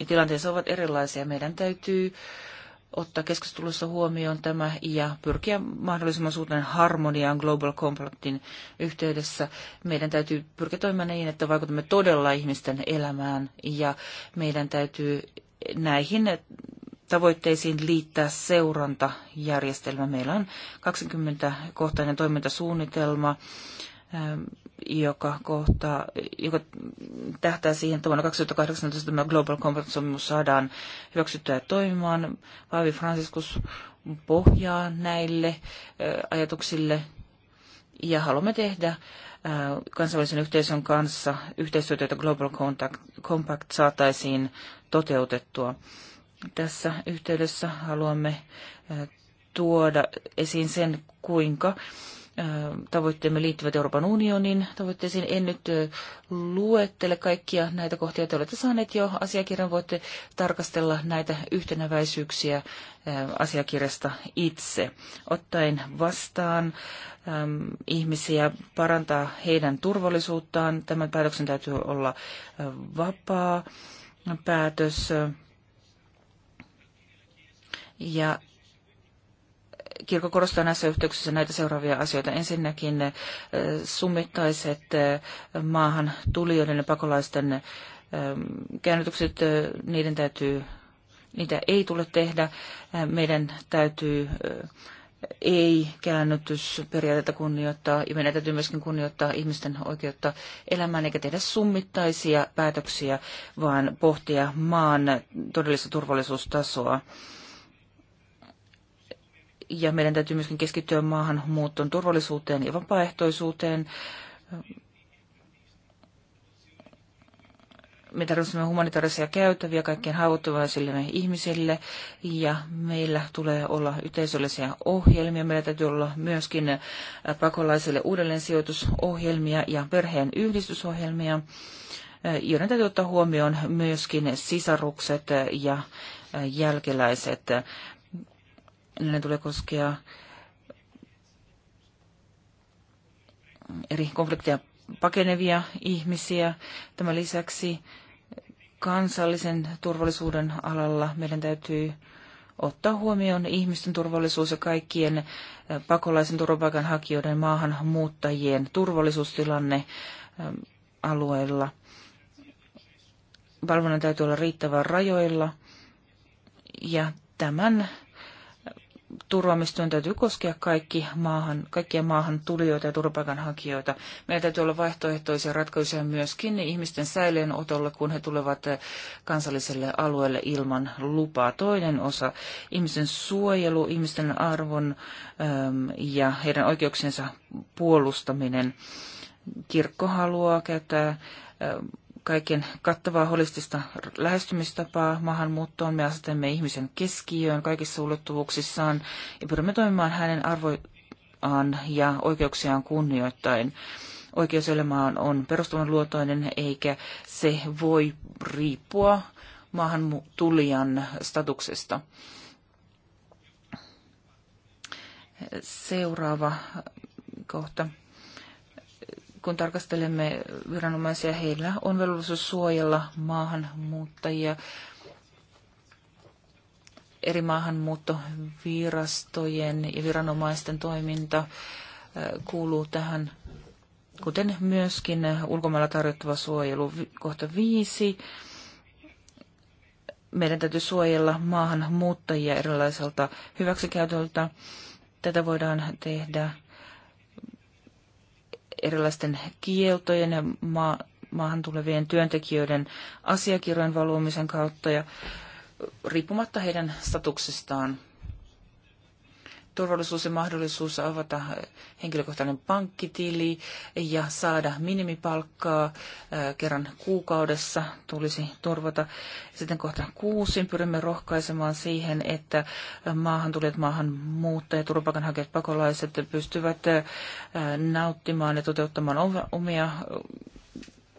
ja tilanteet ovat erilaisia. Meidän täytyy ottaa keskustelussa huomioon tämä ja pyrkiä mahdollisimman suuren harmoniaan Global Compactin yhteydessä. Meidän täytyy pyrkiä toimimaan niin, että vaikutamme todella ihmisten elämään ja meidän täytyy näihin tavoitteisiin liittää seurantajärjestelmä. Meillä on 20-kohtainen toimintasuunnitelma Ähm, joka, kohtaa, joka tähtää siihen, että vuonna 2018 tämä Global Compact-sopimus saadaan hyväksyttyä toimimaan. Paavi Franciscus pohjaa näille äh, ajatuksille ja haluamme tehdä äh, kansainvälisen yhteisön kanssa yhteistyötä, että Global Compact saataisiin toteutettua. Tässä yhteydessä haluamme äh, tuoda esiin sen, kuinka tavoitteemme liittyvät Euroopan unionin tavoitteisiin. En nyt luettele kaikkia näitä kohtia. Te olette saaneet jo asiakirjan. Voitte tarkastella näitä yhtenäväisyyksiä asiakirjasta itse, ottaen vastaan ihmisiä, parantaa heidän turvallisuuttaan. Tämän päätöksen täytyy olla vapaa päätös. Ja kirkko korostaa näissä yhteyksissä näitä seuraavia asioita. Ensinnäkin eh, summittaiset eh, maahan tulijoiden ja pakolaisten eh, käännytykset, niiden täytyy, niitä ei tule tehdä. Meidän täytyy ei käännytysperiaatetta kunnioittaa ja meidän täytyy myöskin kunnioittaa ihmisten oikeutta elämään eikä tehdä summittaisia päätöksiä, vaan pohtia maan todellista turvallisuustasoa ja meidän täytyy myöskin keskittyä maahanmuuton turvallisuuteen ja vapaaehtoisuuteen. Me tarvitsemme humanitaarisia käytäviä kaikkien haavoittuvaisille ihmisille ja meillä tulee olla yhteisöllisiä ohjelmia. Meillä täytyy olla myöskin pakolaisille uudelleensijoitusohjelmia ja perheen yhdistysohjelmia, joiden täytyy ottaa huomioon myöskin sisarukset ja jälkeläiset ne tulee koskea eri konflikteja pakenevia ihmisiä. Tämän lisäksi kansallisen turvallisuuden alalla meidän täytyy ottaa huomioon ihmisten turvallisuus ja kaikkien eh, pakolaisen turvapaikanhakijoiden maahanmuuttajien turvallisuustilanne eh, alueella. Valvonnan täytyy olla riittävän rajoilla ja tämän turvaamistyön täytyy koskea kaikki maahan, kaikkia maahan tulijoita ja turvapaikanhakijoita. Meillä täytyy olla vaihtoehtoisia ratkaisuja myöskin ihmisten säilöönotolle, kun he tulevat kansalliselle alueelle ilman lupaa. Toinen osa, ihmisten suojelu, ihmisten arvon ähm, ja heidän oikeuksiensa puolustaminen. Kirkko haluaa käyttää ähm, kaiken kattavaa holistista lähestymistapaa maahanmuuttoon. Me asetamme ihmisen keskiöön kaikissa ulottuvuuksissaan ja pyrimme toimimaan hänen arvoaan ja oikeuksiaan kunnioittain. Oikeuselämä on, on perustuvan luotoinen eikä se voi riippua maahan statuksesta. Seuraava kohta kun tarkastelemme viranomaisia, heillä on velvollisuus suojella maahanmuuttajia eri maahanmuuttovirastojen ja viranomaisten toiminta äh, kuuluu tähän, kuten myöskin ulkomailla tarjottava suojelu. Kohta viisi. Meidän täytyy suojella maahanmuuttajia erilaiselta hyväksikäytöltä. Tätä voidaan tehdä erilaisten kieltojen ja ma- maahan tulevien työntekijöiden asiakirjojen valuumisen kautta ja riippumatta heidän statuksestaan turvallisuus ja mahdollisuus avata henkilökohtainen pankkitili ja saada minimipalkkaa äh, kerran kuukaudessa tulisi turvata. Sitten kohta kuusi pyrimme rohkaisemaan siihen, että maahan maahan muuttajat, turvapaikanhakijat, pakolaiset pystyvät äh, nauttimaan ja toteuttamaan omia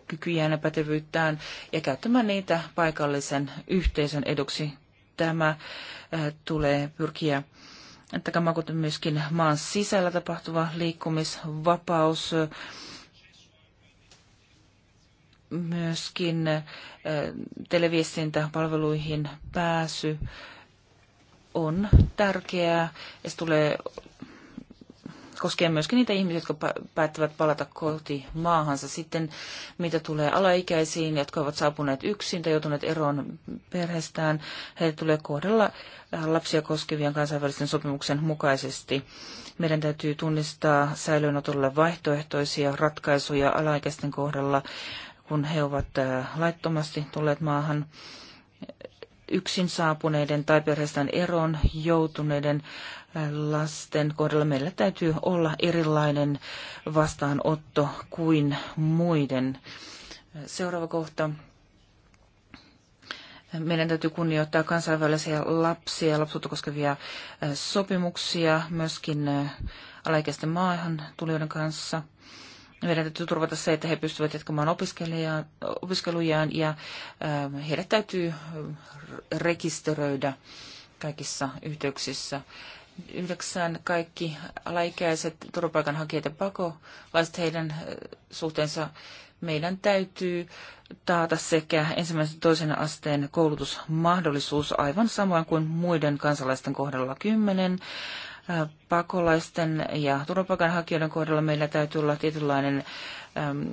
kykyjään ja pätevyyttään ja käyttämään niitä paikallisen yhteisön eduksi. Tämä äh, tulee pyrkiä kama kuten myöskin maan sisällä tapahtuva liikkumisvapaus, myöskin televiestintäpalveluihin pääsy on tärkeää ja se tulee koskee myöskin niitä ihmisiä, jotka päättävät palata kohti maahansa. Sitten mitä tulee alaikäisiin, jotka ovat saapuneet yksin tai joutuneet eroon perheestään, heitä tulee kohdella äh, lapsia koskevien kansainvälisten sopimuksen mukaisesti. Meidän täytyy tunnistaa säilöönotolle vaihtoehtoisia ratkaisuja alaikäisten kohdalla, kun he ovat äh, laittomasti tulleet maahan yksin saapuneiden tai perheestään eroon joutuneiden lasten kohdalla meillä täytyy olla erilainen vastaanotto kuin muiden. Seuraava kohta. Meidän täytyy kunnioittaa kansainvälisiä lapsia ja lapsuutta koskevia sopimuksia myöskin alaikäisten maahan tulijoiden kanssa. Meidän täytyy turvata se, että he pystyvät jatkamaan opiskelujaan ja heidät täytyy rekisteröidä kaikissa yhteyksissä yhdeksän kaikki alaikäiset turvapaikanhakijat ja pakolaiset heidän suhteensa meidän täytyy taata sekä ensimmäisen ja toisen asteen koulutusmahdollisuus aivan samoin kuin muiden kansalaisten kohdalla kymmenen. Pakolaisten ja turvapaikanhakijoiden kohdalla meillä täytyy olla tietynlainen äm,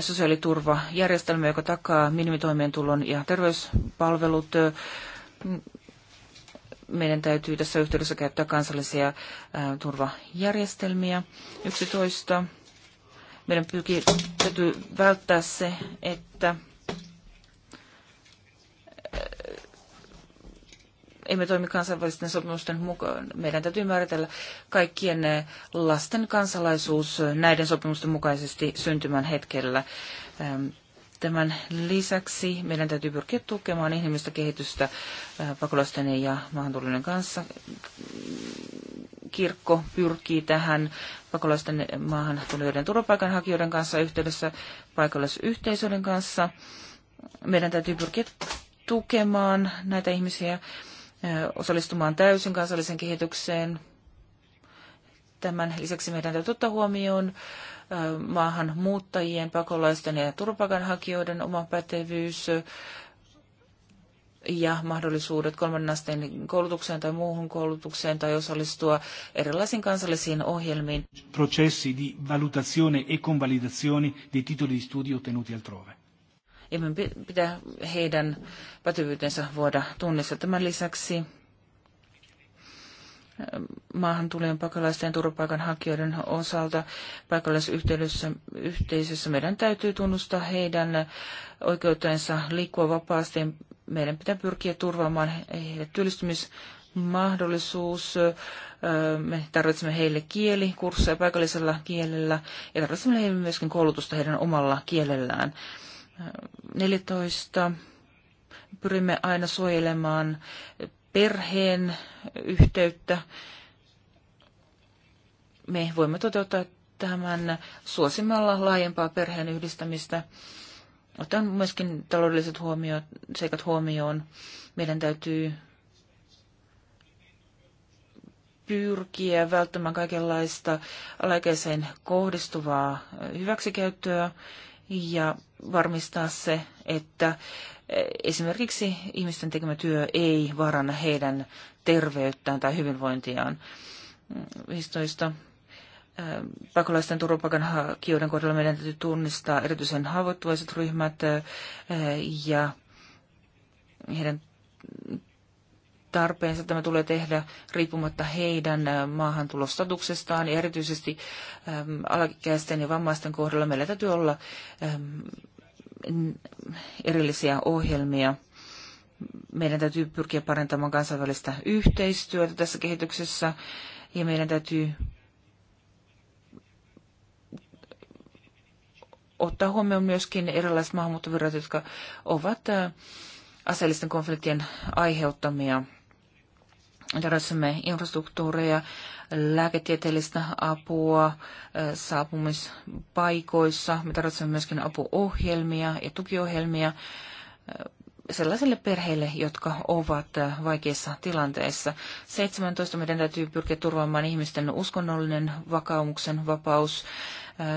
sosiaaliturvajärjestelmä, joka takaa minimitoimeentulon ja terveyspalvelut meidän täytyy tässä yhteydessä käyttää kansallisia turvajärjestelmiä. 11. Meidän pyykin, täytyy välttää se, että emme toimi kansainvälisten sopimusten mukaan. Meidän täytyy määritellä kaikkien lasten kansalaisuus näiden sopimusten mukaisesti syntymän hetkellä. Tämän lisäksi meidän täytyy pyrkiä tukemaan ihmistä kehitystä äh, pakolaisten ja maahantulijoiden kanssa. Kirkko pyrkii tähän pakolaisten maahantulijoiden turvapaikanhakijoiden kanssa yhteydessä paikallisyhteisöiden kanssa. Meidän täytyy pyrkiä tukemaan näitä ihmisiä äh, osallistumaan täysin kansalliseen kehitykseen. Tämän lisäksi meidän täytyy ottaa huomioon maahanmuuttajien, pakolaisten ja turvapaikanhakijoiden oma pätevyys ja mahdollisuudet kolmannen asteen koulutukseen tai muuhun koulutukseen tai osallistua erilaisiin kansallisiin ohjelmiin. Processi di valutazione e convalidazione dei titoli di studio ottenuti altrove. Ja pitää heidän pätevyytensä voida tunnistaa. Tämän lisäksi maahantulijan pakolaisten ja turvapaikanhakijoiden osalta paikallisyhteisössä meidän täytyy tunnustaa heidän oikeutensa liikkua vapaasti. Meidän pitää pyrkiä turvaamaan heille työllistymismahdollisuus. Me tarvitsemme heille kielikursseja paikallisella kielellä ja tarvitsemme heille myöskin koulutusta heidän omalla kielellään. 14. Pyrimme aina suojelemaan perheen yhteyttä. Me voimme toteuttaa tämän suosimalla laajempaa perheen yhdistämistä. Otan myöskin taloudelliset huomiot, seikat huomioon. Meidän täytyy pyrkiä välttämään kaikenlaista alaikäiseen kohdistuvaa hyväksikäyttöä ja varmistaa se, että eh, esimerkiksi ihmisten tekemä työ ei vaaranna heidän terveyttään tai hyvinvointiaan. 15 mm, eh, pakolaisten turvapaikanhakijoiden kohdalla meidän täytyy tunnistaa erityisen haavoittuvaiset ryhmät eh, ja heidän tarpeensa. Tämä tulee tehdä riippumatta heidän äh, maahantulostatuksestaan ja erityisesti ähm, alakäisten ja vammaisten kohdalla meillä täytyy olla ähm, erillisiä ohjelmia. Meidän täytyy pyrkiä parantamaan kansainvälistä yhteistyötä tässä kehityksessä ja meidän täytyy ottaa huomioon myöskin erilaiset maahanmuuttovirrat, jotka ovat äh, aseellisten konfliktien aiheuttamia tarvitsemme infrastruktuureja, lääketieteellistä apua saapumispaikoissa. Me tarvitsemme myöskin apuohjelmia ja tukiohjelmia sellaisille perheille, jotka ovat vaikeissa tilanteissa. 17. Meidän täytyy pyrkiä turvaamaan ihmisten uskonnollinen vakaumuksen vapaus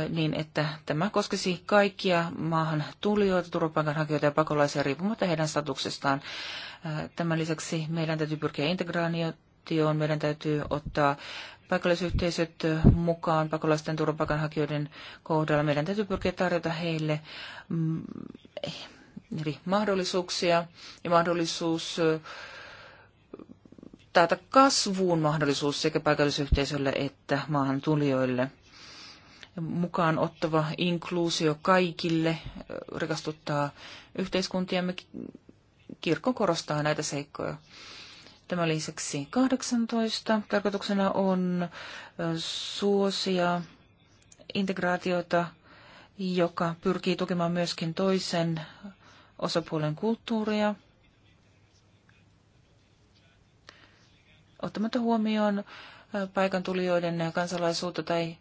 niin, että tämä koskisi kaikkia maahan tulijoita, turvapaikanhakijoita ja pakolaisia riippumatta heidän statuksestaan. Tämän lisäksi meidän täytyy pyrkiä integraatioon, meidän täytyy ottaa paikallisyhteisöt mukaan pakolaisten turvapaikanhakijoiden kohdalla. Meidän täytyy pyrkiä tarjota heille mm, eri mahdollisuuksia ja mahdollisuus taata kasvuun mahdollisuus sekä paikallisyhteisölle että maahan tulijoille mukaan ottava inkluusio kaikille rikastuttaa yhteiskuntiamme. Kirkko korostaa näitä seikkoja. Tämä lisäksi 18. Tarkoituksena on suosia integraatiota, joka pyrkii tukemaan myöskin toisen osapuolen kulttuuria. Ottamatta huomioon paikan tulijoiden kansalaisuutta tai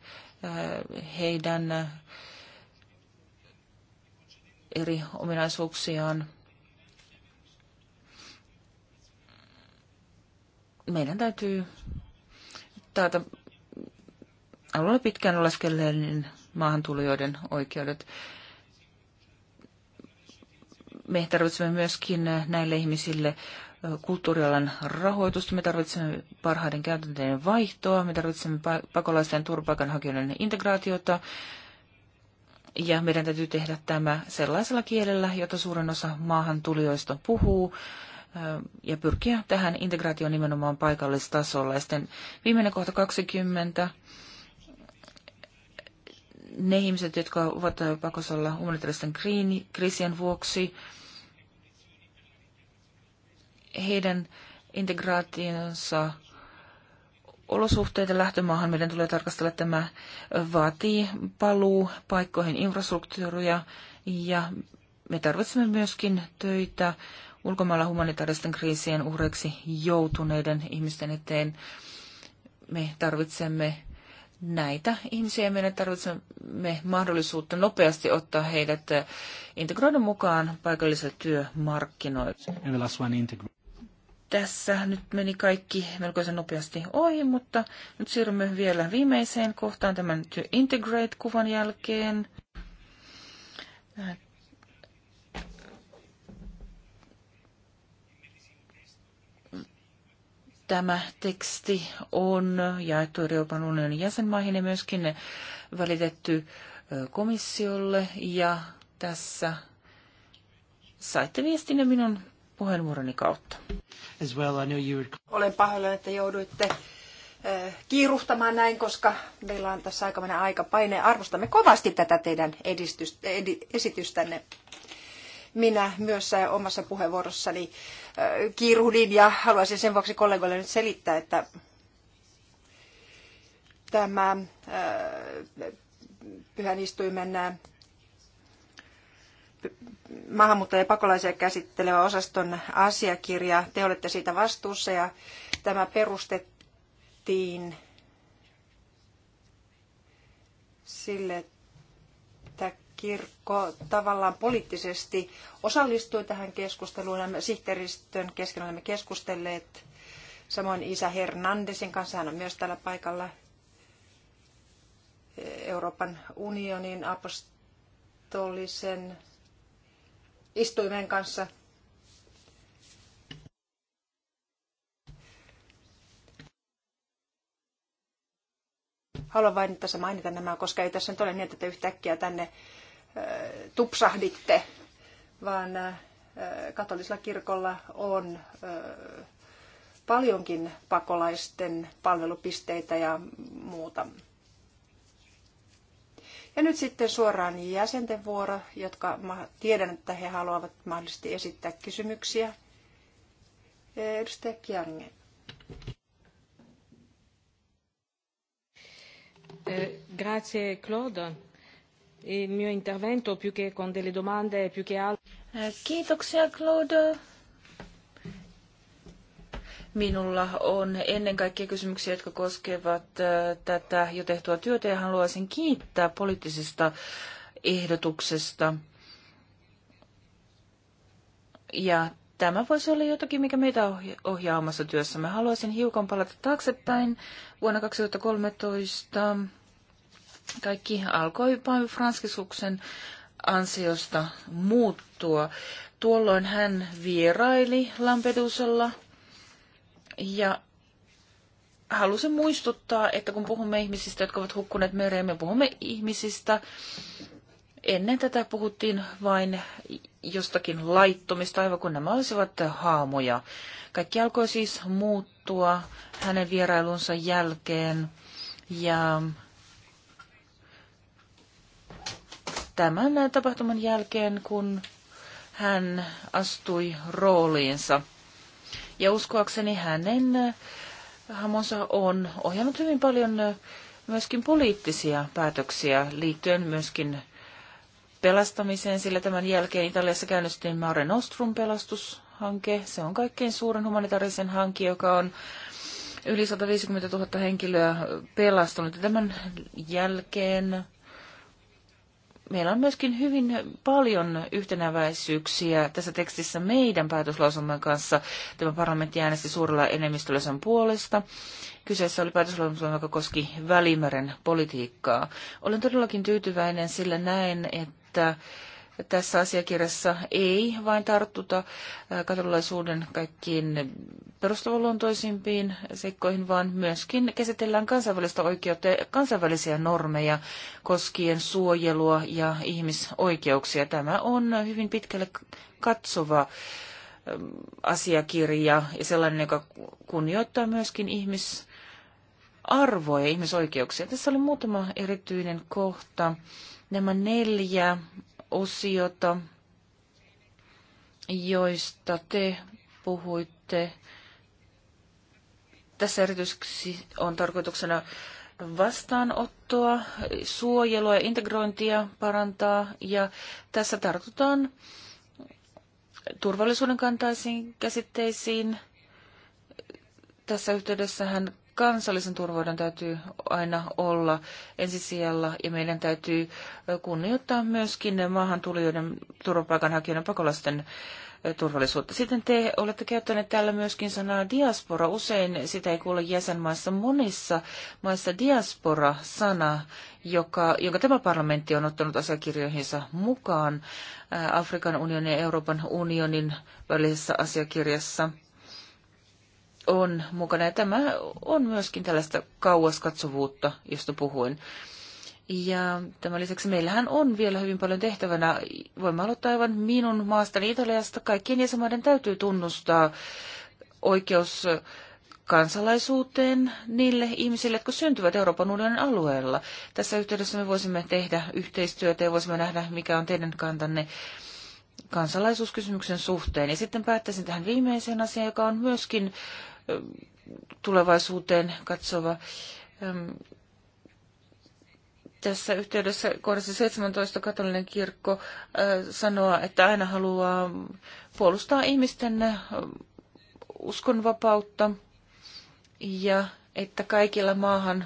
heidän eri ominaisuuksiaan. Meidän täytyy taata alueella pitkään oleskelleiden maahantulijoiden oikeudet. Me tarvitsemme myöskin näille ihmisille kulttuurialan rahoitusta, me tarvitsemme parhaiden käytäntöjen vaihtoa, me tarvitsemme pakolaisten turvapaikanhakijoiden integraatiota, ja meidän täytyy tehdä tämä sellaisella kielellä, jota suurin osa maahan tulijoista puhuu, ja pyrkiä tähän integraatioon nimenomaan paikallistasolla. Ja sitten viimeinen kohta 20. Ne ihmiset, jotka ovat pakosalla humanitaaristen kriisien vuoksi, heidän integraationsa olosuhteita lähtömaahan meidän tulee tarkastella. Tämä vaatii paluu paikkoihin infrastruktuuria ja me tarvitsemme myöskin töitä ulkomailla humanitaaristen kriisien uhreiksi joutuneiden ihmisten eteen. Me tarvitsemme näitä ihmisiä ja meidän tarvitsemme mahdollisuutta nopeasti ottaa heidät eh, integroida mukaan paikallisille työmarkkinoille. Tässä nyt meni kaikki melkoisen nopeasti ohi, mutta nyt siirrymme vielä viimeiseen kohtaan tämän To Integrate-kuvan jälkeen. tämä teksti on jaettu Euroopan unionin jäsenmaihin ja myöskin välitetty komissiolle. Ja tässä saitte viestinä minun puheenvuoroni kautta. As well, I you Olen pahoillani, että jouduitte eh, kiiruhtamaan näin, koska meillä on tässä aika mennä aika paine. Arvostamme kovasti tätä teidän edistystä, edi, esitystänne. Minä myös eh, omassa puheenvuorossani eh, kiiruhdin ja haluaisin sen vuoksi kollegoille nyt selittää, että tämä pyhän istuimen maahanmuuttajia ja pakolaisia käsittelevä osaston asiakirja. Te olette siitä vastuussa ja tämä perustettiin sille, että kirkko tavallaan poliittisesti osallistui tähän keskusteluun. Ja sihteeristön kesken olemme keskustelleet samoin isä Hernandesin kanssa, hän on myös täällä paikalla Euroopan unionin apostolisen istuimen kanssa. Haluan vain tässä mainita nämä, koska ei tässä nyt ole niin, että yhtäkkiä tänne tupsahditte, vaan katolisella kirkolla on paljonkin pakolaisten palvelupisteitä ja muuta. Ja nyt sitten suoraan jäsenten vuoro, jotka tiedän, että he haluavat mahdollisesti esittää kysymyksiä. Eh, edustaja Kiange. Eh, grazie Claude. Il mio intervento più che con delle domande più che altro. Eh, kiitoksia Claude. Minulla on ennen kaikkea kysymyksiä, jotka koskevat äh, tätä jo tehtyä työtä ja haluaisin kiittää poliittisesta ehdotuksesta. Ja tämä voisi olla jotakin, mikä meitä ohjaa omassa työssämme. Haluaisin hiukan palata taaksepäin. Vuonna 2013 kaikki alkoi Paavi Franskisuksen ansiosta muuttua. Tuolloin hän vieraili Lampedusalla ja halusin muistuttaa, että kun puhumme ihmisistä, jotka ovat hukkuneet mereen, me puhumme ihmisistä. Ennen tätä puhuttiin vain jostakin laittomista, aivan kun nämä olisivat haamoja. Kaikki alkoi siis muuttua hänen vierailunsa jälkeen. Ja tämän tapahtuman jälkeen, kun hän astui rooliinsa – ja uskoakseni hänen eh, hamonsa on ohjannut hyvin paljon eh, myöskin poliittisia päätöksiä liittyen myöskin pelastamiseen, sillä tämän jälkeen Italiassa käynnistettiin Mare Nostrum pelastushanke. Se on kaikkein suurin humanitaarisen hanke, joka on yli 150 000 henkilöä pelastunut. Ja tämän jälkeen meillä on myöskin hyvin paljon yhtenäväisyyksiä tässä tekstissä meidän päätöslauselman kanssa. Tämä parlamentti äänesti suurella enemmistöllä sen puolesta. Kyseessä oli päätöslauselma, joka koski Välimeren politiikkaa. Olen todellakin tyytyväinen, sillä näen, että tässä asiakirjassa ei vain tarttuta äh, katolaisuuden kaikkiin perustavanluontoisimpiin seikkoihin, vaan myöskin käsitellään kansainvälistä oikeutta ja kansainvälisiä normeja koskien suojelua ja ihmisoikeuksia. Tämä on hyvin pitkälle katsova ähm, asiakirja ja sellainen, joka kunnioittaa myöskin ihmisarvoja ja ihmisoikeuksia. Tässä oli muutama erityinen kohta. Nämä neljä osiota, joista te puhuitte. Tässä erityisesti on tarkoituksena vastaanottoa, suojelua ja integrointia parantaa. Ja tässä tartutaan turvallisuuden kantaisiin käsitteisiin. Tässä yhteydessä hän kansallisen turvallisuuden täytyy aina olla ensisijalla ja meidän täytyy kunnioittaa myöskin maahantulijoiden, turvapaikanhakijoiden, pakolaisten eh, turvallisuutta. Sitten te olette käyttäneet täällä myöskin sanaa diaspora. Usein sitä ei kuule jäsenmaissa. Monissa maissa diaspora-sana, joka, jonka tämä parlamentti on ottanut asiakirjoihinsa mukaan eh, Afrikan unionin ja Euroopan unionin välisessä asiakirjassa – on mukana. Ja tämä on myöskin tällaista kauaskatsovuutta, josta puhuin. Ja tämän lisäksi meillähän on vielä hyvin paljon tehtävänä. Voimme aloittaa aivan minun maastani Italiasta. Kaikkien jäsenmaiden täytyy tunnustaa oikeus kansalaisuuteen niille ihmisille, jotka syntyvät Euroopan unionin alueella. Tässä yhteydessä me voisimme tehdä yhteistyötä ja voisimme nähdä, mikä on teidän kantanne kansalaisuuskysymyksen suhteen. Ja sitten päättäisin tähän viimeiseen asiaan, joka on myöskin tulevaisuuteen katsova. Tässä yhteydessä kohdassa 17 katolinen kirkko sanoo, että aina haluaa puolustaa ihmisten uskonvapautta ja että kaikilla maahan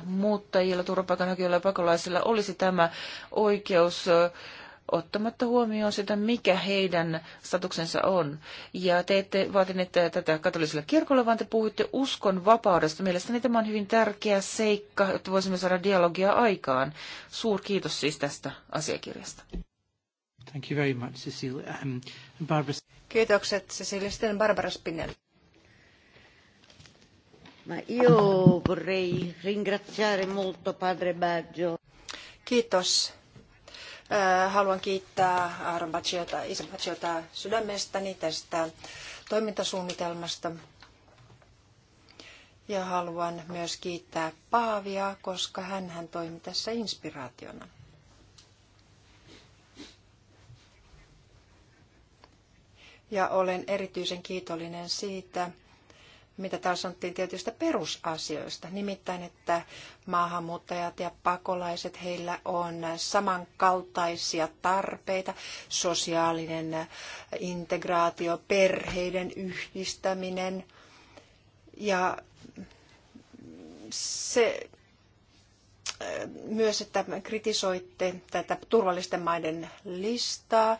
turvapaikanhakijoilla ja pakolaisilla olisi tämä oikeus ottamatta huomioon sitä, mikä heidän statuksensa on. Ja te ette vaatineet tätä katoliselle kirkolle, vaan te puhuitte uskon vapaudesta. Mielestäni tämä on hyvin tärkeä seikka, että voisimme saada dialogia aikaan. Suur kiitos siis tästä asiakirjasta. Thank you very much, Cecilia. Um, Barbara... Kiitokset, Cecilia. Sitten Barbara Spinell. Ma io vorrei ringraziare molto padre Baggio. Kiitos Haluan kiittää Aaron Baciota, Isän Baciota sydämestäni tästä toimintasuunnitelmasta. Ja haluan myös kiittää Paavia, koska hän toimi tässä inspiraationa. Ja olen erityisen kiitollinen siitä, mitä täällä sanottiin tietystä perusasioista, nimittäin, että maahanmuuttajat ja pakolaiset, heillä on samankaltaisia tarpeita, sosiaalinen integraatio, perheiden yhdistäminen ja se äh, myös, että kritisoitte tätä turvallisten maiden listaa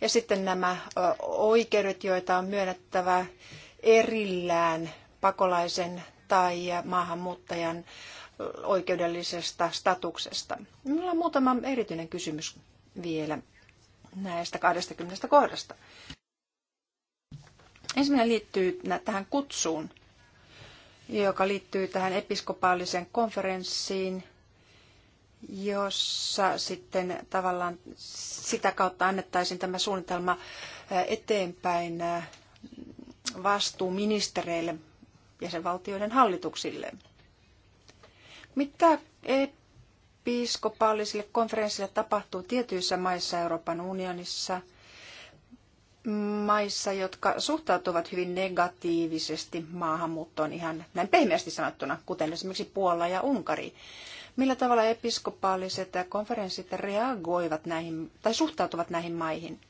ja sitten nämä oikeudet, joita on myönnettävä erillään pakolaisen tai maahanmuuttajan oikeudellisesta statuksesta. Minulla on muutama erityinen kysymys vielä näistä 20 kohdasta. Ensimmäinen liittyy tähän kutsuun, joka liittyy tähän episkopaaliseen konferenssiin, jossa sitten tavallaan sitä kautta annettaisiin tämä suunnitelma eteenpäin Vastuu ministereille vastuuministereille jäsenvaltioiden hallituksille. Mitä episkopaalisille konferenssille tapahtuu tietyissä maissa Euroopan unionissa, maissa, jotka suhtautuvat hyvin negatiivisesti maahanmuuttoon ihan näin pehmeästi sanottuna, kuten esimerkiksi Puola ja Unkari. Millä tavalla episkopaaliset konferenssit reagoivat näihin tai suhtautuvat näihin maihin?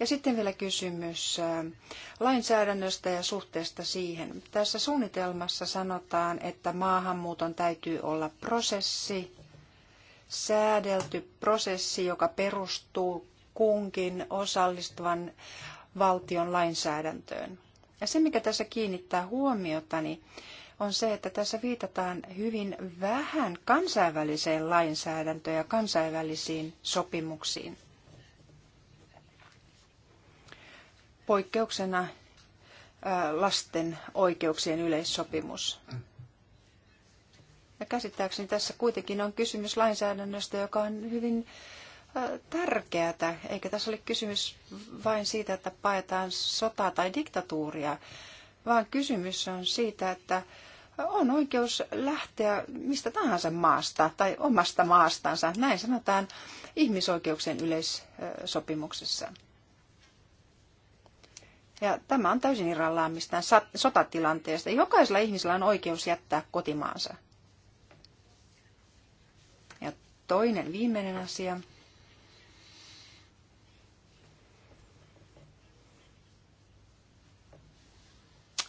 Ja sitten vielä kysymys äh, lainsäädännöstä ja suhteesta siihen. Tässä suunnitelmassa sanotaan, että maahanmuuton täytyy olla prosessi, säädelty prosessi, joka perustuu kunkin osallistuvan valtion lainsäädäntöön. Ja se, mikä tässä kiinnittää huomiotani, niin on se, että tässä viitataan hyvin vähän kansainväliseen lainsäädäntöön ja kansainvälisiin sopimuksiin. poikkeuksena lasten oikeuksien yleissopimus. Ja käsittääkseni tässä kuitenkin on kysymys lainsäädännöstä, joka on hyvin tärkeää, eikä tässä ole kysymys vain siitä, että paetaan sotaa tai diktatuuria, vaan kysymys on siitä, että on oikeus lähteä mistä tahansa maasta tai omasta maastansa. Näin sanotaan ihmisoikeuksien yleissopimuksessa. Ja tämä on täysin irrallaan mistään sotatilanteesta. Jokaisella ihmisellä on oikeus jättää kotimaansa. Ja toinen viimeinen asia.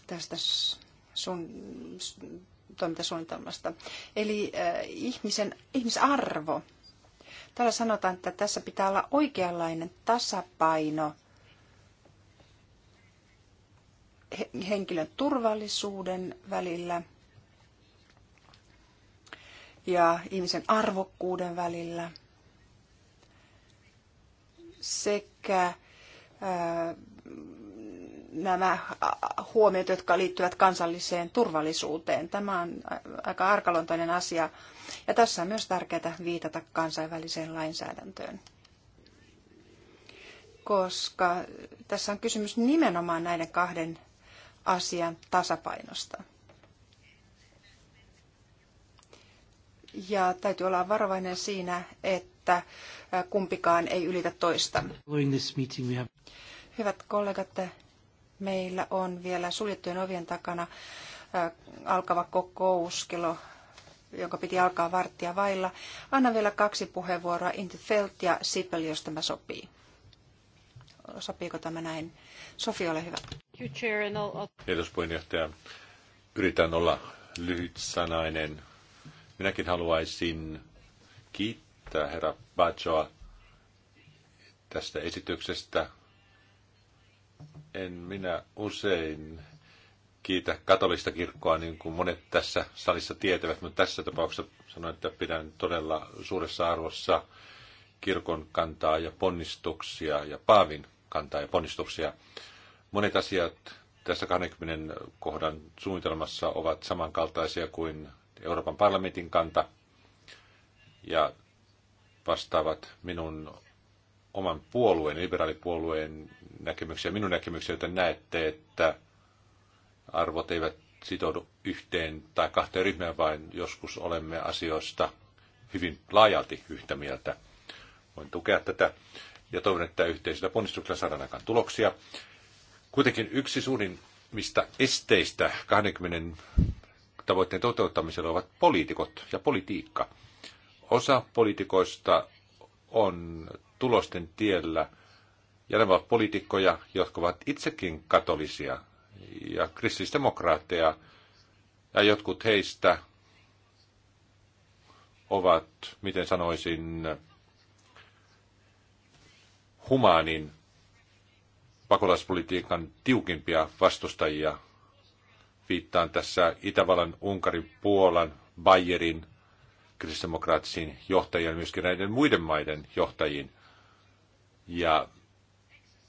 Tästä sun toimintasuunnitelmasta. Eli äh, ihmisen, ihmisarvo. Täällä sanotaan, että tässä pitää olla oikeanlainen tasapaino – henkilön turvallisuuden välillä ja ihmisen arvokkuuden välillä sekä nämä huomiot, jotka liittyvät kansalliseen turvallisuuteen. Tämä on aika arkaluontoinen asia ja tässä on myös tärkeää viitata kansainväliseen lainsäädäntöön, koska tässä on kysymys nimenomaan näiden kahden asian tasapainosta. Ja täytyy olla varovainen siinä, että kumpikaan ei ylitä toista. Hyvät kollegat, meillä on vielä suljettujen ovien takana alkava kokous kello jonka piti alkaa varttia vailla. Anna vielä kaksi puheenvuoroa Intefelt ja Sipel, jos tämä sopii. Sopiiko tämä näin? Sofi, ole hyvä. Kiitos puheenjohtaja. Yritän olla lyhytsanainen. Minäkin haluaisin kiittää herra Bajoa tästä esityksestä. En minä usein kiitä katolista kirkkoa, niin kuin monet tässä salissa tietävät, mutta tässä tapauksessa sanoin, että pidän todella suuressa arvossa kirkon kantaa ja ponnistuksia ja paavin kantaa ja ponnistuksia. Monet asiat tässä 20 kohdan suunnitelmassa ovat samankaltaisia kuin Euroopan parlamentin kanta ja vastaavat minun oman puolueen, liberaalipuolueen näkemyksiä, minun näkemyksiä, joten näette, että arvot eivät sitoudu yhteen tai kahteen ryhmään, vaan joskus olemme asioista hyvin laajalti yhtä mieltä. Voin tukea tätä ja toivon, että yhteisillä ponnistuksilla saadaan aikaan tuloksia. Kuitenkin yksi suurimmista esteistä 20 tavoitteen toteuttamisella ovat poliitikot ja politiikka. Osa poliitikoista on tulosten tiellä ja ne ovat poliitikkoja, jotka ovat itsekin katolisia ja kristillisdemokraatteja ja jotkut heistä ovat, miten sanoisin, humaanin pakolaispolitiikan tiukimpia vastustajia. Viittaan tässä Itävallan, Unkarin, Puolan, Bayerin, kristillisdemokraattisiin johtajiin ja myöskin näiden muiden maiden johtajiin. Ja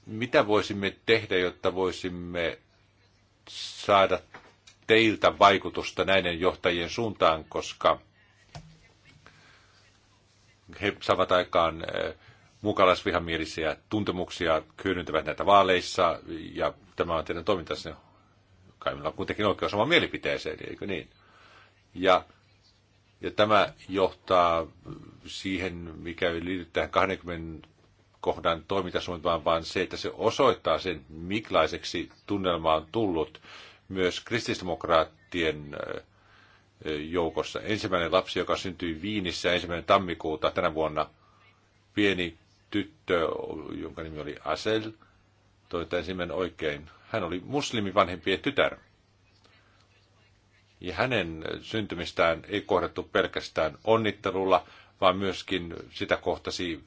mitä voisimme tehdä, jotta voisimme saada teiltä vaikutusta näiden johtajien suuntaan, koska he saavat aikaan äh, mukalaisvihamielisiä tuntemuksia hyödyntävät näitä vaaleissa, ja tämä on teidän toimintanne. Kai meillä on kuitenkin oikeus omaan mielipiteeseen, eikö niin? Ja, ja tämä johtaa siihen, mikä liittyy tähän 20 kohdan toimintasuuntaan, vaan se, että se osoittaa sen, miklaiseksi tunnelma on tullut myös kristillisdemokraattien joukossa. Ensimmäinen lapsi, joka syntyi Viinissä ensimmäinen tammikuuta tänä vuonna, pieni tyttö, jonka nimi oli Asel, toivottavasti ensimmäinen oikein. Hän oli muslimivanhempien tytär. Ja hänen syntymistään ei kohdattu pelkästään onnittelulla, vaan myöskin sitä kohtasi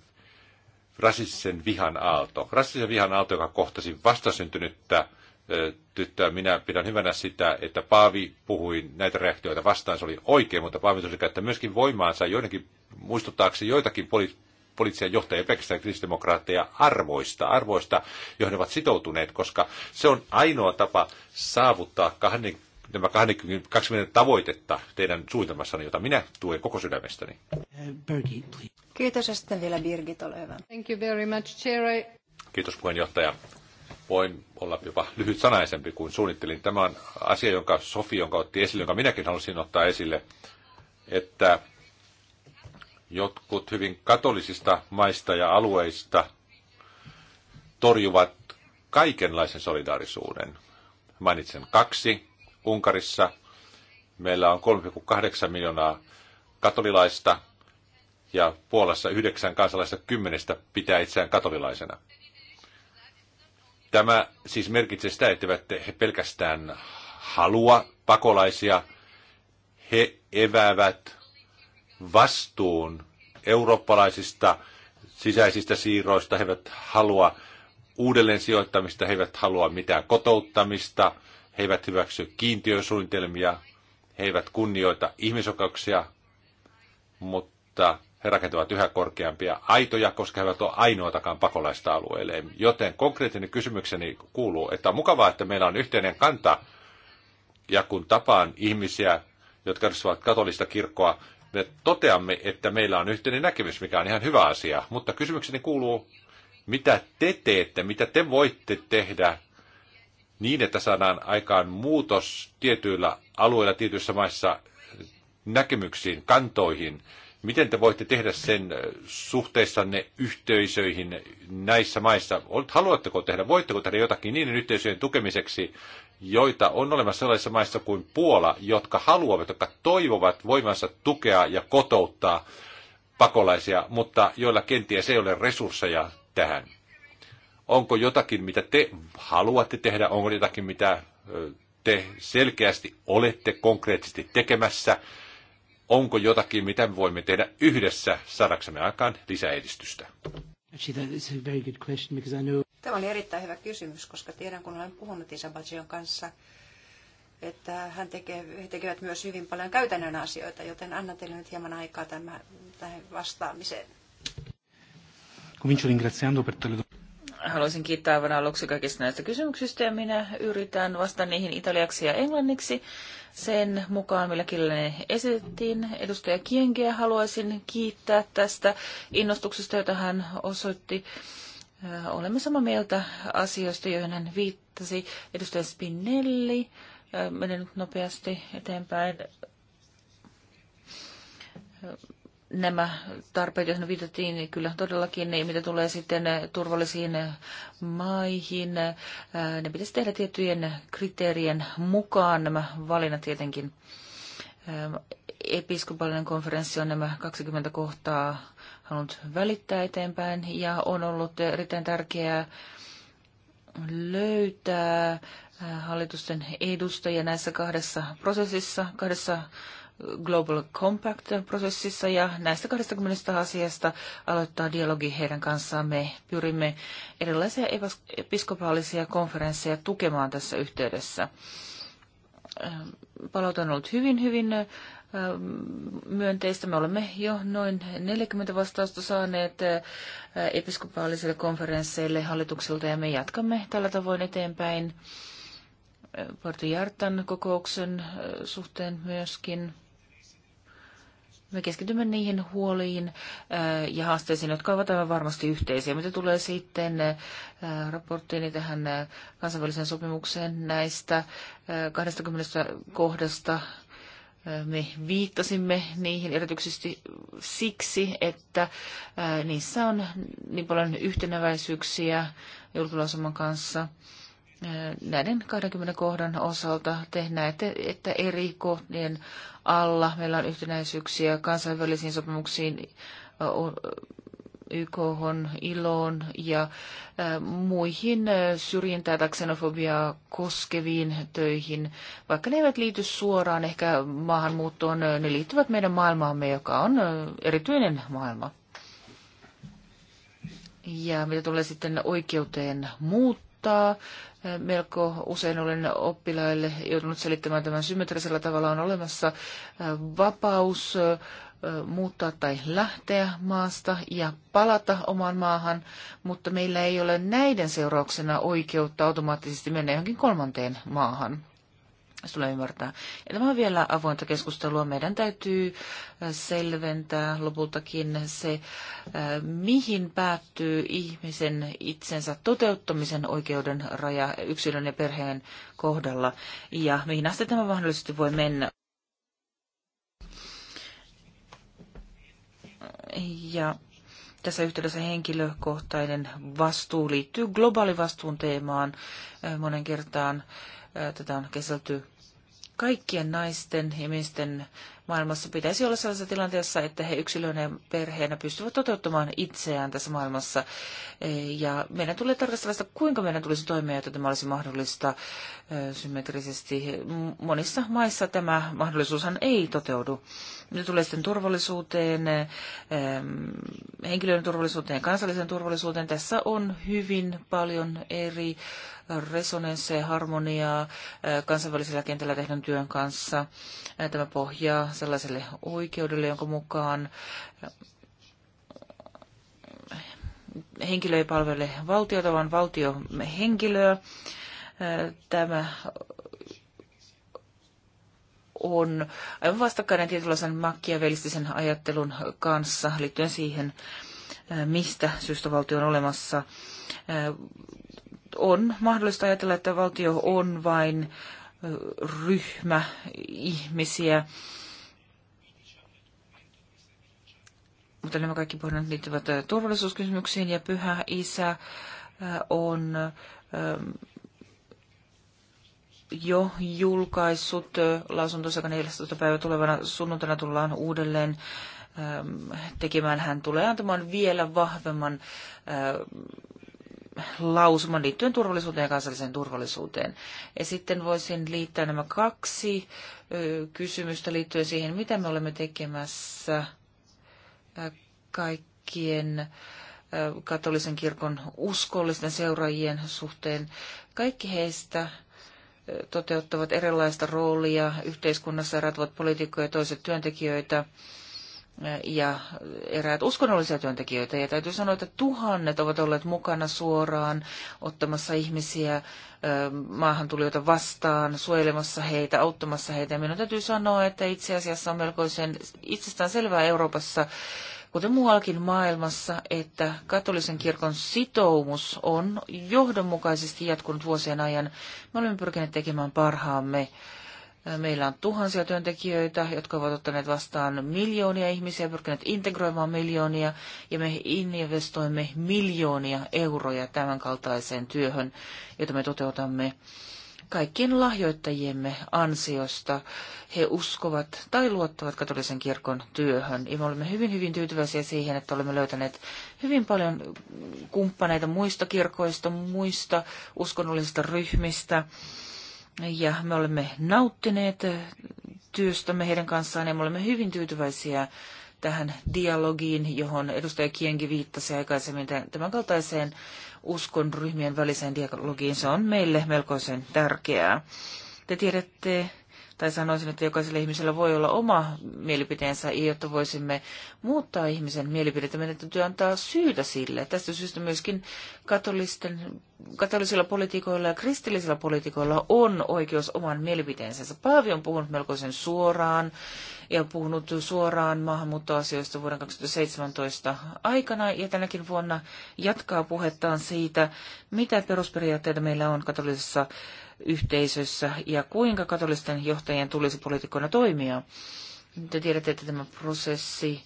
rasistisen vihan aalto. Rasistisen vihan aalto, joka kohtasi vastasyntynyttä tyttöä. Minä pidän hyvänä sitä, että Paavi puhui näitä reaktioita vastaan. Se oli oikein, mutta Paavi tuli käyttää myöskin voimaansa joidenkin muistuttaakseni joitakin poli- poliittisia johtajia, pelkästään kristdemokraatteja arvoista, arvoista, joihin ovat sitoutuneet, koska se on ainoa tapa saavuttaa kahden, nämä 20, 20 tavoitetta teidän suunnitelmassanne, jota minä tuen koko sydämestäni. Kiitos ja sitten vielä Birgit, ole hyvä. Thank you very much, Chair. Kiitos puheenjohtaja. Voin olla jopa lyhyt sanaisempi kuin suunnittelin. Tämä on asia, jonka Sofi, jonka otti esille, jonka minäkin halusin ottaa esille, että Jotkut hyvin katolisista maista ja alueista torjuvat kaikenlaisen solidaarisuuden. Mainitsen kaksi. Unkarissa meillä on 3,8 miljoonaa katolilaista ja Puolassa yhdeksän kansalaista kymmenestä pitää itseään katolilaisena. Tämä siis merkitsee sitä, että he pelkästään halua pakolaisia, he eväävät vastuun eurooppalaisista sisäisistä siirroista. He eivät halua uudelleen sijoittamista, he eivät halua mitään kotouttamista, he eivät hyväksy kiintiösuunnitelmia, he eivät kunnioita ihmisoikeuksia, mutta he rakentavat yhä korkeampia aitoja, koska he eivät ole ainoatakaan pakolaista alueelle. Joten konkreettinen kysymykseni kuuluu, että on mukavaa, että meillä on yhteinen kanta, ja kun tapaan ihmisiä, jotka edustavat katolista kirkkoa, me toteamme, että meillä on yhteinen näkemys, mikä on ihan hyvä asia. Mutta kysymykseni kuuluu, mitä te teette, mitä te voitte tehdä niin, että saadaan aikaan muutos tietyillä alueilla, tietyissä maissa näkemyksiin, kantoihin. Miten te voitte tehdä sen suhteissanne yhteisöihin näissä maissa? Haluatteko tehdä, voitteko tehdä jotakin niiden yhteisöjen tukemiseksi, joita on olemassa sellaisissa maissa kuin Puola, jotka haluavat, jotka toivovat voimansa tukea ja kotouttaa pakolaisia, mutta joilla kenties ei ole resursseja tähän. Onko jotakin, mitä te haluatte tehdä? Onko jotakin, mitä te selkeästi olette konkreettisesti tekemässä? Onko jotakin, mitä me voimme tehdä yhdessä saadaksemme aikaan lisäedistystä? Actually, that is a very good question because I know Tämä oli erittäin hyvä kysymys, koska tiedän, kun olen puhunut Isabajion kanssa, että hän tekee, he tekevät myös hyvin paljon käytännön asioita, joten annan teille nyt hieman aikaa tämän, tähän vastaamiseen. Haluaisin kiittää aivan aluksi kaikista näistä kysymyksistä ja minä yritän vastata niihin italiaksi ja englanniksi sen mukaan, millä kielellä ne esitettiin. Edustaja Kienkeä haluaisin kiittää tästä innostuksesta, jota hän osoitti olemme samaa mieltä asioista, joihin hän viittasi. Edustaja Spinelli, menen nyt nopeasti eteenpäin. Nämä tarpeet, joihin viitattiin, niin kyllä todellakin, niin mitä tulee sitten turvallisiin maihin, ne pitäisi tehdä tiettyjen kriteerien mukaan nämä valinnat tietenkin. Episkopallinen konferenssi on nämä 20 kohtaa halunnut välittää eteenpäin ja on ollut erittäin tärkeää löytää äh, hallitusten edustajia näissä kahdessa prosessissa, kahdessa Global Compact-prosessissa ja näistä 20 asiasta aloittaa dialogi heidän kanssaan. Me pyrimme erilaisia episkopaalisia konferensseja tukemaan tässä yhteydessä. Äh, palaute on ollut hyvin, hyvin äh, myönteistä. Me olemme jo noin 40 vastausta saaneet episkopaalisille konferensseille hallitukselta ja me jatkamme tällä tavoin eteenpäin. Porto Jartan kokouksen suhteen myöskin. Me keskitymme niihin huoliin ja haasteisiin, jotka ovat aivan varmasti yhteisiä. Mitä tulee sitten raporttiini tähän kansainväliseen sopimukseen näistä 20 kohdasta, me viittasimme niihin erityisesti siksi, että niissä on niin paljon yhtenäväisyyksiä julkilausuman kanssa. Näiden 20 kohdan osalta te näette, että eri kohtien alla meillä on yhtenäisyyksiä kansainvälisiin sopimuksiin, YK, ILOon ja äh, muihin äh, syrjintää tai xenofobiaa koskeviin töihin. Vaikka ne eivät liity suoraan ehkä maahanmuuttoon, äh, ne liittyvät meidän maailmaamme, joka on erityinen maailma. Ja mitä tulee sitten oikeuteen muuttaa, melko usein olen oppilaille joutunut selittämään tämän symmetrisellä tavalla on olemassa vapaus muuttaa tai lähteä maasta ja palata omaan maahan, mutta meillä ei ole näiden seurauksena oikeutta automaattisesti mennä johonkin kolmanteen maahan. Se tulee ymmärtää. Ja tämä on vielä avointa keskustelua. Meidän täytyy selventää lopultakin se, mihin päättyy ihmisen itsensä toteuttamisen oikeuden raja yksilön ja perheen kohdalla ja mihin asti tämä mahdollisesti voi mennä. ja tässä yhteydessä henkilökohtainen vastuu liittyy globaalivastuun teemaan. Äh, monen kertaan äh, tätä on käsitelty kaikkien naisten ja miesten maailmassa pitäisi olla sellaisessa tilanteessa, että he yksilöinä ja perheenä pystyvät toteuttamaan itseään tässä maailmassa. Eh, ja meidän tulee tarkastella sitä, kuinka meidän tulisi toimia, jotta tämä olisi mahdollista eh, symmetrisesti. Monissa maissa tämä mahdollisuushan ei toteudu. Ne tulee sitten turvallisuuteen, eh, henkilöiden turvallisuuteen ja kansalliseen turvallisuuteen. Tässä on hyvin paljon eri resonansseja, harmoniaa kansainvälisellä kentällä tehdyn työn kanssa. Tämä pohjaa sellaiselle oikeudelle, jonka mukaan henkilö ei palvele valtiota, vaan valtio henkilöä. Tämä on aivan vastakkainen tietynlaisen makkiavelistisen ajattelun kanssa liittyen siihen, mistä syystä valtio on olemassa. On mahdollista ajatella, että valtio on vain ryhmä ihmisiä, mutta nämä kaikki pohdinnat liittyvät äh, turvallisuuskysymyksiin ja pyhä isä äh, on ähm, jo julkaissut äh, lausuntonsa 14. päivä tulevana sunnuntaina tullaan uudelleen ähm, tekemään. Hän tulee antamaan vielä vahvemman lausuman liittyen turvallisuuteen ja kansalliseen turvallisuuteen. Ja sitten voisin liittää nämä kaksi kysymystä liittyen siihen, mitä me olemme tekemässä – kaikkien katolisen kirkon uskollisten seuraajien suhteen. Kaikki heistä toteuttavat erilaista roolia yhteiskunnassa, erät ovat poliitikkoja ja toiset työntekijöitä ja eräät uskonnollisia työntekijöitä. Ja täytyy sanoa, että tuhannet ovat olleet mukana suoraan ottamassa ihmisiä maahantulijoita vastaan, suojelemassa heitä, auttamassa heitä. Ja minun täytyy sanoa, että itse asiassa on melkoisen itsestään selvää Euroopassa, kuten muuallakin maailmassa, että katolisen kirkon sitoumus on johdonmukaisesti jatkunut vuosien ajan. Me olemme pyrkineet tekemään parhaamme Meillä on tuhansia työntekijöitä, jotka ovat ottaneet vastaan miljoonia ihmisiä, pyrkineet integroimaan miljoonia, ja me investoimme miljoonia euroja tämän kaltaiseen työhön, jota me toteutamme kaikkien lahjoittajiemme ansiosta. He uskovat tai luottavat katolisen kirkon työhön. Ja me olemme hyvin, hyvin tyytyväisiä siihen, että olemme löytäneet hyvin paljon kumppaneita muista kirkoista, muista uskonnollisista ryhmistä ja me olemme nauttineet työstämme heidän kanssaan ja me olemme hyvin tyytyväisiä tähän dialogiin, johon edustaja Kienki viittasi aikaisemmin tämän kaltaiseen uskon ryhmien väliseen dialogiin. Se on meille melkoisen tärkeää. Te tiedätte tai sanoisin, että jokaisella ihmisellä voi olla oma mielipiteensä, jotta voisimme muuttaa ihmisen mielipidettä. Meidän täytyy antaa syytä sille. Tästä syystä myöskin katolisten, katolisilla politiikoilla ja kristillisillä politiikoilla on oikeus oman mielipiteensä. Paavi on puhunut melkoisen suoraan ja puhunut suoraan maahanmuuttoasioista vuoden 2017 aikana ja tänäkin vuonna jatkaa puhettaan siitä, mitä perusperiaatteita meillä on katolisessa yhteisössä ja kuinka katolisten johtajien tulisi poliitikkoina toimia. Te tiedätte, että tämä prosessi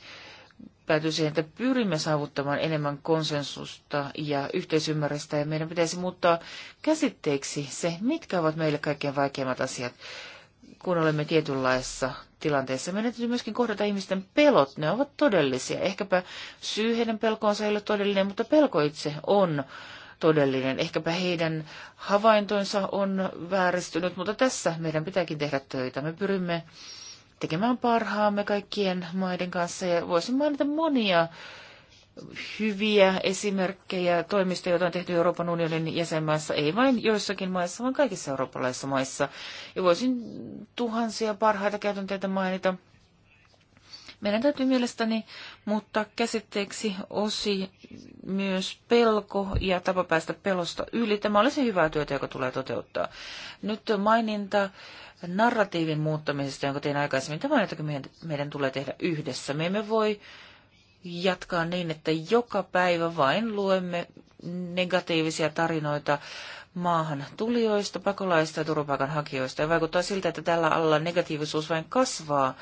päätyy siihen, että pyrimme saavuttamaan enemmän konsensusta ja yhteisymmärrystä ja meidän pitäisi muuttaa käsitteeksi se, mitkä ovat meille kaikkein vaikeimmat asiat, kun olemme tietynlaisessa tilanteessa. Meidän täytyy myöskin kohdata ihmisten pelot, ne ovat todellisia. Ehkäpä syy heidän pelkoonsa ei ole todellinen, mutta pelko itse on todellinen. Ehkäpä heidän havaintonsa on vääristynyt, mutta tässä meidän pitääkin tehdä töitä. Me pyrimme tekemään parhaamme kaikkien maiden kanssa ja voisin mainita monia hyviä esimerkkejä toimista, joita on tehty Euroopan unionin jäsenmaissa, ei vain joissakin maissa, vaan kaikissa eurooppalaisissa maissa. Ja voisin tuhansia parhaita käytänteitä mainita. Meidän täytyy mielestäni muuttaa käsitteeksi osi myös pelko ja tapa päästä pelosta yli. Tämä olisi hyvää työtä, joka tulee toteuttaa. Nyt maininta narratiivin muuttamisesta, jonka tein aikaisemmin, tämä on jotakin meidän, meidän tulee tehdä yhdessä. Me emme voi jatkaa niin, että joka päivä vain luemme negatiivisia tarinoita maahan tulijoista, pakolaista ja turvapaikanhakijoista. Ja vaikuttaa siltä, että tällä alalla negatiivisuus vain kasvaa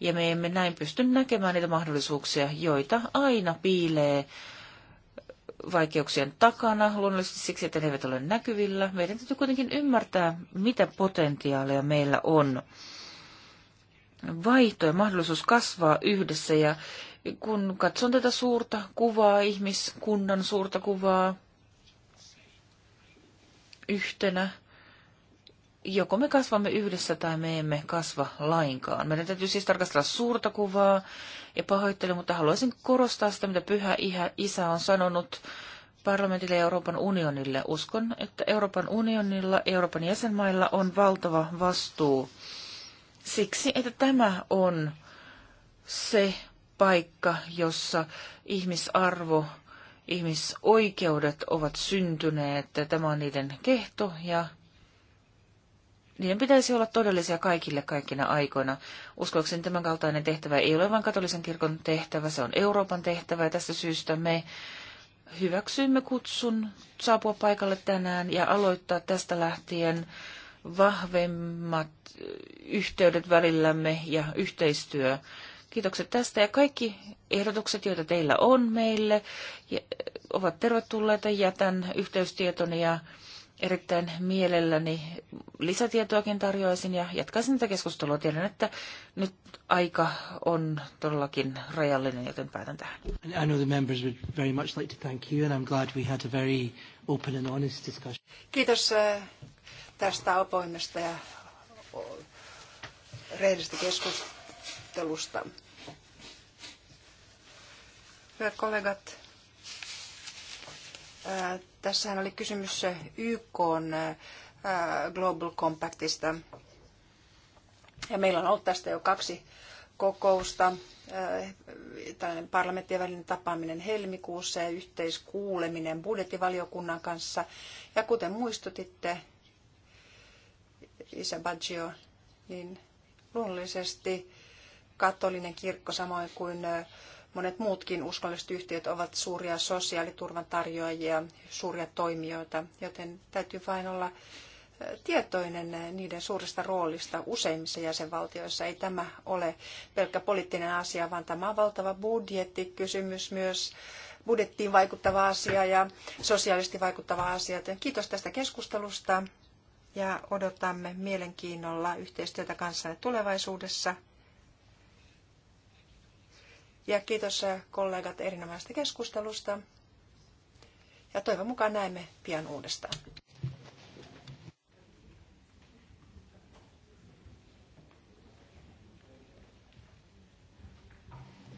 ja me emme näin pysty näkemään niitä mahdollisuuksia, joita aina piilee vaikeuksien takana, luonnollisesti siksi, että ne eivät ole näkyvillä. Meidän täytyy kuitenkin ymmärtää, mitä potentiaalia meillä on. Vaihto ja mahdollisuus kasvaa yhdessä ja kun katson tätä suurta kuvaa, ihmiskunnan suurta kuvaa yhtenä joko me kasvamme yhdessä tai me emme kasva lainkaan. Meidän täytyy siis tarkastella suurta kuvaa ja pahoittelen, mutta haluaisin korostaa sitä, mitä pyhä isä on sanonut parlamentille ja Euroopan unionille. Uskon, että Euroopan unionilla, Euroopan jäsenmailla on valtava vastuu siksi, että tämä on se paikka, jossa ihmisarvo, ihmisoikeudet ovat syntyneet. Tämä on niiden kehto ja niiden pitäisi olla todellisia kaikille kaikkina aikoina. Uskoakseni tämän kaltainen tehtävä ei ole vain katolisen kirkon tehtävä, se on Euroopan tehtävä ja tästä syystä me hyväksyimme kutsun saapua paikalle tänään ja aloittaa tästä lähtien vahvemmat eh, yhteydet välillämme ja yhteistyö. Kiitokset tästä ja kaikki ehdotukset, joita teillä on meille, eh, ovat tervetulleita. Jätän yhteystietoni ja erittäin mielelläni lisätietoakin tarjoaisin ja jatkaisin tätä keskustelua. Tiedän, että nyt aika on todellakin rajallinen, joten päätän tähän. I know the members would very much like to thank you and I'm glad we had a very open and honest discussion. Kiitos eh, tästä opoimesta ja rehellisestä keskustelusta. Hyvät kollegat, eh, Tässähän oli kysymys YK Global Compactista. Ja meillä on ollut tästä jo kaksi kokousta, tällainen parlamenttien välinen tapaaminen helmikuussa ja yhteiskuuleminen budjettivaliokunnan kanssa. Ja kuten muistutitte, Isä Baggio, niin luonnollisesti katolinen kirkko samoin kuin Monet muutkin uskonnolliset yhtiöt ovat suuria sosiaaliturvan tarjoajia, suuria toimijoita, joten täytyy vain olla eh, tietoinen niiden suuresta roolista useimmissa jäsenvaltioissa. Ei tämä ole pelkkä poliittinen asia, vaan tämä on valtava budjettikysymys myös budjettiin vaikuttava asia ja sosiaalisesti vaikuttava asia. Kiitos tästä keskustelusta ja odotamme mielenkiinnolla yhteistyötä kanssanne tulevaisuudessa. Ja kiitos kollegat erinomaisesta keskustelusta. Ja toivon mukaan näemme pian uudestaan.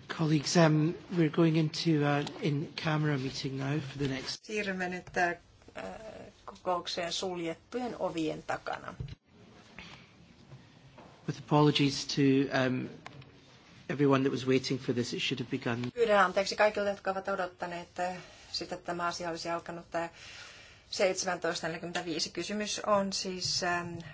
Colleagues, um, we're going into uh, in-camera meeting now for the next... Siirrymme nyt kokoukseen suljettujen ovien takana. With apologies to um, everyone that was waiting for this, it should have begun. Pyydän anteeksi kaikille, jotka ovat odottaneet eh, sitä, että tämä asia olisi alkanut. 17.45 eh, kysymys on siis eh,